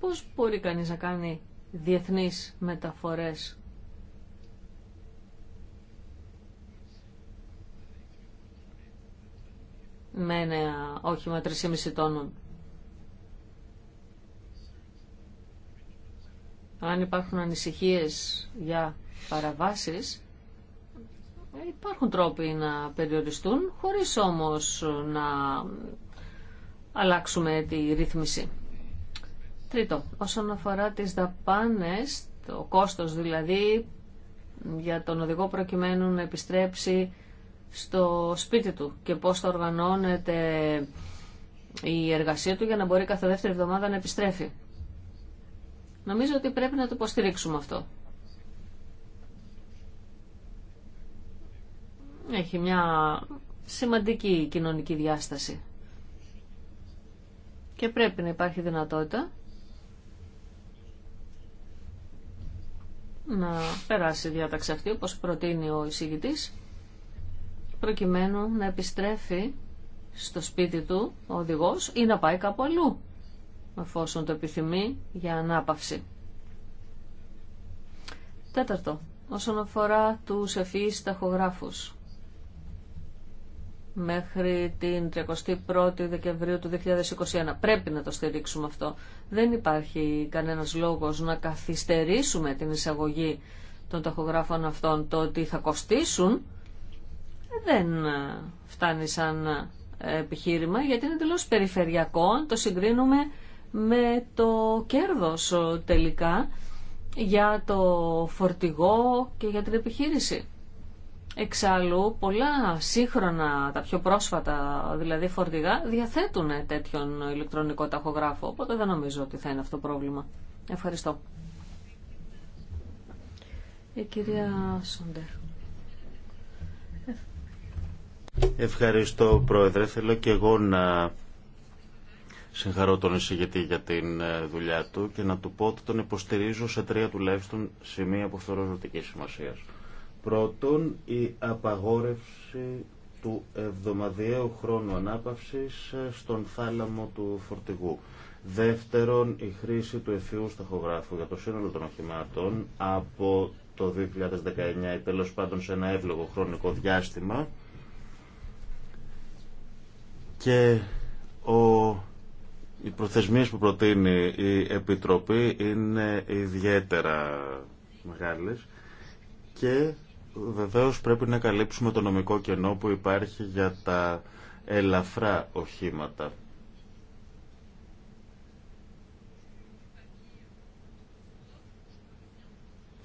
Πώς μπορεί κανείς να κάνει διεθνείς μεταφορές με όχι όχημα 3,5 τόνων. Αν υπάρχουν ανησυχίες για παραβάσεις, ε, υπάρχουν τρόποι να περιοριστούν, χωρίς όμως να αλλάξουμε τη ρύθμιση. Τρίτο, όσον αφορά τις δαπάνες, το κόστος δηλαδή για τον οδηγό προκειμένου να επιστρέψει στο σπίτι του και πώς θα οργανώνεται η εργασία του για να μπορεί κάθε δεύτερη εβδομάδα να επιστρέφει. Νομίζω ότι πρέπει να το υποστηρίξουμε αυτό. Έχει μια σημαντική κοινωνική διάσταση. Και πρέπει να υπάρχει δυνατότητα να περάσει η διάταξη αυτή, όπως προτείνει ο εισηγητής προκειμένου να επιστρέφει στο σπίτι του ο οδηγός ή να πάει κάπου αλλού εφόσον το επιθυμεί για ανάπαυση. Τέταρτο, όσον αφορά τους ευφυείς ταχογράφους. Μέχρι την 31η Δεκεμβρίου του 2021. Πρέπει να το στηρίξουμε αυτό. Δεν υπάρχει κανένας λόγος να καθυστερήσουμε την εισαγωγή των ταχογράφων αυτών. Το ότι θα κοστίσουν δεν ε, φτάνει σαν ε, επιχείρημα γιατί είναι εντελώ περιφερειακό αν το συγκρίνουμε με το κέρδος τελικά για το φορτηγό και για την επιχείρηση. Εξάλλου, πολλά σύγχρονα, τα πιο πρόσφατα δηλαδή φορτηγά, διαθέτουν τέτοιον ηλεκτρονικό ταχογράφο, οπότε δεν νομίζω ότι θα είναι αυτό το πρόβλημα. Ευχαριστώ. Η κυρία Σοντέρ. Ευχαριστώ, Πρόεδρε. Θέλω και εγώ να συγχαρώ τον εισηγητή για την ε, δουλειά του και να του πω ότι τον υποστηρίζω σε τρία τουλάχιστον σημεία που θεωρώ ζωτική σημασία. Πρώτον, η απαγόρευση του εβδομαδιαίου χρόνου ανάπαυσης ε, στον θάλαμο του φορτηγού. Δεύτερον, η χρήση του εφιού σταχογράφου για το σύνολο των οχημάτων από το 2019 ή τέλο πάντων σε ένα εύλογο χρονικό διάστημα και ο, οι προθεσμίες που προτείνει η Επιτροπή είναι ιδιαίτερα μεγάλες και βεβαίως πρέπει να καλύψουμε το νομικό κενό που υπάρχει για τα ελαφρά οχήματα.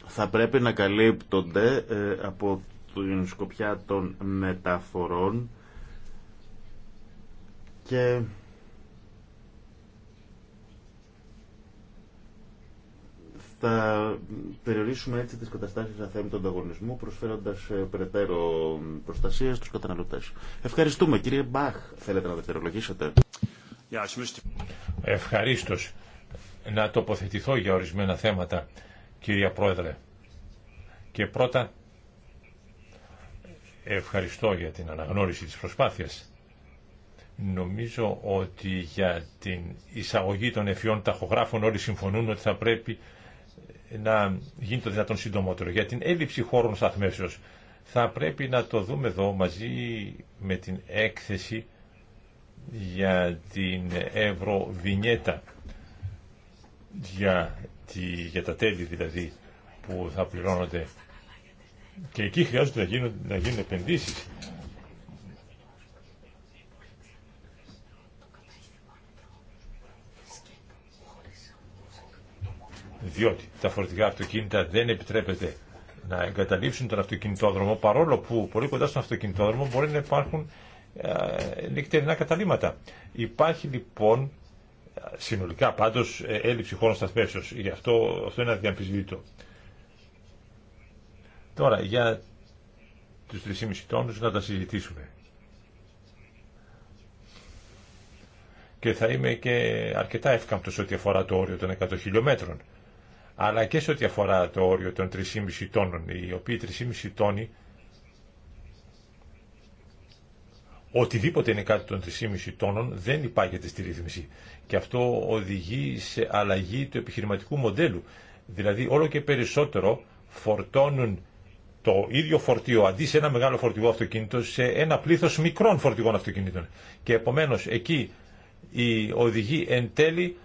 Θα πρέπει να καλύπτονται ε, από την σκοπιά των μεταφορών και θα περιορίσουμε έτσι τις καταστάσεις αθέμη του ανταγωνισμού προσφέροντας ε, περαιτέρω προστασία στους καταναλωτές. Ευχαριστούμε. Κύριε Μπαχ, θέλετε να δευτερολογήσετε. Ευχαριστώ να τοποθετηθώ για ορισμένα θέματα, κυρία Πρόεδρε. Και πρώτα, ευχαριστώ για την αναγνώριση της προσπάθειας Νομίζω ότι για την εισαγωγή των εφιών ταχογράφων όλοι συμφωνούν ότι θα πρέπει να γίνει το δυνατόν συντομότερο. Για την έλλειψη χώρων σταθμεύσεως θα πρέπει να το δούμε εδώ μαζί με την έκθεση για την Ευρωβινιέτα για, τη, για τα τέλη δηλαδή που θα πληρώνονται και εκεί χρειάζεται να γίνουν, να γίνουν επενδύσεις διότι τα φορτηγά αυτοκίνητα δεν επιτρέπεται να εγκαταλείψουν τον αυτοκινητόδρομο παρόλο που πολύ κοντά στον αυτοκινητόδρομο μπορεί να υπάρχουν ε, νυχτερινά καταλήμματα. Υπάρχει λοιπόν συνολικά πάντως ε, έλλειψη χώρων σταθμεύσεω. Γι' αυτό, αυτό είναι αδιαμφισβήτητο. Τώρα για τους 3,5 τόνου να τα συζητήσουμε. Και θα είμαι και αρκετά εύκαμπτο ό,τι αφορά το όριο των 100 χιλιόμετρων αλλά και σε ό,τι αφορά το όριο των 3,5 τόνων, οι οποίοι 3,5 τόνοι οτιδήποτε είναι κάτω των 3,5 τόνων δεν υπάρχει στη ρύθμιση. Και αυτό οδηγεί σε αλλαγή του επιχειρηματικού μοντέλου. Δηλαδή όλο και περισσότερο φορτώνουν το ίδιο φορτίο αντί σε ένα μεγάλο φορτηγό αυτοκίνητο σε ένα πλήθος μικρών φορτηγών αυτοκινήτων. Και επομένως εκεί οι οδηγοί εν τέλει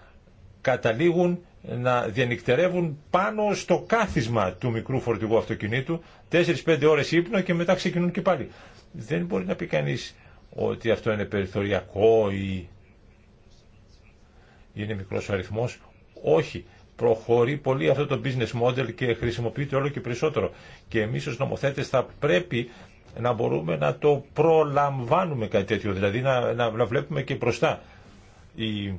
καταλήγουν να διανυκτερεύουν πάνω στο κάθισμα του μικρού φορτηγού αυτοκινήτου 4-5 ώρες ύπνο και μετά ξεκινούν και πάλι. Δεν μπορεί να πει κανείς ότι αυτό είναι περιθωριακό ή είναι μικρός ο αριθμός. Όχι. Προχωρεί πολύ αυτό το business model και χρησιμοποιείται όλο και περισσότερο. Και εμείς ως νομοθέτες θα πρέπει να μπορούμε να το προλαμβάνουμε κάτι τέτοιο, δηλαδή να, να, βλέπουμε και μπροστά. Η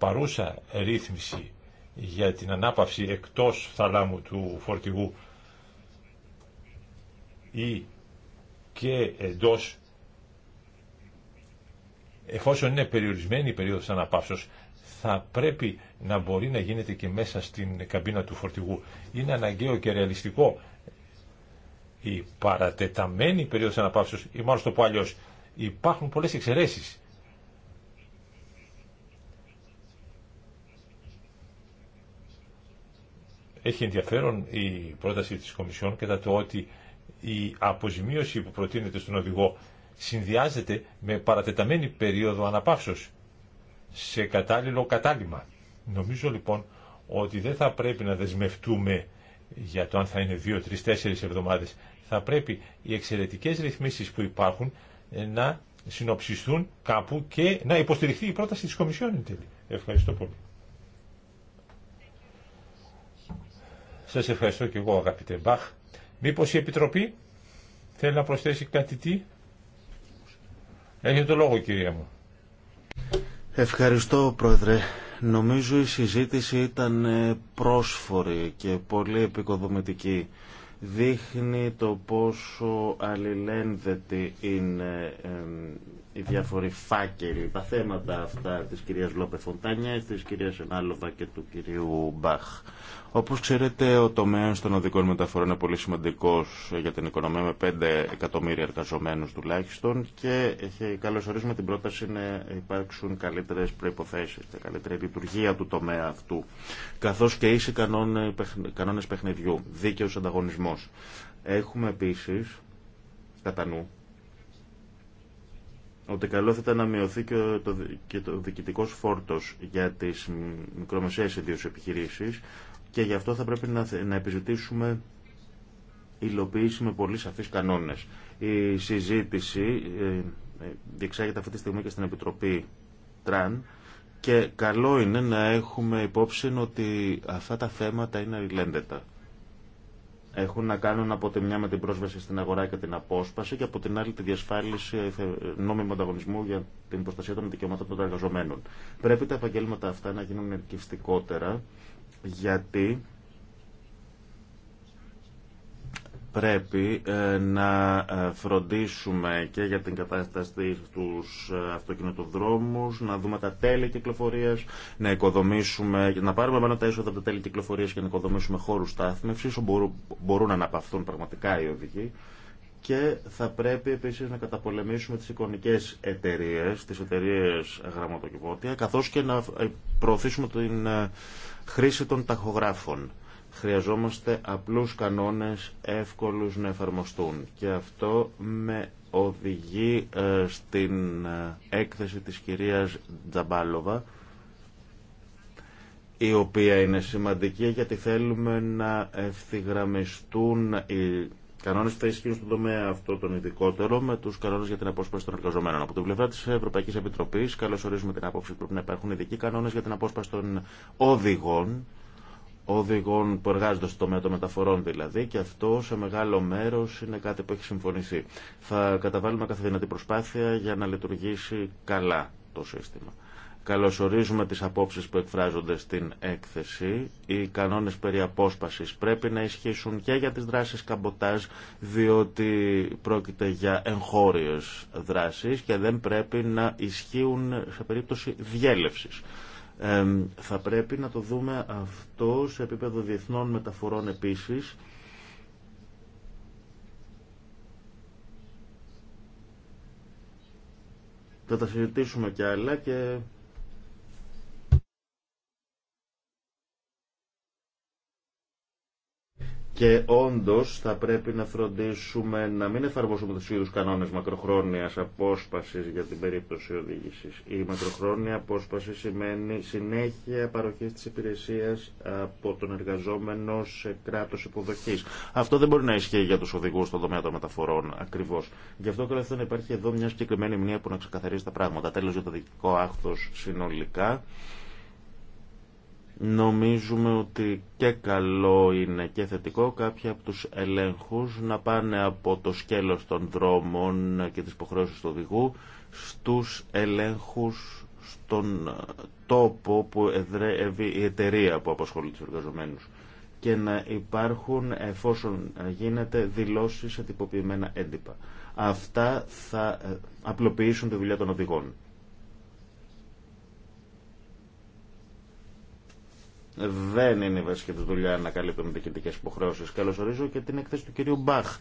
παρούσα ρύθμιση για την ανάπαυση εκτός θαλάμου του φορτηγού ή και εντός εφόσον είναι περιορισμένη η περίοδος αναπαύσεως θα πρέπει να μπορεί να γίνεται και μέσα στην καμπίνα του φορτηγού. Είναι αναγκαίο και ρεαλιστικό η παρατεταμένη περίοδος αναπαύσεως ή μάλλον το πω αλλιώς, υπάρχουν πολλές εξαιρέσεις έχει ενδιαφέρον η πρόταση της Κομισιόν κατά το ότι η αποζημίωση που προτείνεται στον οδηγό συνδυάζεται με παρατεταμένη περίοδο αναπαύσεως σε κατάλληλο κατάλημα. Νομίζω λοιπόν ότι δεν θα πρέπει να δεσμευτούμε για το αν θα είναι 2, 3, 4 εβδομάδες. Θα πρέπει οι εξαιρετικές ρυθμίσεις που υπάρχουν ε, να συνοψιστούν κάπου και να υποστηριχθεί η πρόταση της Κομισιόν εν τέλει. Ευχαριστώ πολύ. Σας ευχαριστώ και εγώ αγαπητέ Μπαχ. Μήπως η Επιτροπή θέλει να προσθέσει κάτι τι. Έχετε το λόγο κυρία μου. Ευχαριστώ πρόεδρε. Νομίζω η συζήτηση ήταν ε, πρόσφορη και πολύ επικοδομητική δείχνει το πόσο αλληλένδετη είναι οι διάφοροι φάκελοι, τα θέματα αυτά της κυρίας Λόπε Φοντάνια, της κυρίας Ενάλοβα και του κυρίου Μπαχ. Όπως ξέρετε, ο τομέας των οδικών μεταφορών είναι πολύ σημαντικός για την οικονομία με 5 εκατομμύρια εργαζομένους τουλάχιστον και ορίζουμε την πρόταση να υπάρξουν καλύτερες προϋποθέσεις και καλύτερη λειτουργία του τομέα αυτού, καθώς και ίση κανόνες παιχνιδιού, δίκαιος ανταγωνισμό. Έχουμε επίσης κατά νου ότι καλό θα ήταν να μειωθεί και το, και το διοικητικός φόρτος για τις μικρομεσαίες ιδίως επιχειρήσεις και γι' αυτό θα πρέπει να, να επιζητήσουμε υλοποίηση με πολύ σαφείς κανόνες. Η συζήτηση ε, ε, διεξάγεται αυτή τη στιγμή και στην Επιτροπή Τραν και καλό είναι να έχουμε υπόψη ότι αυτά τα θέματα είναι αλληλένδετα. Έχουν να κάνουν από τη μια με την πρόσβαση στην αγορά και την απόσπαση και από την άλλη τη διασφάλιση ε, νόμιμου ανταγωνισμού για την προστασία των δικαιωμάτων των εργαζομένων. Πρέπει τα επαγγέλματα αυτά να γίνουν ελκυστικότερα γιατί πρέπει ε, να ε, φροντίσουμε και για την κατάσταση των ε, αυτοκινητοδρόμους, να δούμε τα τέλη κυκλοφορίας, να οικοδομήσουμε, να πάρουμε πάνω τα έσοδα από τα τέλη κυκλοφορίας και να οικοδομήσουμε χώρους στάθμευσης, όπου μπορούν, μπορούν να αναπαυθούν πραγματικά οι οδηγοί. Και θα πρέπει επίσης να καταπολεμήσουμε τις εικονικές εταιρείες, τις εταιρείες γραμματοκιβώτια, καθώς και να προωθήσουμε την χρήση των ταχογράφων Χρειαζόμαστε απλούς κανόνες εύκολους να εφαρμοστούν και αυτό με οδηγεί ε, στην ε, έκθεση της κυρίας Τζαμπάλοβα η οποία είναι σημαντική γιατί θέλουμε να ευθυγραμμιστούν οι κανόνες που θα ισχύουν στον τομέα αυτό τον ειδικότερο με τους κανόνες για την απόσπαση των εργαζομένων. Από την πλευρά της Ευρωπαϊκής Επιτροπής ορίζουμε την άποψη που πρέπει να υπάρχουν ειδικοί κανόνες για την απόσπαση των οδηγών οδηγών που εργάζονται στο τομέα των μεταφορών δηλαδή και αυτό σε μεγάλο μέρος είναι κάτι που έχει συμφωνηθεί. Θα καταβάλουμε κάθε δυνατή προσπάθεια για να λειτουργήσει καλά το σύστημα. Καλωσορίζουμε τις απόψεις που εκφράζονται στην έκθεση. Οι κανόνες περί απόσπασης πρέπει να ισχύσουν και για τις δράσει καμποτάζ, διότι πρόκειται για εγχώριες δράσεις και δεν πρέπει να ισχύουν σε περίπτωση διέλευσης θα πρέπει να το δούμε αυτό σε επίπεδο διεθνών μεταφορών επίσης, Θα τα συζητήσουμε κι άλλα και Και όντω θα πρέπει να φροντίσουμε να μην εφαρμόσουμε του ίδιου κανόνε μακροχρόνια απόσπαση για την περίπτωση οδήγηση. Η μακροχρόνια απόσπαση σημαίνει συνέχεια παροχή τη υπηρεσία από τον εργαζόμενο σε κράτο υποδοχή. Αυτό δεν μπορεί να ισχύει για του οδηγού στον τομέα των μεταφορών ακριβώ. Γι' αυτό καλό να υπάρχει εδώ μια συγκεκριμένη μνήμα που να ξεκαθαρίζει τα πράγματα. Τέλο για το διοικητικό άκτο συνολικά. Νομίζουμε ότι και καλό είναι και θετικό κάποιοι από τους ελέγχους να πάνε από το σκέλος των δρόμων και τις υποχρεώσει του οδηγού στους ελέγχους στον ε, τόπο που εδρεύει η εταιρεία που απασχολεί τους εργαζομένους και να υπάρχουν εφόσον ε, γίνεται δηλώσεις σε τυποποιημένα έντυπα. Αυτά θα ε, απλοποιήσουν τη δουλειά των οδηγών. δεν είναι η βασική του δουλειά να καλύπτουν διοικητικέ υποχρεώσει. Καλωσορίζω και την έκθεση του κυρίου Μπαχ.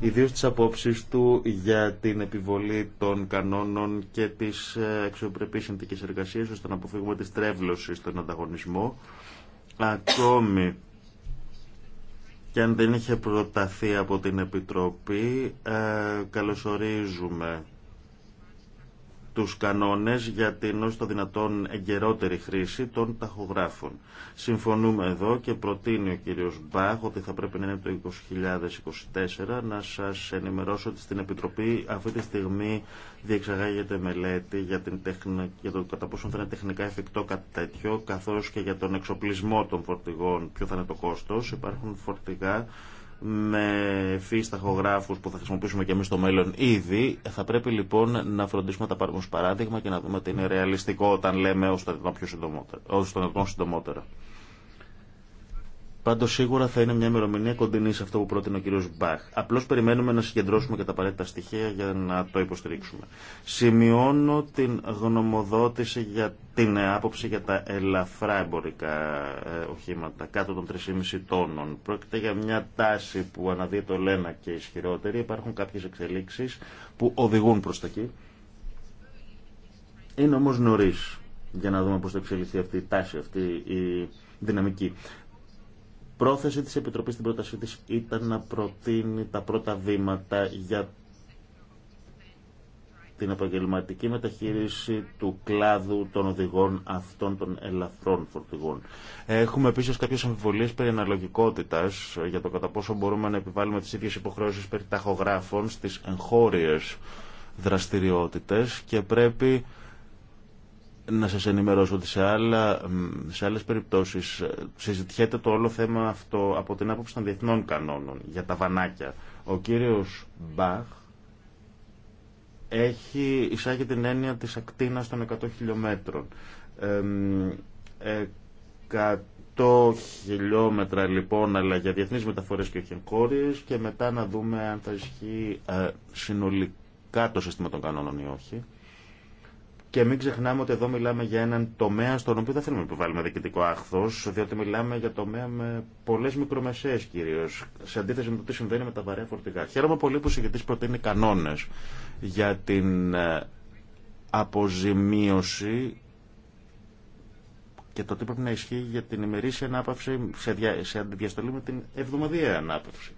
Ιδίω τι απόψει του για την επιβολή των κανόνων και τη ε, αξιοπρεπή συνθήκη εργασία ώστε να αποφύγουμε τη στρέβλωση στον ανταγωνισμό. Ακόμη και αν δεν είχε προταθεί από την Επιτροπή, ε, καλωσορίζουμε τους κανόνες για την όσο το δυνατόν εγκαιρότερη χρήση των ταχογράφων. Συμφωνούμε εδώ και προτείνει ο κύριος Μπάχ ότι θα πρέπει να είναι το 2024 να σας ενημερώσω ότι στην Επιτροπή αυτή τη στιγμή διεξαγάγεται μελέτη για, την τεχνα... για το κατά πόσο θα είναι τεχνικά εφικτό κάτι τέτοιο καθώς και για τον εξοπλισμό των φορτηγών ποιο θα είναι το κόστος. Υπάρχουν φορτηγά με φύς που θα χρησιμοποιήσουμε και εμείς στο μέλλον ήδη. Θα πρέπει λοιπόν να φροντίσουμε τα πάρουμε παράδειγμα και να δούμε ότι είναι ρεαλιστικό όταν λέμε όσο το δυνατόν συντομότερα. Πάντω σίγουρα θα είναι μια ημερομηνία κοντινή σε αυτό που πρότεινε ο κ. Μπαχ. Απλώ περιμένουμε να συγκεντρώσουμε και τα απαραίτητα στοιχεία για να το υποστηρίξουμε. Σημειώνω την γνωμοδότηση για την άποψη για τα ελαφρά εμπορικά ε, οχήματα κάτω των 3,5 τόνων. Πρόκειται για μια τάση που αναδύεται το Λένα και ισχυρότερη. Υπάρχουν κάποιε εξελίξει που οδηγούν προ τα εκεί. Είναι όμω νωρί για να δούμε πώ θα εξελιχθεί αυτή η τάση, αυτή η δυναμική πρόθεση της Επιτροπής στην πρότασή της ήταν να προτείνει τα πρώτα βήματα για την επαγγελματική μεταχείριση του κλάδου των οδηγών αυτών των ελαφρών φορτηγών. Έχουμε επίσης κάποιες αμφιβολίες περί αναλογικότητας για το κατά πόσο μπορούμε να επιβάλλουμε τις ίδιες υποχρεώσεις περί ταχογράφων στις εγχώριες δραστηριότητες και πρέπει να σας ενημερώσω ότι σε, άλλα, σε άλλες περιπτώσεις ε, συζητιέται το όλο θέμα αυτό από την άποψη των διεθνών κανόνων για τα βανάκια. Ο κύριος Μπαχ έχει εισάγει την έννοια της ακτίνας των 100 χιλιόμετρων. Ε, 100 χιλιόμετρα λοιπόν, αλλά για διεθνείς μεταφορές και όχι εγχώριες και μετά να δούμε αν θα ισχύει ε, συνολικά το σύστημα των κανόνων ή όχι. Και μην ξεχνάμε ότι εδώ μιλάμε για έναν τομέα στον οποίο δεν θέλουμε να επιβάλλουμε διοικητικό άχθο, διότι μιλάμε για τομέα με πολλέ μικρομεσαίε κυρίω, σε αντίθεση με το τι συμβαίνει με τα βαρέα φορτηγά. Χαίρομαι πολύ που ο συγκεκριτή προτείνει κανόνε για την ε, αποζημίωση και το τι πρέπει να ισχύει για την ημερήσια ανάπαυση σε, σε αντιδιαστολή με την εβδομαδιαία ανάπαυση.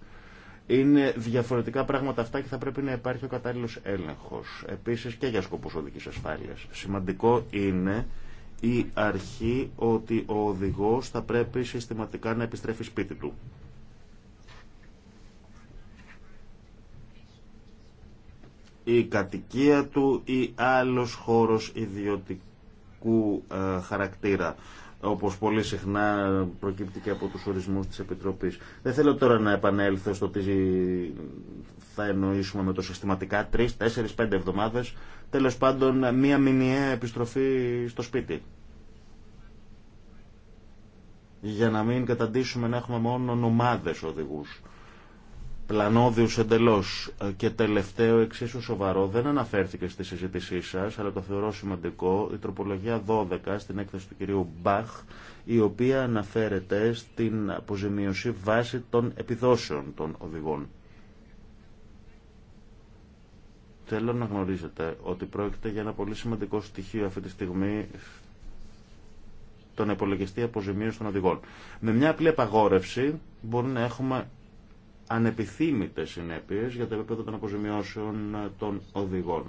Είναι διαφορετικά πράγματα αυτά και θα πρέπει να υπάρχει ο κατάλληλο έλεγχο. Επίση και για σκοπού οδική ασφάλεια. Σημαντικό είναι η αρχή ότι ο οδηγό θα πρέπει συστηματικά να επιστρέφει σπίτι του. η κατοικία του ή άλλος χώρος ιδιωτικού ε, χαρακτήρα όπως πολύ συχνά προκύπτει και από τους ορισμού της Επιτροπής. Δεν θέλω τώρα να επανέλθω στο τι θα εννοήσουμε με το συστηματικά, τρει, τέσσερι πέντε εβδομάδες, τέλος πάντων μία μηνιαία επιστροφή στο σπίτι. Για να μην καταντήσουμε να έχουμε μόνο ομάδες οδηγούς πλανόδιους εντελώς. Ε, και τελευταίο, εξίσου σοβαρό, δεν αναφέρθηκε στη συζήτησή σας, αλλά το θεωρώ σημαντικό, η τροπολογία 12 στην έκθεση του κυρίου Μπαχ, η οποία αναφέρεται στην αποζημίωση βάση των επιδόσεων των οδηγών. Θέλω να γνωρίζετε ότι πρόκειται για ένα πολύ σημαντικό στοιχείο αυτή τη στιγμή τον υπολογιστή αποζημίωση των οδηγών. Με μια απλή απαγόρευση μπορεί να έχουμε ανεπιθύμητες συνέπειες για το επίπεδο των αποζημιώσεων των οδηγών.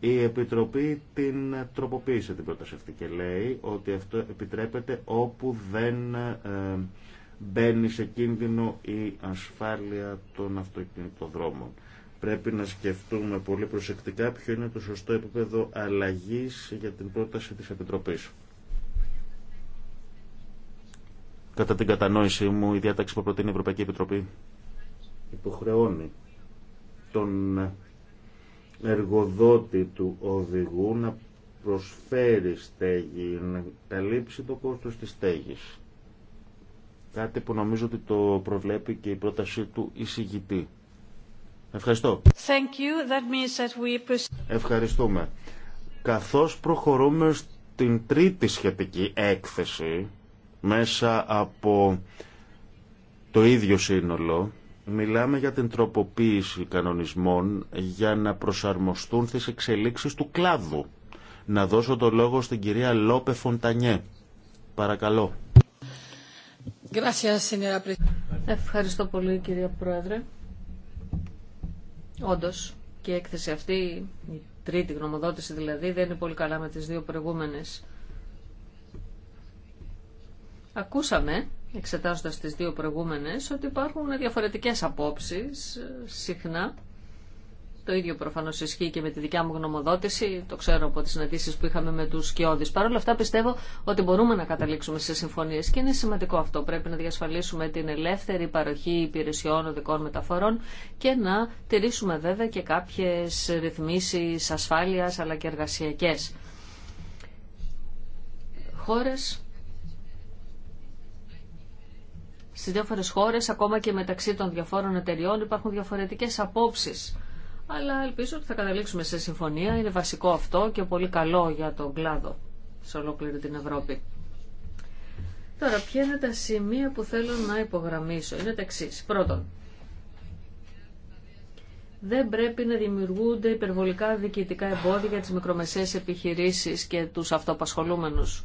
Η Επιτροπή την τροποποίησε την πρόταση αυτή και λέει ότι αυτό επιτρέπεται όπου δεν ε, μπαίνει σε κίνδυνο η ασφάλεια των αυτοκινητοδρόμων. Πρέπει να σκεφτούμε πολύ προσεκτικά ποιο είναι το σωστό επίπεδο αλλαγής για την πρόταση της Επιτροπής. Κατά την κατανόησή μου, η διάταξη που προτείνει η Ευρωπαϊκή Επιτροπή υποχρεώνει τον εργοδότη του οδηγού να προσφέρει στέγη, να καλύψει το κόστος της στέγης. Κάτι που νομίζω ότι το προβλέπει και η πρότασή του εισηγητή. Ευχαριστώ. Thank you. That means that we... Ευχαριστούμε. Καθώς προχωρούμε στην τρίτη σχετική έκθεση μέσα από το ίδιο σύνολο Μιλάμε για την τροποποίηση κανονισμών για να προσαρμοστούν στις εξελίξεις του κλάδου. Να δώσω το λόγο στην κυρία Λόπε Φοντανιέ. Παρακαλώ. Ευχαριστώ πολύ κυρία Πρόεδρε. Όντως και η έκθεση αυτή, η τρίτη γνωμοδότηση δηλαδή, δεν είναι πολύ καλά με τις δύο προηγούμενες. Ακούσαμε εξετάζοντας τις δύο προηγούμενες, ότι υπάρχουν διαφορετικές απόψεις ε, συχνά. Το ίδιο προφανώς ισχύει και με τη δικιά μου γνωμοδότηση, το ξέρω από τις συναντήσεις που είχαμε με τους σκιώδεις. Παρ' όλα αυτά πιστεύω ότι μπορούμε να καταλήξουμε σε συμφωνίες και είναι σημαντικό αυτό. Πρέπει να διασφαλίσουμε την ελεύθερη παροχή υπηρεσιών οδικών μεταφορών και να τηρήσουμε βέβαια και κάποιες ρυθμίσεις ασφάλειας αλλά και εργασιακές. Στι διάφορε χώρε, ακόμα και μεταξύ των διαφόρων εταιριών υπάρχουν διαφορετικέ απόψει. Αλλά ελπίζω ότι θα καταλήξουμε σε συμφωνία. Είναι βασικό αυτό και πολύ καλό για τον κλάδο σε ολόκληρη την Ευρώπη. Τώρα, ποια είναι τα σημεία που θέλω να υπογραμμίσω. Είναι τα εξή. Πρώτον, δεν πρέπει να δημιουργούνται υπερβολικά διοικητικά εμπόδια για τις μικρομεσαίες επιχειρήσεις και τους αυτοπασχολούμενους.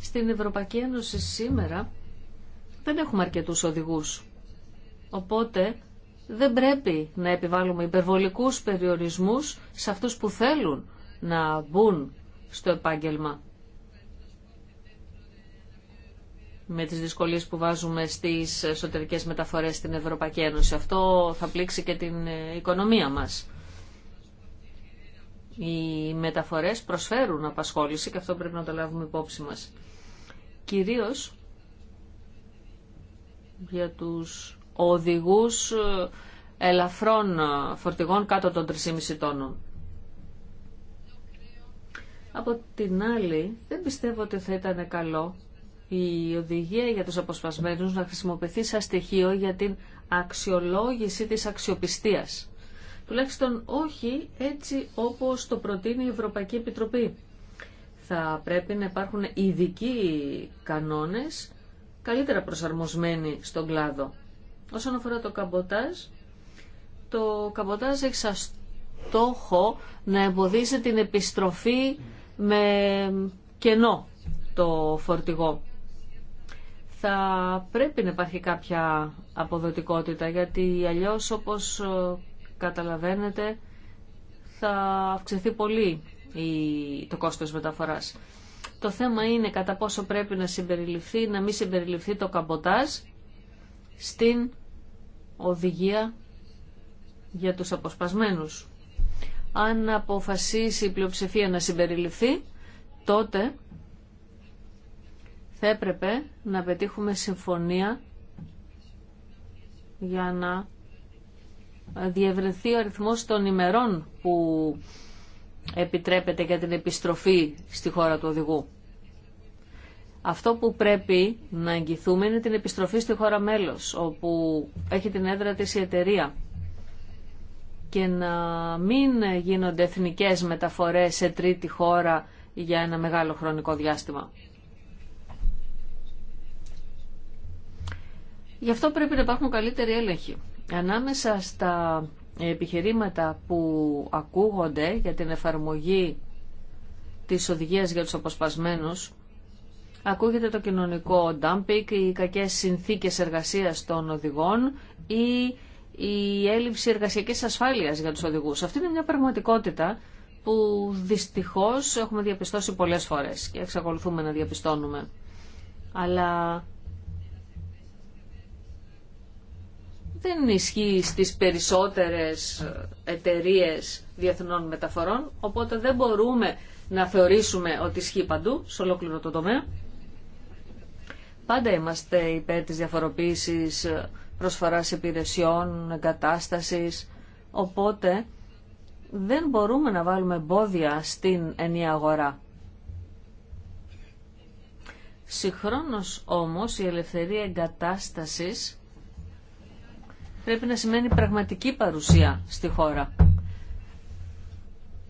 Στην Ευρωπαϊκή Ένωση σήμερα δεν έχουμε αρκετούς οδηγούς. Οπότε δεν πρέπει να επιβάλλουμε υπερβολικούς περιορισμούς σε αυτούς που θέλουν να μπουν στο επάγγελμα. με τις δυσκολίες που βάζουμε στις εσωτερικές μεταφορές στην Ευρωπαϊκή Ένωση. Αυτό θα πλήξει και την ε, οικονομία μας. Οι μεταφορές προσφέρουν απασχόληση και αυτό πρέπει να το λάβουμε υπόψη μας. Κυρίως για τους οδηγούς ε, ελαφρών ε, φορτηγών κάτω των 3,5 τόνων. Από την άλλη, δεν πιστεύω ότι θα ήταν καλό η οδηγία για τους αποσπασμένους να χρησιμοποιηθεί σαν στοιχείο για την αξιολόγηση της αξιοπιστίας. Τουλάχιστον όχι έτσι όπως το προτείνει η Ευρωπαϊκή Επιτροπή. Θα πρέπει να υπάρχουν ειδικοί κανόνες καλύτερα προσαρμοσμένη στον κλάδο. Όσον αφορά το καμποτάζ, το καμποτάζ έχει σαν στόχο να εμποδίσει την επιστροφή με κενό το φορτηγό. Θα πρέπει να υπάρχει κάποια αποδοτικότητα γιατί αλλιώς όπως ε, καταλαβαίνετε θα αυξηθεί πολύ το κόστος μεταφοράς. Το θέμα είναι κατά πόσο πρέπει να συμπεριληφθεί, να μην συμπεριληφθεί το καμποτάζ στην οδηγία για τους αποσπασμένους. Αν αποφασίσει η πλειοψηφία να συμπεριληφθεί, τότε θα έπρεπε να πετύχουμε συμφωνία για να διευρυνθεί ο αριθμός των ημερών που επιτρέπεται για την επιστροφή στη χώρα του οδηγού. Αυτό που πρέπει να εγγυθούμε είναι την επιστροφή στη χώρα μέλος, όπου έχει την έδρα της η εταιρεία και να μην γίνονται εθνικές μεταφορές σε τρίτη χώρα για ένα μεγάλο χρονικό διάστημα. Γι' αυτό πρέπει να υπάρχουν καλύτεροι έλεγχοι. Ανάμεσα στα επιχειρήματα που ακούγονται για την εφαρμογή της οδηγίας για τους αποσπασμένους ακούγεται το κοινωνικό ντάμπικ, οι κακές συνθήκες εργασίας των οδηγών ή η έλλειψη εργασιακής ασφάλειας για τους οδηγούς. Αυτή είναι μια πραγματικότητα που δυστυχώς έχουμε διαπιστώσει πολλές φορές και εξακολουθούμε να διαπιστώνουμε. Αλλά δεν ισχύει στις περισσότερες ε, εταιρίες διεθνών μεταφορών, οπότε δεν μπορούμε να θεωρήσουμε ότι ισχύει παντού, σε ολόκληρο το τομέα. Πάντα είμαστε υπέρ της διαφοροποίησης ε, προσφοράς υπηρεσιών, εγκατάστασης, οπότε δεν μπορούμε να βάλουμε εμπόδια στην ενιαία αγορά. Συγχρόνως όμως η ελευθερία εγκατάστασης πρέπει να σημαίνει πραγματική παρουσία στη χώρα.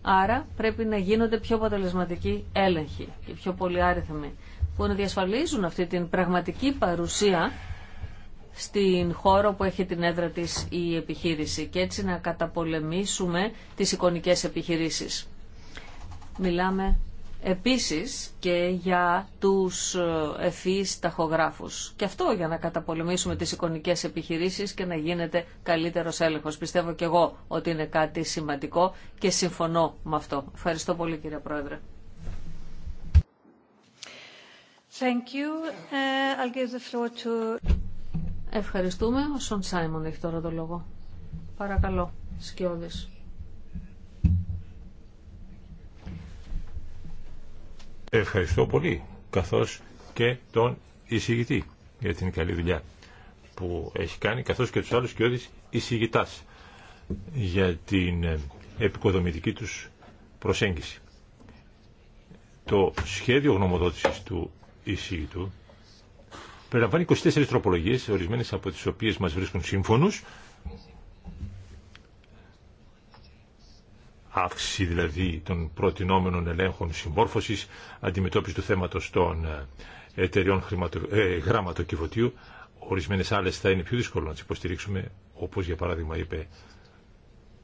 Άρα πρέπει να γίνονται πιο αποτελεσματικοί έλεγχοι και πιο πολυάριθμοι που να διασφαλίζουν αυτή την πραγματική παρουσία στην χώρα που έχει την έδρα της η επιχείρηση και έτσι να καταπολεμήσουμε τις εικονικές επιχειρήσεις. Μιλάμε επίσης και για τους ευφύς ταχογράφους. Και αυτό για να καταπολεμήσουμε τις εικονικές επιχειρήσεις και να γίνεται καλύτερος έλεγχος. Πιστεύω και εγώ ότι είναι κάτι σημαντικό και συμφωνώ με αυτό. Ευχαριστώ πολύ κύριε Πρόεδρε. Thank you. Uh, I'll give the Ευχαριστούμε. Ο Σον Σάιμον έχει τώρα το λόγο. Παρακαλώ, Σκιώδης. Ευχαριστώ πολύ, καθώς και τον εισηγητή για την καλή δουλειά που έχει κάνει, καθώς και τους άλλους κοιόδης εισηγητάς για την επικοδομητική τους προσέγγιση. Το σχέδιο γνωμοδότησης του εισηγητού περιλαμβάνει 24 τροπολογίες, ορισμένες από τις οποίες μας βρίσκουν σύμφωνους αύξηση δηλαδή των προτινόμενων ελέγχων συμπόρφωσης, αντιμετώπιση του θέματος των ε, εταιριών χρηματο, ε, γραμματοκιβωτίου. Ορισμένες άλλες θα είναι πιο δύσκολο να τι υποστηρίξουμε, όπως για παράδειγμα είπε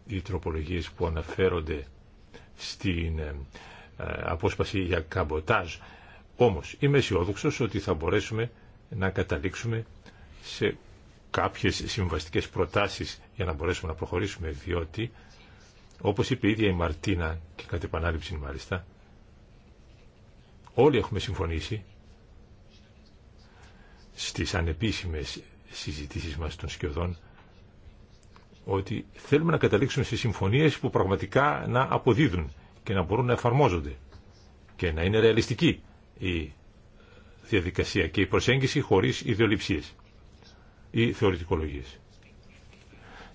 οι τροπολογίε που αναφέρονται στην ε, ε, απόσπαση για καμποτάζ. Όμως είμαι αισιόδοξο ότι θα μπορέσουμε να καταλήξουμε σε κάποιες συμβαστικές προτάσεις για να μπορέσουμε να προχωρήσουμε, διότι όπως είπε η ίδια η Μαρτίνα και κατ' επανάληψη μάλιστα, όλοι έχουμε συμφωνήσει στις ανεπίσημες συζητήσεις μας των σκιωδών ότι θέλουμε να καταλήξουμε σε συμφωνίες που πραγματικά να αποδίδουν και να μπορούν να εφαρμόζονται και να είναι ρεαλιστική η διαδικασία και η προσέγγιση χωρίς ιδεολειψίες ή θεωρητικολογίες.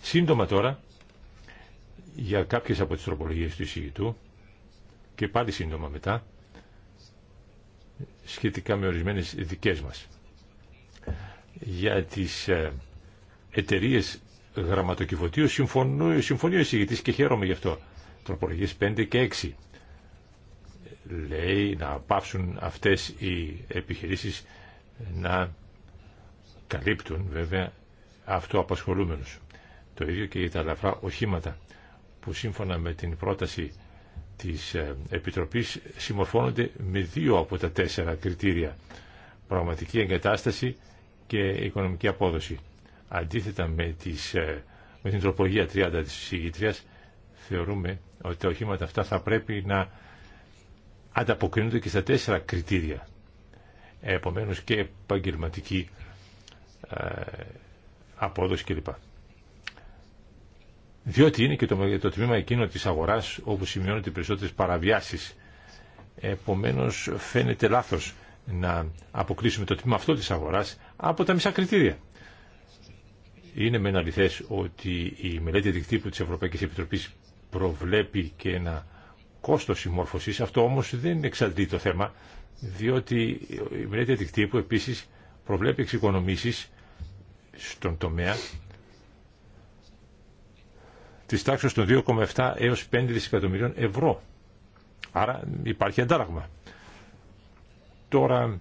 Σύντομα τώρα για κάποιες από τις τροπολογίες του εισηγητού και πάλι σύντομα μετά σχετικά με ορισμένες δικές μας. Για τις ε, εταιρείε γραμματοκιβωτίου συμφωνεί, συμφωνεί ο εισηγητής και χαίρομαι γι' αυτό. Τροπολογίες 5 και 6 λέει να πάψουν αυτές οι επιχειρήσεις να καλύπτουν βέβαια αυτοαπασχολούμενους. Το ίδιο και για τα ελαφρά οχήματα που σύμφωνα με την πρόταση της ε, Επιτροπής συμμορφώνονται με δύο από τα τέσσερα κριτήρια πραγματική εγκατάσταση και οικονομική απόδοση. Αντίθετα με, τις, ε, με την τροπολογία 30 της συγκητρίας θεωρούμε ότι τα οχήματα αυτά θα πρέπει να ανταποκρίνονται και στα τέσσερα κριτήρια. Επομένως και επαγγελματική ε, απόδοση κλπ διότι είναι και το, το τμήμα εκείνο της αγοράς όπου σημειώνονται οι περισσότερες παραβιάσεις. Επομένως φαίνεται λάθος να αποκλείσουμε το τμήμα αυτό της αγοράς από τα μισά κριτήρια. Είναι μεν αληθές ότι η μελέτη δικτύπου της Ευρωπαϊκής Επιτροπής προβλέπει και ένα κόστος συμμόρφωσης, αυτό όμως δεν εξαντλεί το θέμα, διότι η μελέτη δικτύπου επίσης προβλέπει εξοικονομήσεις στον τομέα Τη τάξη των 2,7 έως 5 δισεκατομμυρίων ευρώ. Άρα υπάρχει αντάλλαγμα. Τώρα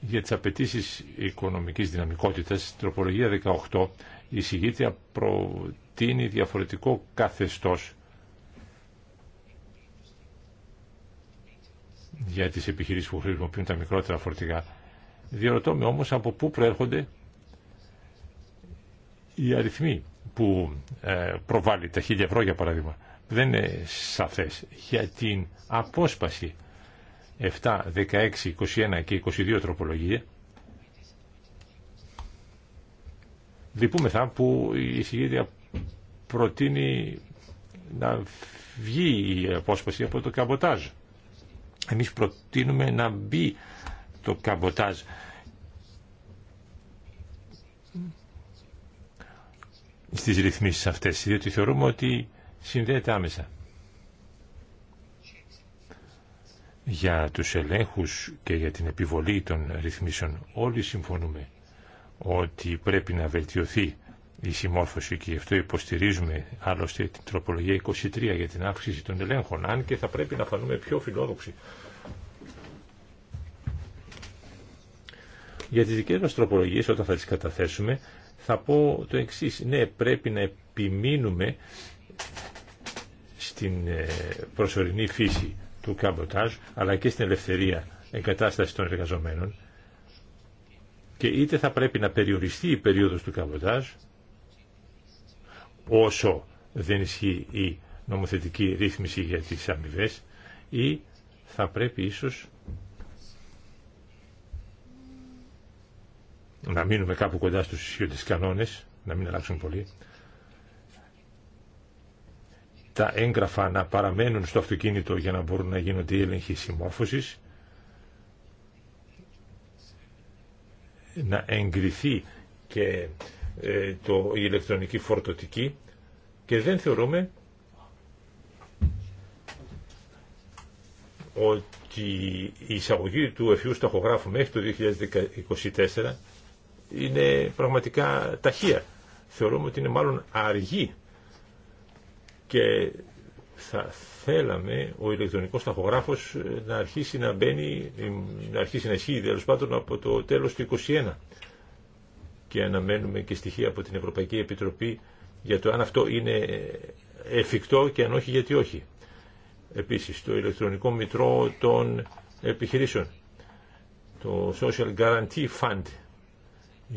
για τι απαιτήσει οικονομικής δυναμικότητας, η τροπολογία 18, η συγκίτρια προτείνει διαφορετικό καθεστώς για τις επιχειρήσεις που χρησιμοποιούν τα μικρότερα φορτηγά. Διαρωτώ με όμως από πού προέρχονται οι αριθμοί που ε, προβάλλει τα χίλια ευρώ για παράδειγμα δεν είναι σαφές για την απόσπαση 7, 16, 21 και 22 τροπολογία λυπούμεθα που η συγκέντρια προτείνει να βγει η απόσπαση από το καμποτάζ εμείς προτείνουμε να μπει το καμποτάζ στις ρυθμίσεις αυτές, διότι θεωρούμε ότι συνδέεται άμεσα. Για τους ελέγχους και για την επιβολή των ρυθμίσεων όλοι συμφωνούμε ότι πρέπει να βελτιωθεί η συμμόρφωση και γι' αυτό υποστηρίζουμε άλλωστε την τροπολογία 23 για την αύξηση των ελέγχων, αν και θα πρέπει να φανούμε πιο φιλόδοξοι. Για τις δικές μας τροπολογίες όταν θα τις καταθέσουμε θα πω το εξής. Ναι, πρέπει να επιμείνουμε στην ε, προσωρινή φύση του καμποτάζ, αλλά και στην ελευθερία εγκατάσταση των εργαζομένων. Και είτε θα πρέπει να περιοριστεί η περίοδος του καμποτάζ, όσο δεν ισχύει η νομοθετική ρύθμιση για τις αμοιβέ ή θα πρέπει ίσως να μείνουμε κάπου κοντά στους ισχύοντες κανόνες, να μην αλλάξουν πολύ. Τα έγγραφα να παραμένουν στο αυτοκίνητο για να μπορούν να γίνονται οι έλεγχοι συμμόρφωσης. Να εγκριθεί και ε, το, η ηλεκτρονική φορτωτική και δεν θεωρούμε ότι η εισαγωγή του εφιού σταχογράφου μέχρι το 2024 είναι πραγματικά ταχεία. Θεωρούμε ότι είναι μάλλον αργή και θα θέλαμε ο ηλεκτρονικός ταχογράφος να αρχίσει να μπαίνει, να αρχίσει να ισχύει τέλο πάντων από το τέλος του 2021 και αναμένουμε και στοιχεία από την Ευρωπαϊκή Επιτροπή για το αν αυτό είναι εφικτό και αν όχι γιατί όχι. Επίσης το ηλεκτρονικό μητρό των επιχειρήσεων, το Social Guarantee Fund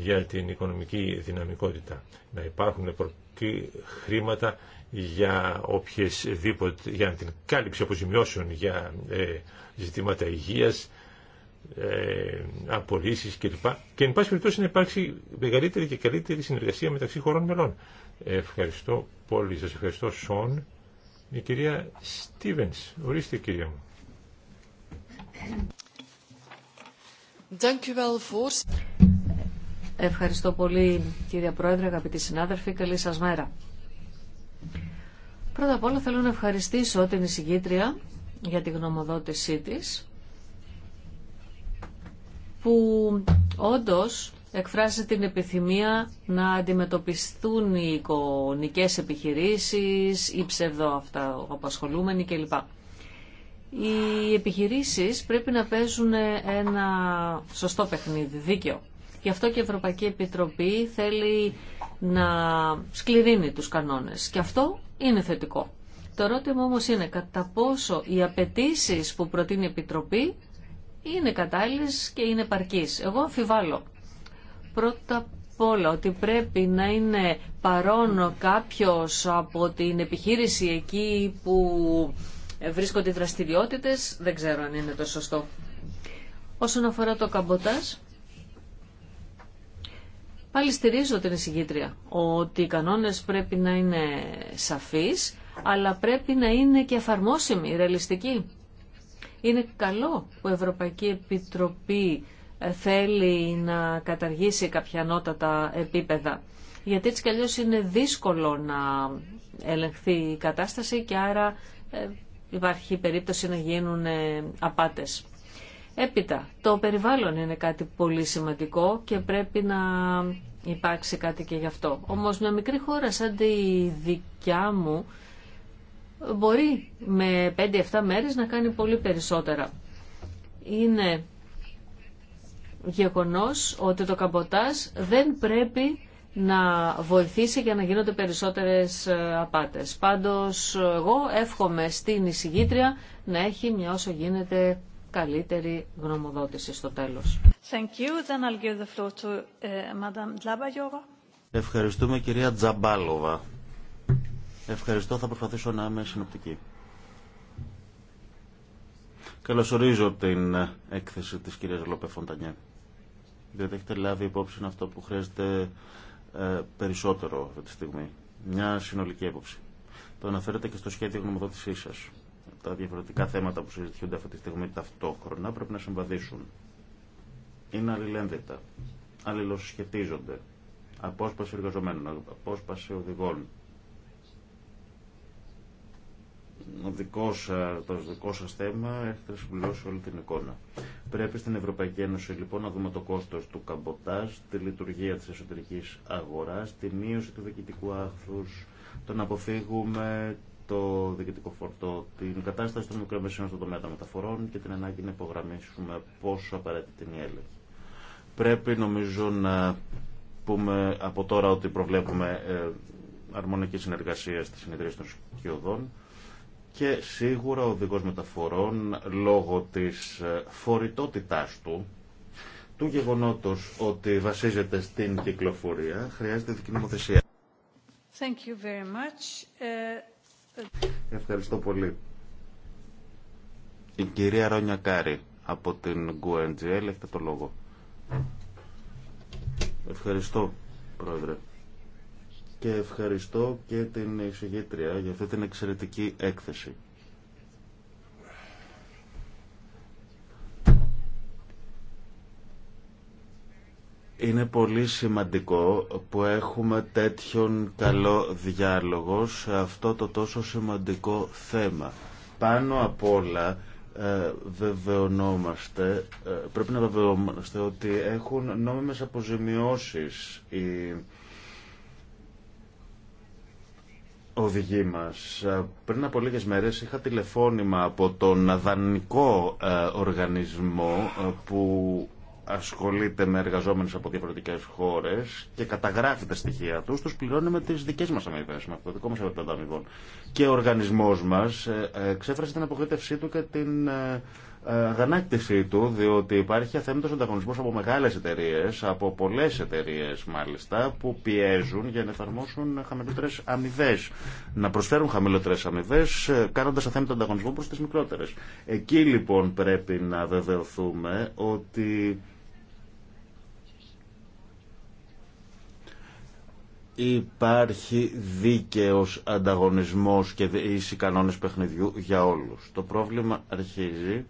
για την οικονομική δυναμικότητα. Να υπάρχουν λοιπόν, χρήματα για για την κάλυψη αποζημιώσεων για ε, ζητήματα υγείας, ε, απολύσεις κλπ. Και εν πάση περιπτώσει να υπάρξει μεγαλύτερη και καλύτερη συνεργασία μεταξύ χωρών μελών. Ευχαριστώ πολύ. Σας ευχαριστώ Σον. Η κυρία Στίβενς. Ορίστε κυρία μου. Ευχαριστώ πολύ κύριε Πρόεδρε, αγαπητοί συνάδελφοι. Καλή σας μέρα. Πρώτα απ' όλα θέλω να ευχαριστήσω την εισηγήτρια για τη γνωμοδότησή της που όντως εκφράζει την επιθυμία να αντιμετωπιστούν οι εικονικές επιχειρήσεις, οι ψευδοαπασχολούμενοι κλπ. Οι επιχειρήσεις πρέπει να παίζουν ένα σωστό παιχνίδι, δίκαιο. Γι' αυτό και η Ευρωπαϊκή Επιτροπή θέλει να σκληρύνει τους κανόνες. Και αυτό είναι θετικό. Το ερώτημα όμως είναι κατά πόσο οι απαιτήσει που προτείνει η Επιτροπή είναι κατάλληλες και είναι παρκείς. Εγώ αμφιβάλλω. Πρώτα απ' όλα ότι πρέπει να είναι παρόν κάποιος από την επιχείρηση εκεί που βρίσκονται οι δραστηριότητες, δεν ξέρω αν είναι το σωστό. Όσον αφορά το καμποτάζ, Πάλι στηρίζω την εισηγήτρια ότι οι κανόνες πρέπει να είναι σαφείς, αλλά πρέπει να είναι και εφαρμόσιμοι, ρεαλιστικοί. Είναι καλό που η Ευρωπαϊκή Επιτροπή ε, θέλει να καταργήσει κάποια ανώτατα επίπεδα. Γιατί έτσι κι είναι δύσκολο να ελεγχθεί η κατάσταση και άρα ε, υπάρχει περίπτωση να γίνουν ε, απάτες. Έπειτα, το περιβάλλον είναι κάτι πολύ σημαντικό και πρέπει να υπάρξει κάτι και γι' αυτό. Όμως μια μικρή χώρα σαν τη δικιά μου μπορεί με 5-7 μέρες να κάνει πολύ περισσότερα. Είναι γεγονός ότι το καμποτάζ δεν πρέπει να βοηθήσει για να γίνονται περισσότερες ε, απάτες. Πάντως εγώ εύχομαι στην εισηγήτρια να έχει μια όσο γίνεται καλύτερη γνωμοδότηση στο τέλος. Thank you. Then I'll give the floor to, uh, Ευχαριστούμε κυρία Τζαμπάλοβα. Ευχαριστώ, θα προσπαθήσω να είμαι συνοπτική. Καλωσορίζω την έκθεση της κυρίας Λόπε Φοντανιέ. Διότι έχετε λάβει υπόψη αυτό που χρειάζεται ε, περισσότερο αυτή τη στιγμή. Μια συνολική έποψη. Το αναφέρετε και στο σχέδιο γνωμοδότησής σας τα διαφορετικά θέματα που συζητιούνται αυτή τη στιγμή ταυτόχρονα πρέπει να συμβαδίσουν. Είναι αλληλένδετα, αλληλοσχετίζονται. Απόσπαση εργαζομένων, απόσπαση οδηγών. Ο δικός, ε, το δικό σα θέμα έχετε συμπληρώσει όλη την εικόνα. Πρέπει στην Ευρωπαϊκή Ένωση λοιπόν να δούμε το κόστος του καμποτάζ, τη λειτουργία της εσωτερικής αγοράς... τη μείωση του διοικητικού άχθου, το να αποφύγουμε το διοικητικό φορτό, την κατάσταση των μικρομεσαίων στον τομέα των μεταφορών και την ανάγκη να υπογραμμίσουμε πόσο απαραίτητη είναι η έλεγχη. Πρέπει νομίζω να πούμε από τώρα ότι προβλέπουμε ε, αρμονική συνεργασία στις συνεδρίες των σκιωδών και σίγουρα ο οδηγός μεταφορών λόγω της ε, φορητότητάς του του γεγονότος ότι βασίζεται στην κυκλοφορία χρειάζεται δική νομοθεσία. Thank you very much. Ε, Ευχαριστώ πολύ. Η κυρία Ρόνια Κάρη από την GUNGL έχετε το λόγο. Ευχαριστώ, Πρόεδρε. Και ευχαριστώ και την εισηγήτρια για αυτή την εξαιρετική έκθεση. Είναι πολύ σημαντικό που έχουμε τέτοιον καλό διάλογο σε αυτό το τόσο σημαντικό θέμα. Πάνω απ' όλα ε, βεβαιωνόμαστε, ε, πρέπει να βεβαιωνόμαστε ότι έχουν νόμιμες αποζημιώσεις οι οδηγοί μας. Ε, πριν από λίγες μέρες είχα τηλεφώνημα από τον δανεικό οργανισμό που ασχολείται με εργαζόμενους από διαφορετικές χώρες και καταγράφει τα στοιχεία τους, τους πληρώνει με τις δικές μας αμοιβές, με το δικό μας επίπεδο αμοιβών. Και ο οργανισμός μας ε, ε, ξέφρασε την απογοήτευσή του και την ε, αγανάκτησή του, διότι υπάρχει αθέμητος ανταγωνισμός από μεγάλες εταιρείες, από πολλές εταιρείες μάλιστα, που πιέζουν για να εφαρμόσουν χαμηλότερες αμοιβέ. Να προσφέρουν χαμηλότερες αμοιβέ, κάνοντας αθέμητο ανταγωνισμό προς τις μικρότερες. Εκεί λοιπόν πρέπει να βεβαιωθούμε ότι υπάρχει δίκαιος ανταγωνισμός και ίσοι κανόνες παιχνιδιού για όλους. Το πρόβλημα αρχίζει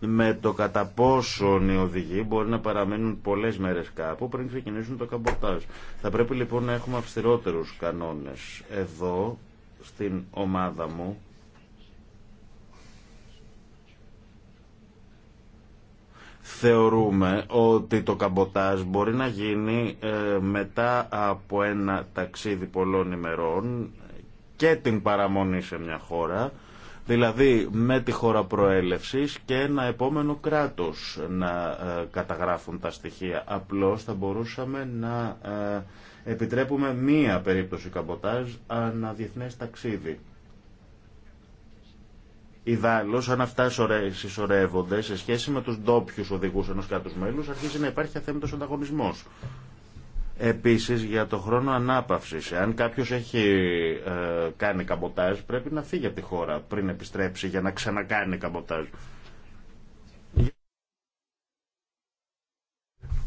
με το κατά πόσον οι οδηγοί μπορεί να παραμείνουν πολλές μέρες κάπου πριν ξεκινήσουν το καμποτάζ. Θα πρέπει λοιπόν να έχουμε αυστηρότερους κανόνες. Εδώ, στην ομάδα μου, Θεωρούμε ότι το καμποτάζ μπορεί να γίνει ε, μετά από ένα ταξίδι πολλών ημερών και την παραμονή σε μια χώρα, δηλαδή με τη χώρα προέλευσης και ένα επόμενο κράτος να ε, καταγράφουν τα στοιχεία. Απλώς θα μπορούσαμε να ε, επιτρέπουμε μία περίπτωση καμποτάζ ανά ταξίδι. Ιδάλω, αν αυτά συσσωρεύονται σε σχέση με του ντόπιου οδηγού ενό κράτου μέλου, αρχίζει να υπάρχει αθέμητο ανταγωνισμό. Επίση, για το χρόνο ανάπαυση. Αν κάποιο έχει ε, κάνει καμποτάζ, πρέπει να φύγει από τη χώρα πριν επιστρέψει για να ξανακάνει καμποτάζ.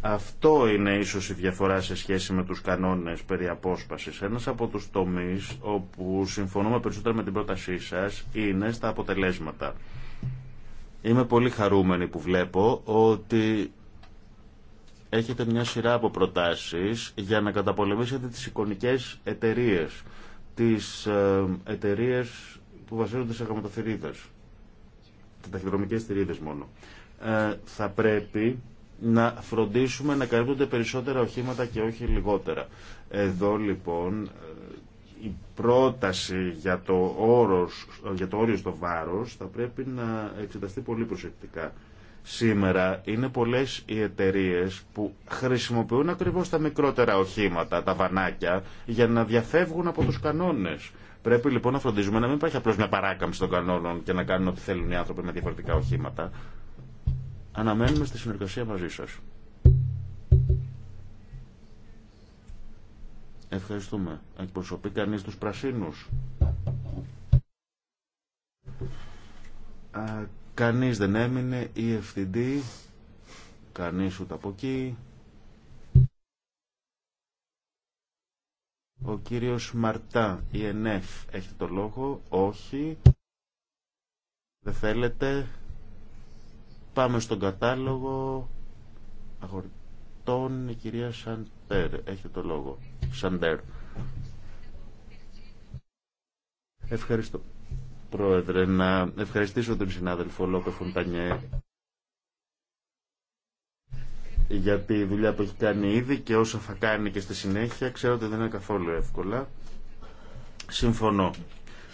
Αυτό είναι ίσως η διαφορά σε σχέση με τους κανόνες περί απόσπασης. Ένας από τους τομείς όπου συμφωνούμε περισσότερο με την πρότασή σας είναι στα αποτελέσματα. Είμαι πολύ χαρούμενη που βλέπω ότι έχετε μια σειρά από προτάσεις για να καταπολεμήσετε τις εικονικές εταιρείε, τις ε, εταιρείε που βασίζονται σε γραμματοθυρίδες. τα ταχυδρομικές θηρίδες μόνο. Ε, θα πρέπει να φροντίσουμε να καλύπτονται περισσότερα οχήματα και όχι λιγότερα. Εδώ λοιπόν ε, η πρόταση για το, όρος, για το όριο στο βάρος θα πρέπει να εξεταστεί πολύ προσεκτικά. Σήμερα είναι πολλές οι εταιρείε που χρησιμοποιούν ακριβώς τα μικρότερα οχήματα, τα βανάκια, για να διαφεύγουν από τους κανόνες. Πρέπει λοιπόν να φροντίζουμε να μην υπάρχει απλώς μια παράκαμψη των κανόνων και να κάνουν ό,τι θέλουν οι άνθρωποι με διαφορετικά οχήματα. Αναμένουμε στη συνεργασία μαζί σας. Ευχαριστούμε. Εκπροσωπεί κανείς τους πρασίνους. Α, κανείς δεν έμεινε. Η ευθυντή. Κανείς ούτε από εκεί. Ο κύριος Μαρτά, η ΕΝΕΦ, έχετε το λόγο. Όχι. Δεν θέλετε. Πάμε στον κατάλογο αγορτών. Η κυρία Σαντέρ έχει το λόγο. Σαντέρ. Ευχαριστώ. Πρόεδρε, να ευχαριστήσω τον συνάδελφο Λόπε Φουντανιέ για τη δουλειά που έχει κάνει ήδη και όσα θα κάνει και στη συνέχεια. Ξέρω ότι δεν είναι καθόλου εύκολα. Συμφωνώ.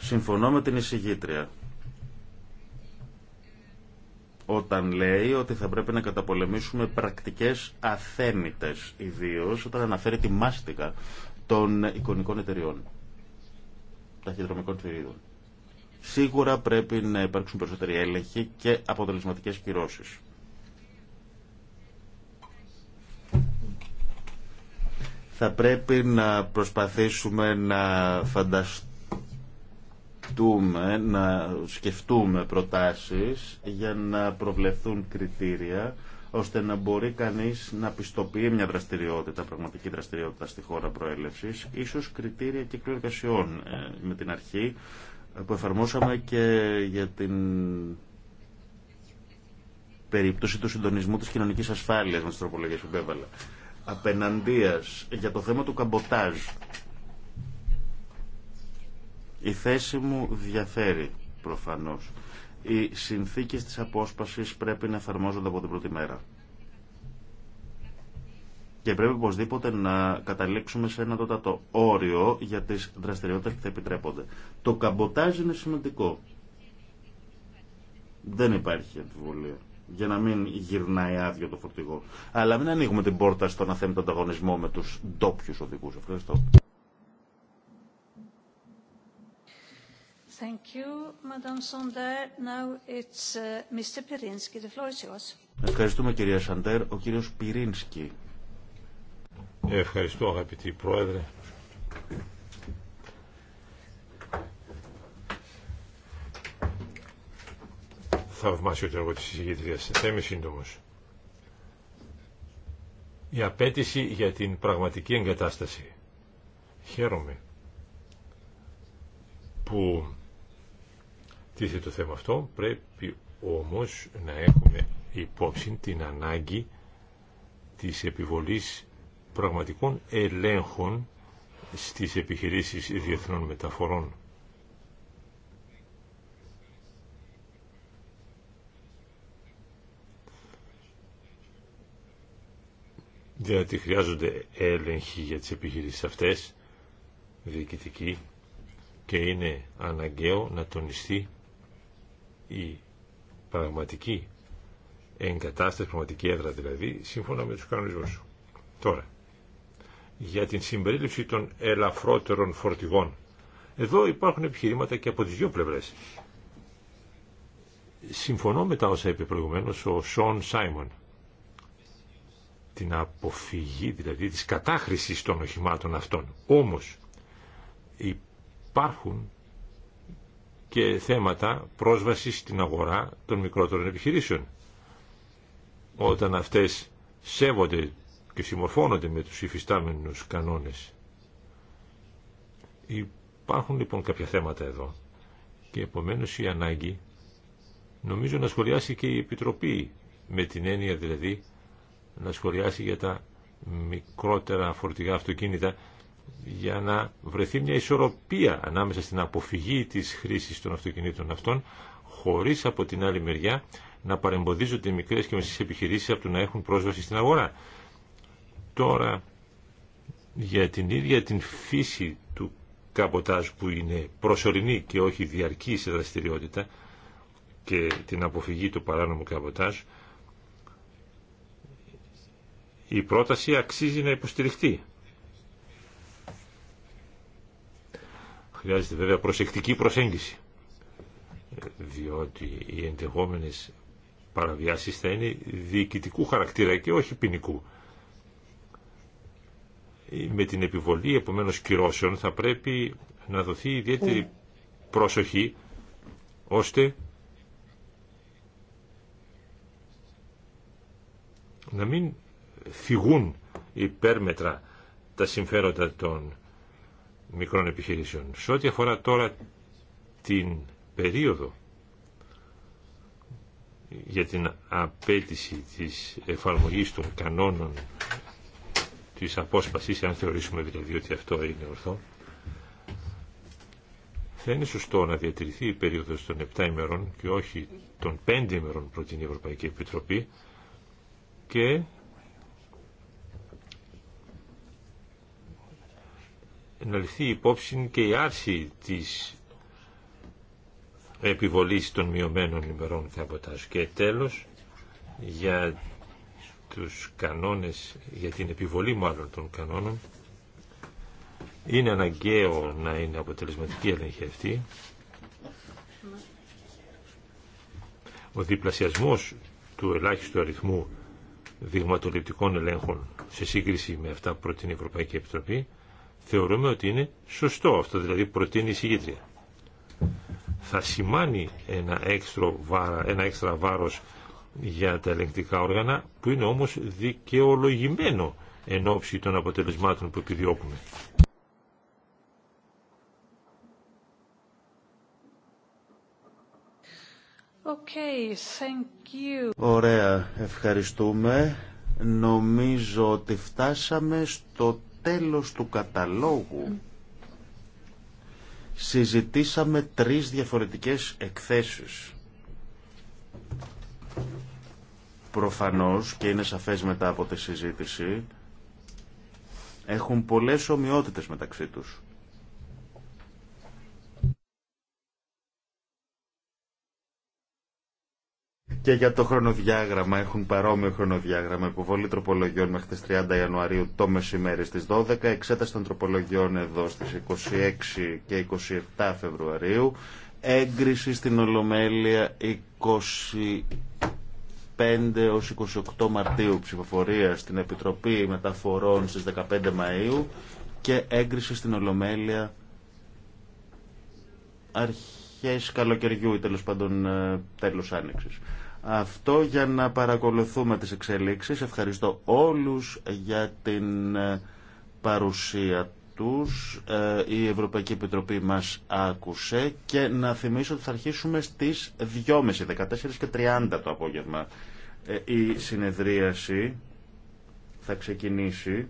Συμφωνώ με την εισηγήτρια όταν λέει ότι θα πρέπει να καταπολεμήσουμε πρακτικές αθέμητες, ιδίω όταν αναφέρει τη μάστικα των εικονικών εταιριών, ταχυδρομικών θηρίδων. Σίγουρα πρέπει να υπάρξουν περισσότεροι έλεγχοι και αποτελεσματικές κυρώσεις. Θα πρέπει να προσπαθήσουμε να φανταστούμε σκεφτούμε, να σκεφτούμε προτάσεις για να προβλεφθούν κριτήρια ώστε να μπορεί κανείς να πιστοποιεί μια δραστηριότητα, πραγματική δραστηριότητα στη χώρα προέλευσης, ίσως κριτήρια κύκλου εργασιών ε, με την αρχή που εφαρμόσαμε και για την περίπτωση του συντονισμού της κοινωνικής ασφάλειας με τις τροπολογίες που Απέναντίας για το θέμα του καμποτάζ η θέση μου διαφέρει προφανώς. Οι συνθήκες της απόσπασης πρέπει να εφαρμόζονται από την πρώτη μέρα. Και πρέπει οπωσδήποτε να καταλήξουμε σε ένα τότατο όριο για τις δραστηριότητες που θα επιτρέπονται. Το καμποτάζ είναι σημαντικό. Δεν υπάρχει αμφιβολία. Για να μην γυρνάει άδειο το φορτηγό. Αλλά μην ανοίγουμε την πόρτα στον αθέμητο ανταγωνισμό με τους ντόπιου οδηγούς. Ευχαριστώ. Thank you, Madame Sander. Now it's uh, Mr. Pirinski. The floor is yours. Ευχαριστούμε κυρία Σαντέρ. Ο κύριος Πυρίνσκι. Ευχαριστώ αγαπητή Πρόεδρε. Θαυμάσιο το έργο της συζητήτριας. Θα σύντομος. Η απέτηση για την πραγματική εγκατάσταση. Χαίρομαι που τίθεται το θέμα αυτό. Πρέπει όμως να έχουμε υπόψη την ανάγκη της επιβολής πραγματικών ελέγχων στις επιχειρήσεις διεθνών μεταφορών. διότι χρειάζονται έλεγχοι για τις επιχειρήσεις αυτές, διοικητικοί, και είναι αναγκαίο να τονιστεί η πραγματική εγκατάσταση, πραγματική έδρα δηλαδή, σύμφωνα με τους κανονισμούς. Τώρα, για την συμπερίληψη των ελαφρότερων φορτηγών. Εδώ υπάρχουν επιχειρήματα και από τις δύο πλευρές. Συμφωνώ με τα όσα είπε προηγουμένως ο Σον Σάιμον. Την αποφυγή δηλαδή της κατάχρησης των οχημάτων αυτών. Όμως υπάρχουν και θέματα πρόσβαση στην αγορά των μικρότερων επιχειρήσεων. Όταν αυτές σέβονται και συμμορφώνονται με τους υφιστάμενους κανόνες. Υπάρχουν λοιπόν κάποια θέματα εδώ και επομένως η ανάγκη νομίζω να σχολιάσει και η Επιτροπή με την έννοια δηλαδή να σχολιάσει για τα μικρότερα φορτηγά αυτοκίνητα για να βρεθεί μια ισορροπία ανάμεσα στην αποφυγή της χρήσης των αυτοκινήτων αυτών χωρίς από την άλλη μεριά να παρεμποδίζονται οι μικρές και μεσές επιχειρήσεις από το να έχουν πρόσβαση στην αγορά. Τώρα για την ίδια την φύση του καμποτάζ που είναι προσωρινή και όχι διαρκή σε δραστηριότητα και την αποφυγή του παράνομου καμποτάζ η πρόταση αξίζει να υποστηριχτεί Χρειάζεται βέβαια προσεκτική προσέγγιση, διότι οι ενδεχόμενες παραβιάσεις θα είναι διοικητικού χαρακτήρα και όχι ποινικού. Με την επιβολή επομένως κυρώσεων θα πρέπει να δοθεί ιδιαίτερη ναι. πρόσοχη ώστε να μην φυγούν υπέρμετρα τα συμφέροντα των μικρών επιχειρήσεων. Σε ό,τι αφορά τώρα την περίοδο για την απέτηση της εφαρμογής των κανόνων της απόσπασης, αν θεωρήσουμε δηλαδή ότι αυτό είναι ορθό, θα είναι σωστό να διατηρηθεί η περίοδος των 7 ημερών και όχι των 5 ημερών προ την Ευρωπαϊκή Επιτροπή και να ληφθεί υπόψη και η άρση της επιβολής των μειωμένων ημερών καμποτάζ. Και τέλος, για τους κανόνες, για την επιβολή μάλλον των κανόνων, είναι αναγκαίο να είναι αποτελεσματική έλεγχη αυτή. Ο διπλασιασμός του ελάχιστου αριθμού δειγματοληπτικών ελέγχων σε σύγκριση με αυτά που προτείνει η Ευρωπαϊκή Επιτροπή θεωρούμε ότι είναι σωστό αυτό, δηλαδή προτείνει η συγγήτρια. Θα σημάνει ένα έξτρα, βάρο, ένα έξτρα βάρος για τα ελεγκτικά όργανα που είναι όμως δικαιολογημένο εν ώψη των αποτελεσμάτων που επιδιώκουμε. Okay, thank you. Ωραία, ευχαριστούμε. Νομίζω ότι φτάσαμε στο τέλος του καταλόγου συζητήσαμε τρεις διαφορετικές εκθέσεις. Προφανώς και είναι σαφές μετά από τη συζήτηση έχουν πολλές ομοιότητες μεταξύ τους. και για το χρονοδιάγραμμα. Έχουν παρόμοιο χρονοδιάγραμμα. Υποβολή τροπολογιών μέχρι τις 30 Ιανουαρίου το μεσημέρι στις 12. Εξέταση των τροπολογιών εδώ στις 26 και 27 Φεβρουαρίου. Έγκριση στην Ολομέλεια 25 5 28 Μαρτίου ψηφοφορία στην Επιτροπή Μεταφορών στις 15 Μαΐου και έγκριση στην Ολομέλεια αρχές καλοκαιριού ή τέλος πάντων ε, τέλος άνοιξης. Αυτό για να παρακολουθούμε τις εξελίξεις. Ευχαριστώ όλους για την ε, παρουσία τους. Ε, η Ευρωπαϊκή Επιτροπή μας άκουσε και να θυμίσω ότι θα αρχίσουμε στις 2.30, 14.30 το απόγευμα. Ε, η συνεδρίαση θα ξεκινήσει.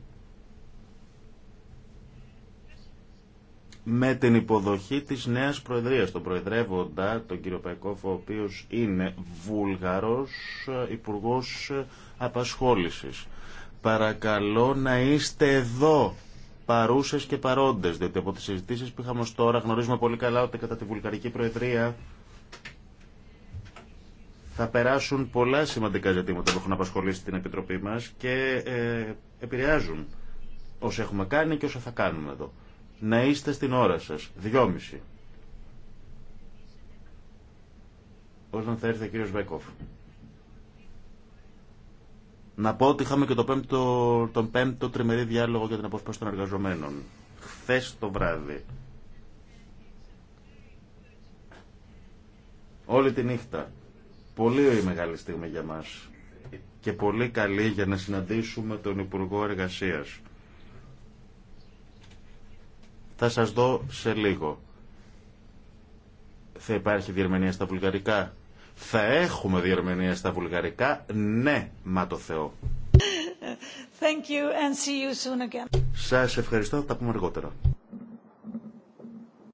με την υποδοχή της νέας Προεδρίας, τον Προεδρεύοντα, τον κύριο Παϊκόφ, ο οποίος είναι Βούλγαρος ε, Υπουργός ε, Απασχόλησης. Παρακαλώ να είστε εδώ παρούσες και παρόντες, διότι από τις συζητήσεις που είχαμε τώρα γνωρίζουμε πολύ καλά ότι κατά τη Βουλγαρική Προεδρία θα περάσουν πολλά σημαντικά ζητήματα που έχουν απασχολήσει την Επιτροπή μας και ε, επηρεάζουν όσα έχουμε κάνει και όσα θα κάνουμε εδώ να είστε στην ώρα σας. Δυόμιση. Όταν θα έρθει ο κύριος Βέκοφ. Να πω ότι είχαμε και το πέμπτο, τον πέμπτο τριμερή διάλογο για την απόσπαση των εργαζομένων. χθες το βράδυ. Όλη τη νύχτα. Πολύ μεγάλη στιγμή για μας. Και πολύ καλή για να συναντήσουμε τον Υπουργό Εργασίας θα σας δω σε λίγο. Θα υπάρχει διερμηνία στα βουλγαρικά. Θα έχουμε διερμηνία στα βουλγαρικά. Ναι, μα το Θεό. Thank you and see you soon again. Σας ευχαριστώ. Θα τα πούμε αργότερα.